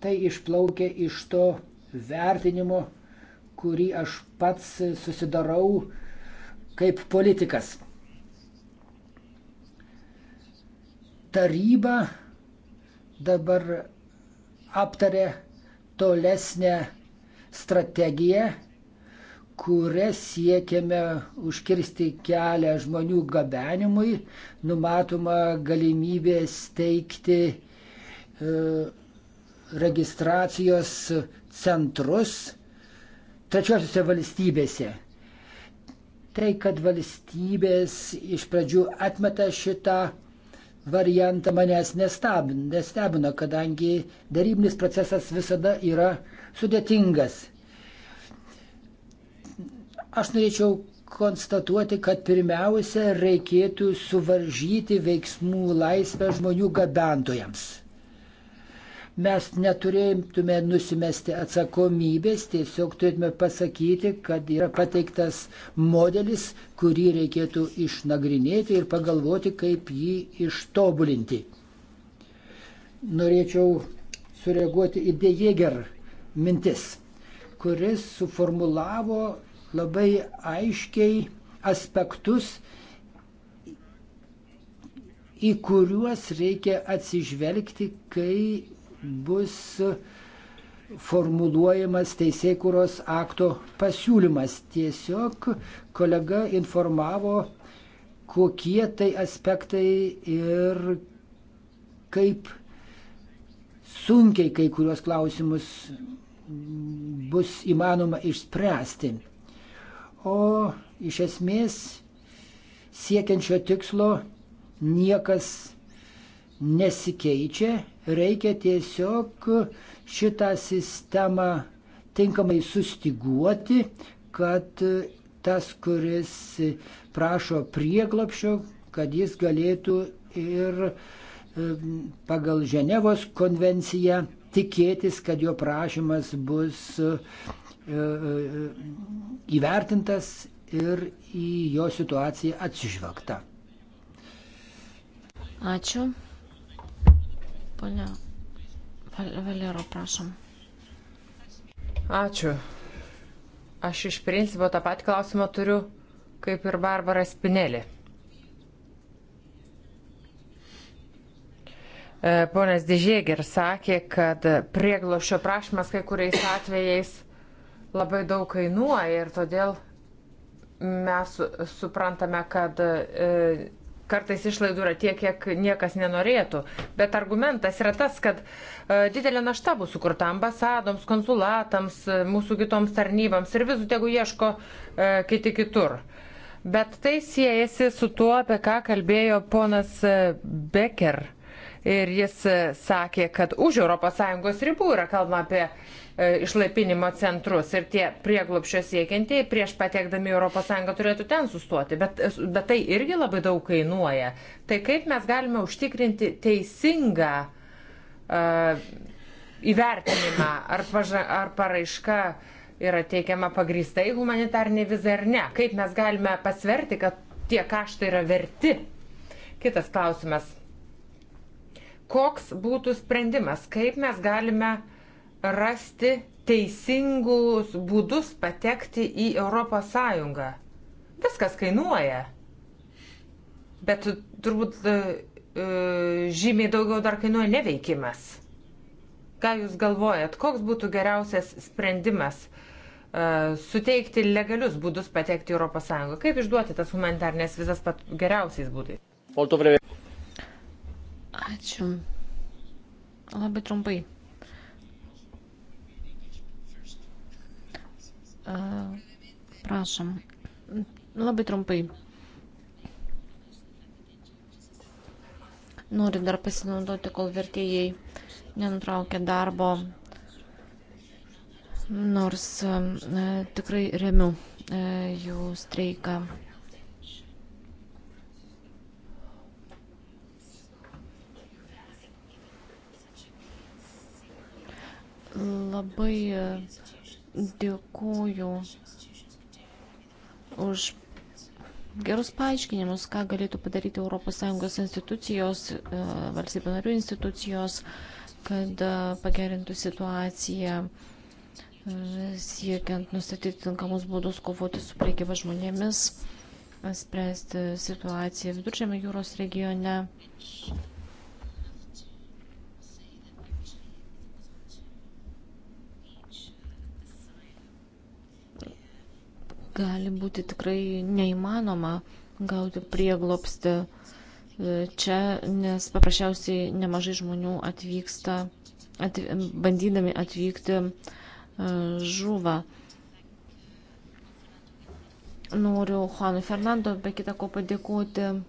Tai išplaukia iš to vertinimo, kurį aš pats susidarau kaip politikas. Taryba dabar aptarė tolesnę strategiją kuria siekiame užkirsti kelią žmonių gabenimui, numatoma galimybė steigti e, registracijos centrus trečiosiuose valstybėse. Tai, kad valstybės iš pradžių atmeta šitą variantą manęs nestabina, nestebina, kadangi darybinis procesas visada yra sudėtingas. Aš norėčiau konstatuoti, kad pirmiausia reikėtų suvaržyti veiksmų laisvę žmonių gabentojams. Mes neturėtume nusimesti atsakomybės, tiesiog turėtume pasakyti, kad yra pateiktas modelis, kurį reikėtų išnagrinėti ir pagalvoti, kaip jį ištobulinti. Norėčiau sureaguoti į Dejeger mintis, kuris suformulavo labai aiškiai aspektus, į kuriuos reikia atsižvelgti, kai bus formuluojamas teisėkuros akto pasiūlymas. Tiesiog kolega informavo, kokie tai aspektai ir kaip sunkiai kai kuriuos klausimus bus įmanoma išspręsti o iš esmės siekiančio tikslo niekas nesikeičia, reikia tiesiog šitą sistemą tinkamai sustiguoti, kad tas, kuris prašo prieglapšio, kad jis galėtų ir pagal Ženevos konvenciją tikėtis, kad jo prašymas bus E, e, įvertintas ir į jo situaciją atsižvelgta. Ačiū. Pane Valero, prašom. Ačiū. Aš iš principo tą patį klausimą turiu kaip ir Barbara Spinelė. E, ponas Dižėger sakė, kad prieglošio prašymas kai kuriais atvejais labai daug kainuoja ir todėl mes suprantame, kad e, kartais išlaidų yra tiek, kiek niekas nenorėtų. Bet argumentas yra tas, kad e, didelė našta bus sukurta ambasadoms, konsulatams, e, mūsų kitoms tarnybams ir visų tegu ieško kiti kitur. Bet tai siejasi su tuo, apie ką kalbėjo ponas Becker. Ir jis sakė, kad už ES ribų yra kalbama apie E, išlaipinimo centrus ir tie prieglopščio siekiantieji prieš patekdami ES turėtų ten sustoti, bet, e, bet tai irgi labai daug kainuoja. Tai kaip mes galime užtikrinti teisingą uh, įvertinimą, ar, paža, ar paraiška yra teikiama pagrįstai humanitarnė viza ar ne. Kaip mes galime pasverti, kad tie kaštai yra verti. Kitas klausimas. Koks būtų sprendimas? Kaip mes galime uh, rasti teisingus būdus patekti į ES. Viskas kainuoja. Bet turbūt e, e, žymiai daugiau dar kainuoja neveikimas. Ką Jūs galvojat, koks būtų geriausias sprendimas e, suteikti legalius būdus patekti į ES? Kaip išduoti tas humanitarnės vizas pat geriausiais būdais? Ačiū. Labai trumpai. Prašom. Labai trumpai. Noriu dar pasinaudoti, kol vertėjai nenutraukia darbo, nors e, tikrai remiu e, jų streiką. Labai e, Dėkuoju už gerus paaiškinimus, ką galėtų padaryti ES institucijos, e, valstybių narių institucijos, kad e, pagerintų situaciją e, siekiant nustatyti tinkamus būdus kovoti su priekyba žmonėmis, spręsti situaciją Viduržėmio jūros regione. gali būti tikrai neįmanoma gauti prieglopstį e, čia, nes paprasčiausiai nemažai žmonių atvyksta, at, bandydami atvykti e, žuva. Noriu Juanui Fernando be kita ko padėkoti e,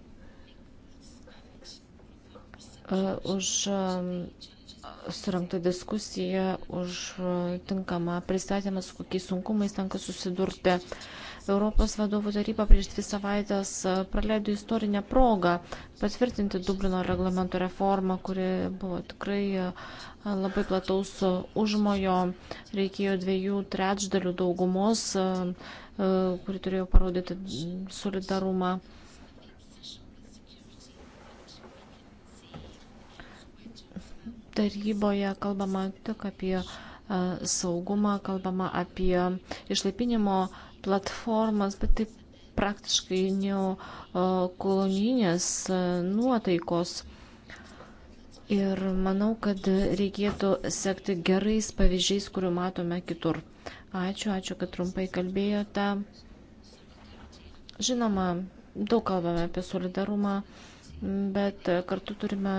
už surinkta diskusija, už e, tinkamą pristatymą, su kokiais sunkumais tenka susidurti. Europos vadovų taryba prieš dvi savaitės e, praleido istorinę progą patvirtinti Dublino reglamento reformą, kuri buvo tikrai e, labai plataus užmojo, reikėjo dviejų trečdalių daugumos, kuri turėjo parodyti solidarumą. taryboje kalbama tik apie e, saugumą, kalbama apie išlaipinimo platformas, bet taip praktiškai neokolonijinės e, nuotaikos. Ir manau, kad reikėtų sekti gerais pavyzdžiais, kurių matome kitur. Ačiū, ačiū, kad trumpai kalbėjote. Žinoma, daug kalbame apie solidarumą, bet kartu turime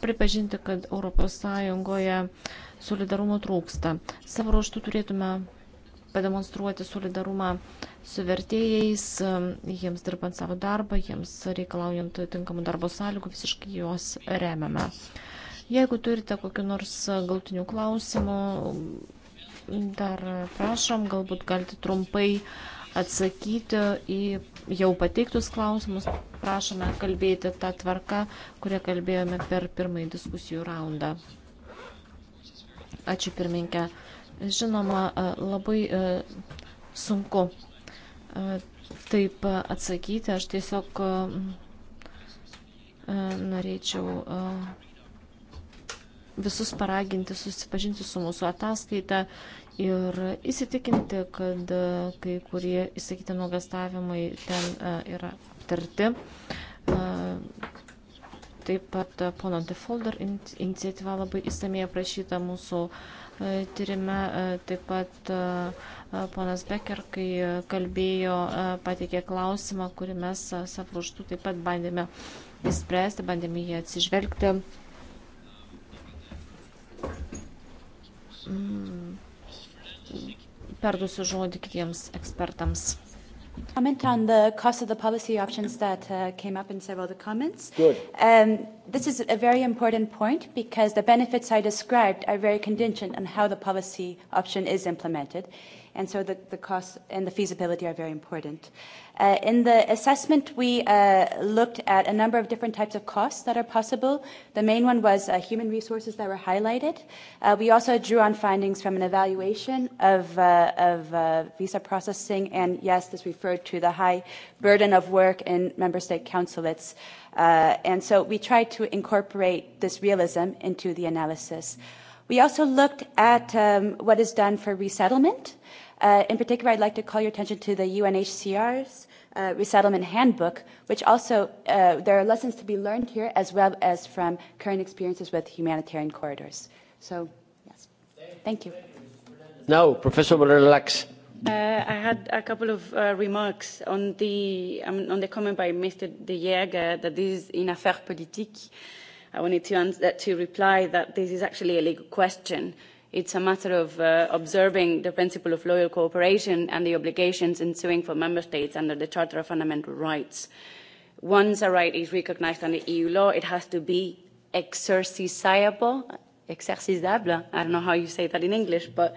pripažinti, kad ES solidarumo trūksta. Savo ruoštų turėtume pademonstruoti solidarumą su vertėjais, jiems dirbant savo darbą, jiems reikalaujant tinkamų darbo sąlygų, visiškai juos remiame. Jeigu turite kokiu nors galtiniu klausimu, dar prašom, galbūt galite trumpai uh, atsakyti į jau pateiktus klausimus. Prašome kalbėti tą tvarką, kurią kalbėjome per pirmąjį diskusijų raundą. Ačiū pirminkė. Žinoma, labai e, sunku e, taip atsakyti. Aš tiesiog e, norėčiau visus paraginti susipažinti su mūsų ataskaita, ir įsitikinti, kad e, kai kurie įsakyti nuogastavimai ten e, yra aptarti. E, taip pat pono Defolder iniciatyva labai įsamei aprašyta mūsų tyrime. Taip pat ponas Becker, kai kalbėjo, pateikė klausimą, kurį mes savo ruštų taip pat bandėme įspręsti, bandėme jį atsižvelgti. Mm perdusiu žodį kitiems ekspertams. Comment on the cost of the policy options that uh, came up in several of the comments. Good. Um, this is a very important point because the benefits I described are very contingent on how the policy option is implemented. And so the, the costs and the feasibility are very important. Uh, in the assessment, we uh, looked at a number of different types of costs that are possible. The main one was uh, human resources that were highlighted. Uh, we also drew on findings from an evaluation of, uh, of uh, visa processing, and yes, this referred to the high burden of work in member state consulates. Uh, Uh, and so we tried to incorporate this realism into the analysis. We also looked at um, what is done for resettlement. Uh, in particular, I'd like to call your attention to the UNHCR's uh, resettlement handbook, which also uh, there are lessons to be learned here as well as from current experiences with humanitarian corridors. So, yes. Thank you. Now, Professor Morelax Uh, I had a couple of uh, remarks on the, um, on the comment by Mr. De Jager that this is in affaire politique. I wanted to, answer, uh, to reply that this is actually a legal question. It's a matter of uh, observing the principle of loyal cooperation and the obligations ensuing for member states under the Charter of Fundamental Rights. Once a right is recognized under EU law, it has to be exercisable, exercisable. I don't know how you say that in English, but uh,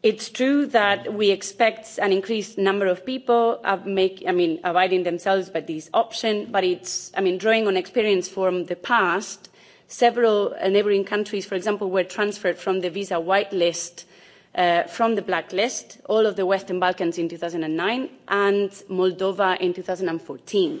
It's true that we expect an increased number of people of make, I mean, abiding themselves by this option, but it's, I mean, drawing on experience from the past, several neighboring countries, for example, were transferred from the visa whitelist uh, from the blacklist, all of the Western Balkans in 2009 and Moldova in 2014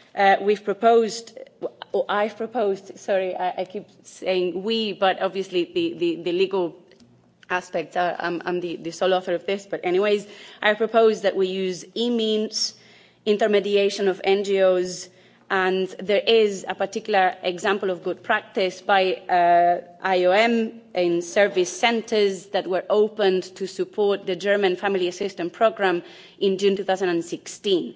Uh, we've proposed oh, I've proposed, sorry, I, I keep saying we, but obviously the, the, the legal aspects, are, I'm, I'm the, the sole author of this, but anyways, I propose that we use e-means, intermediation of NGOs, and there is a particular example of good practice by uh, IOM in service centers that were opened to support the German family assistance program in June 2016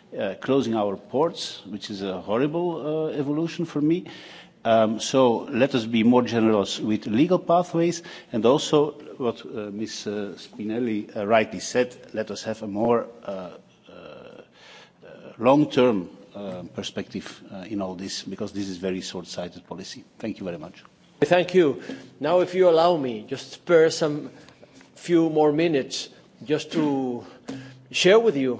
uh, closing our ports, which is a horrible uh, evolution for me. Um, so let us be more generous with legal pathways and also what uh, Ms. Uh, Spinelli uh, rightly said, let us have a more uh, uh, long-term uh, perspective uh, in all this because this is very short-sighted policy. Thank you very much. Thank you. Now if you allow me, just spare some few more minutes just to share with you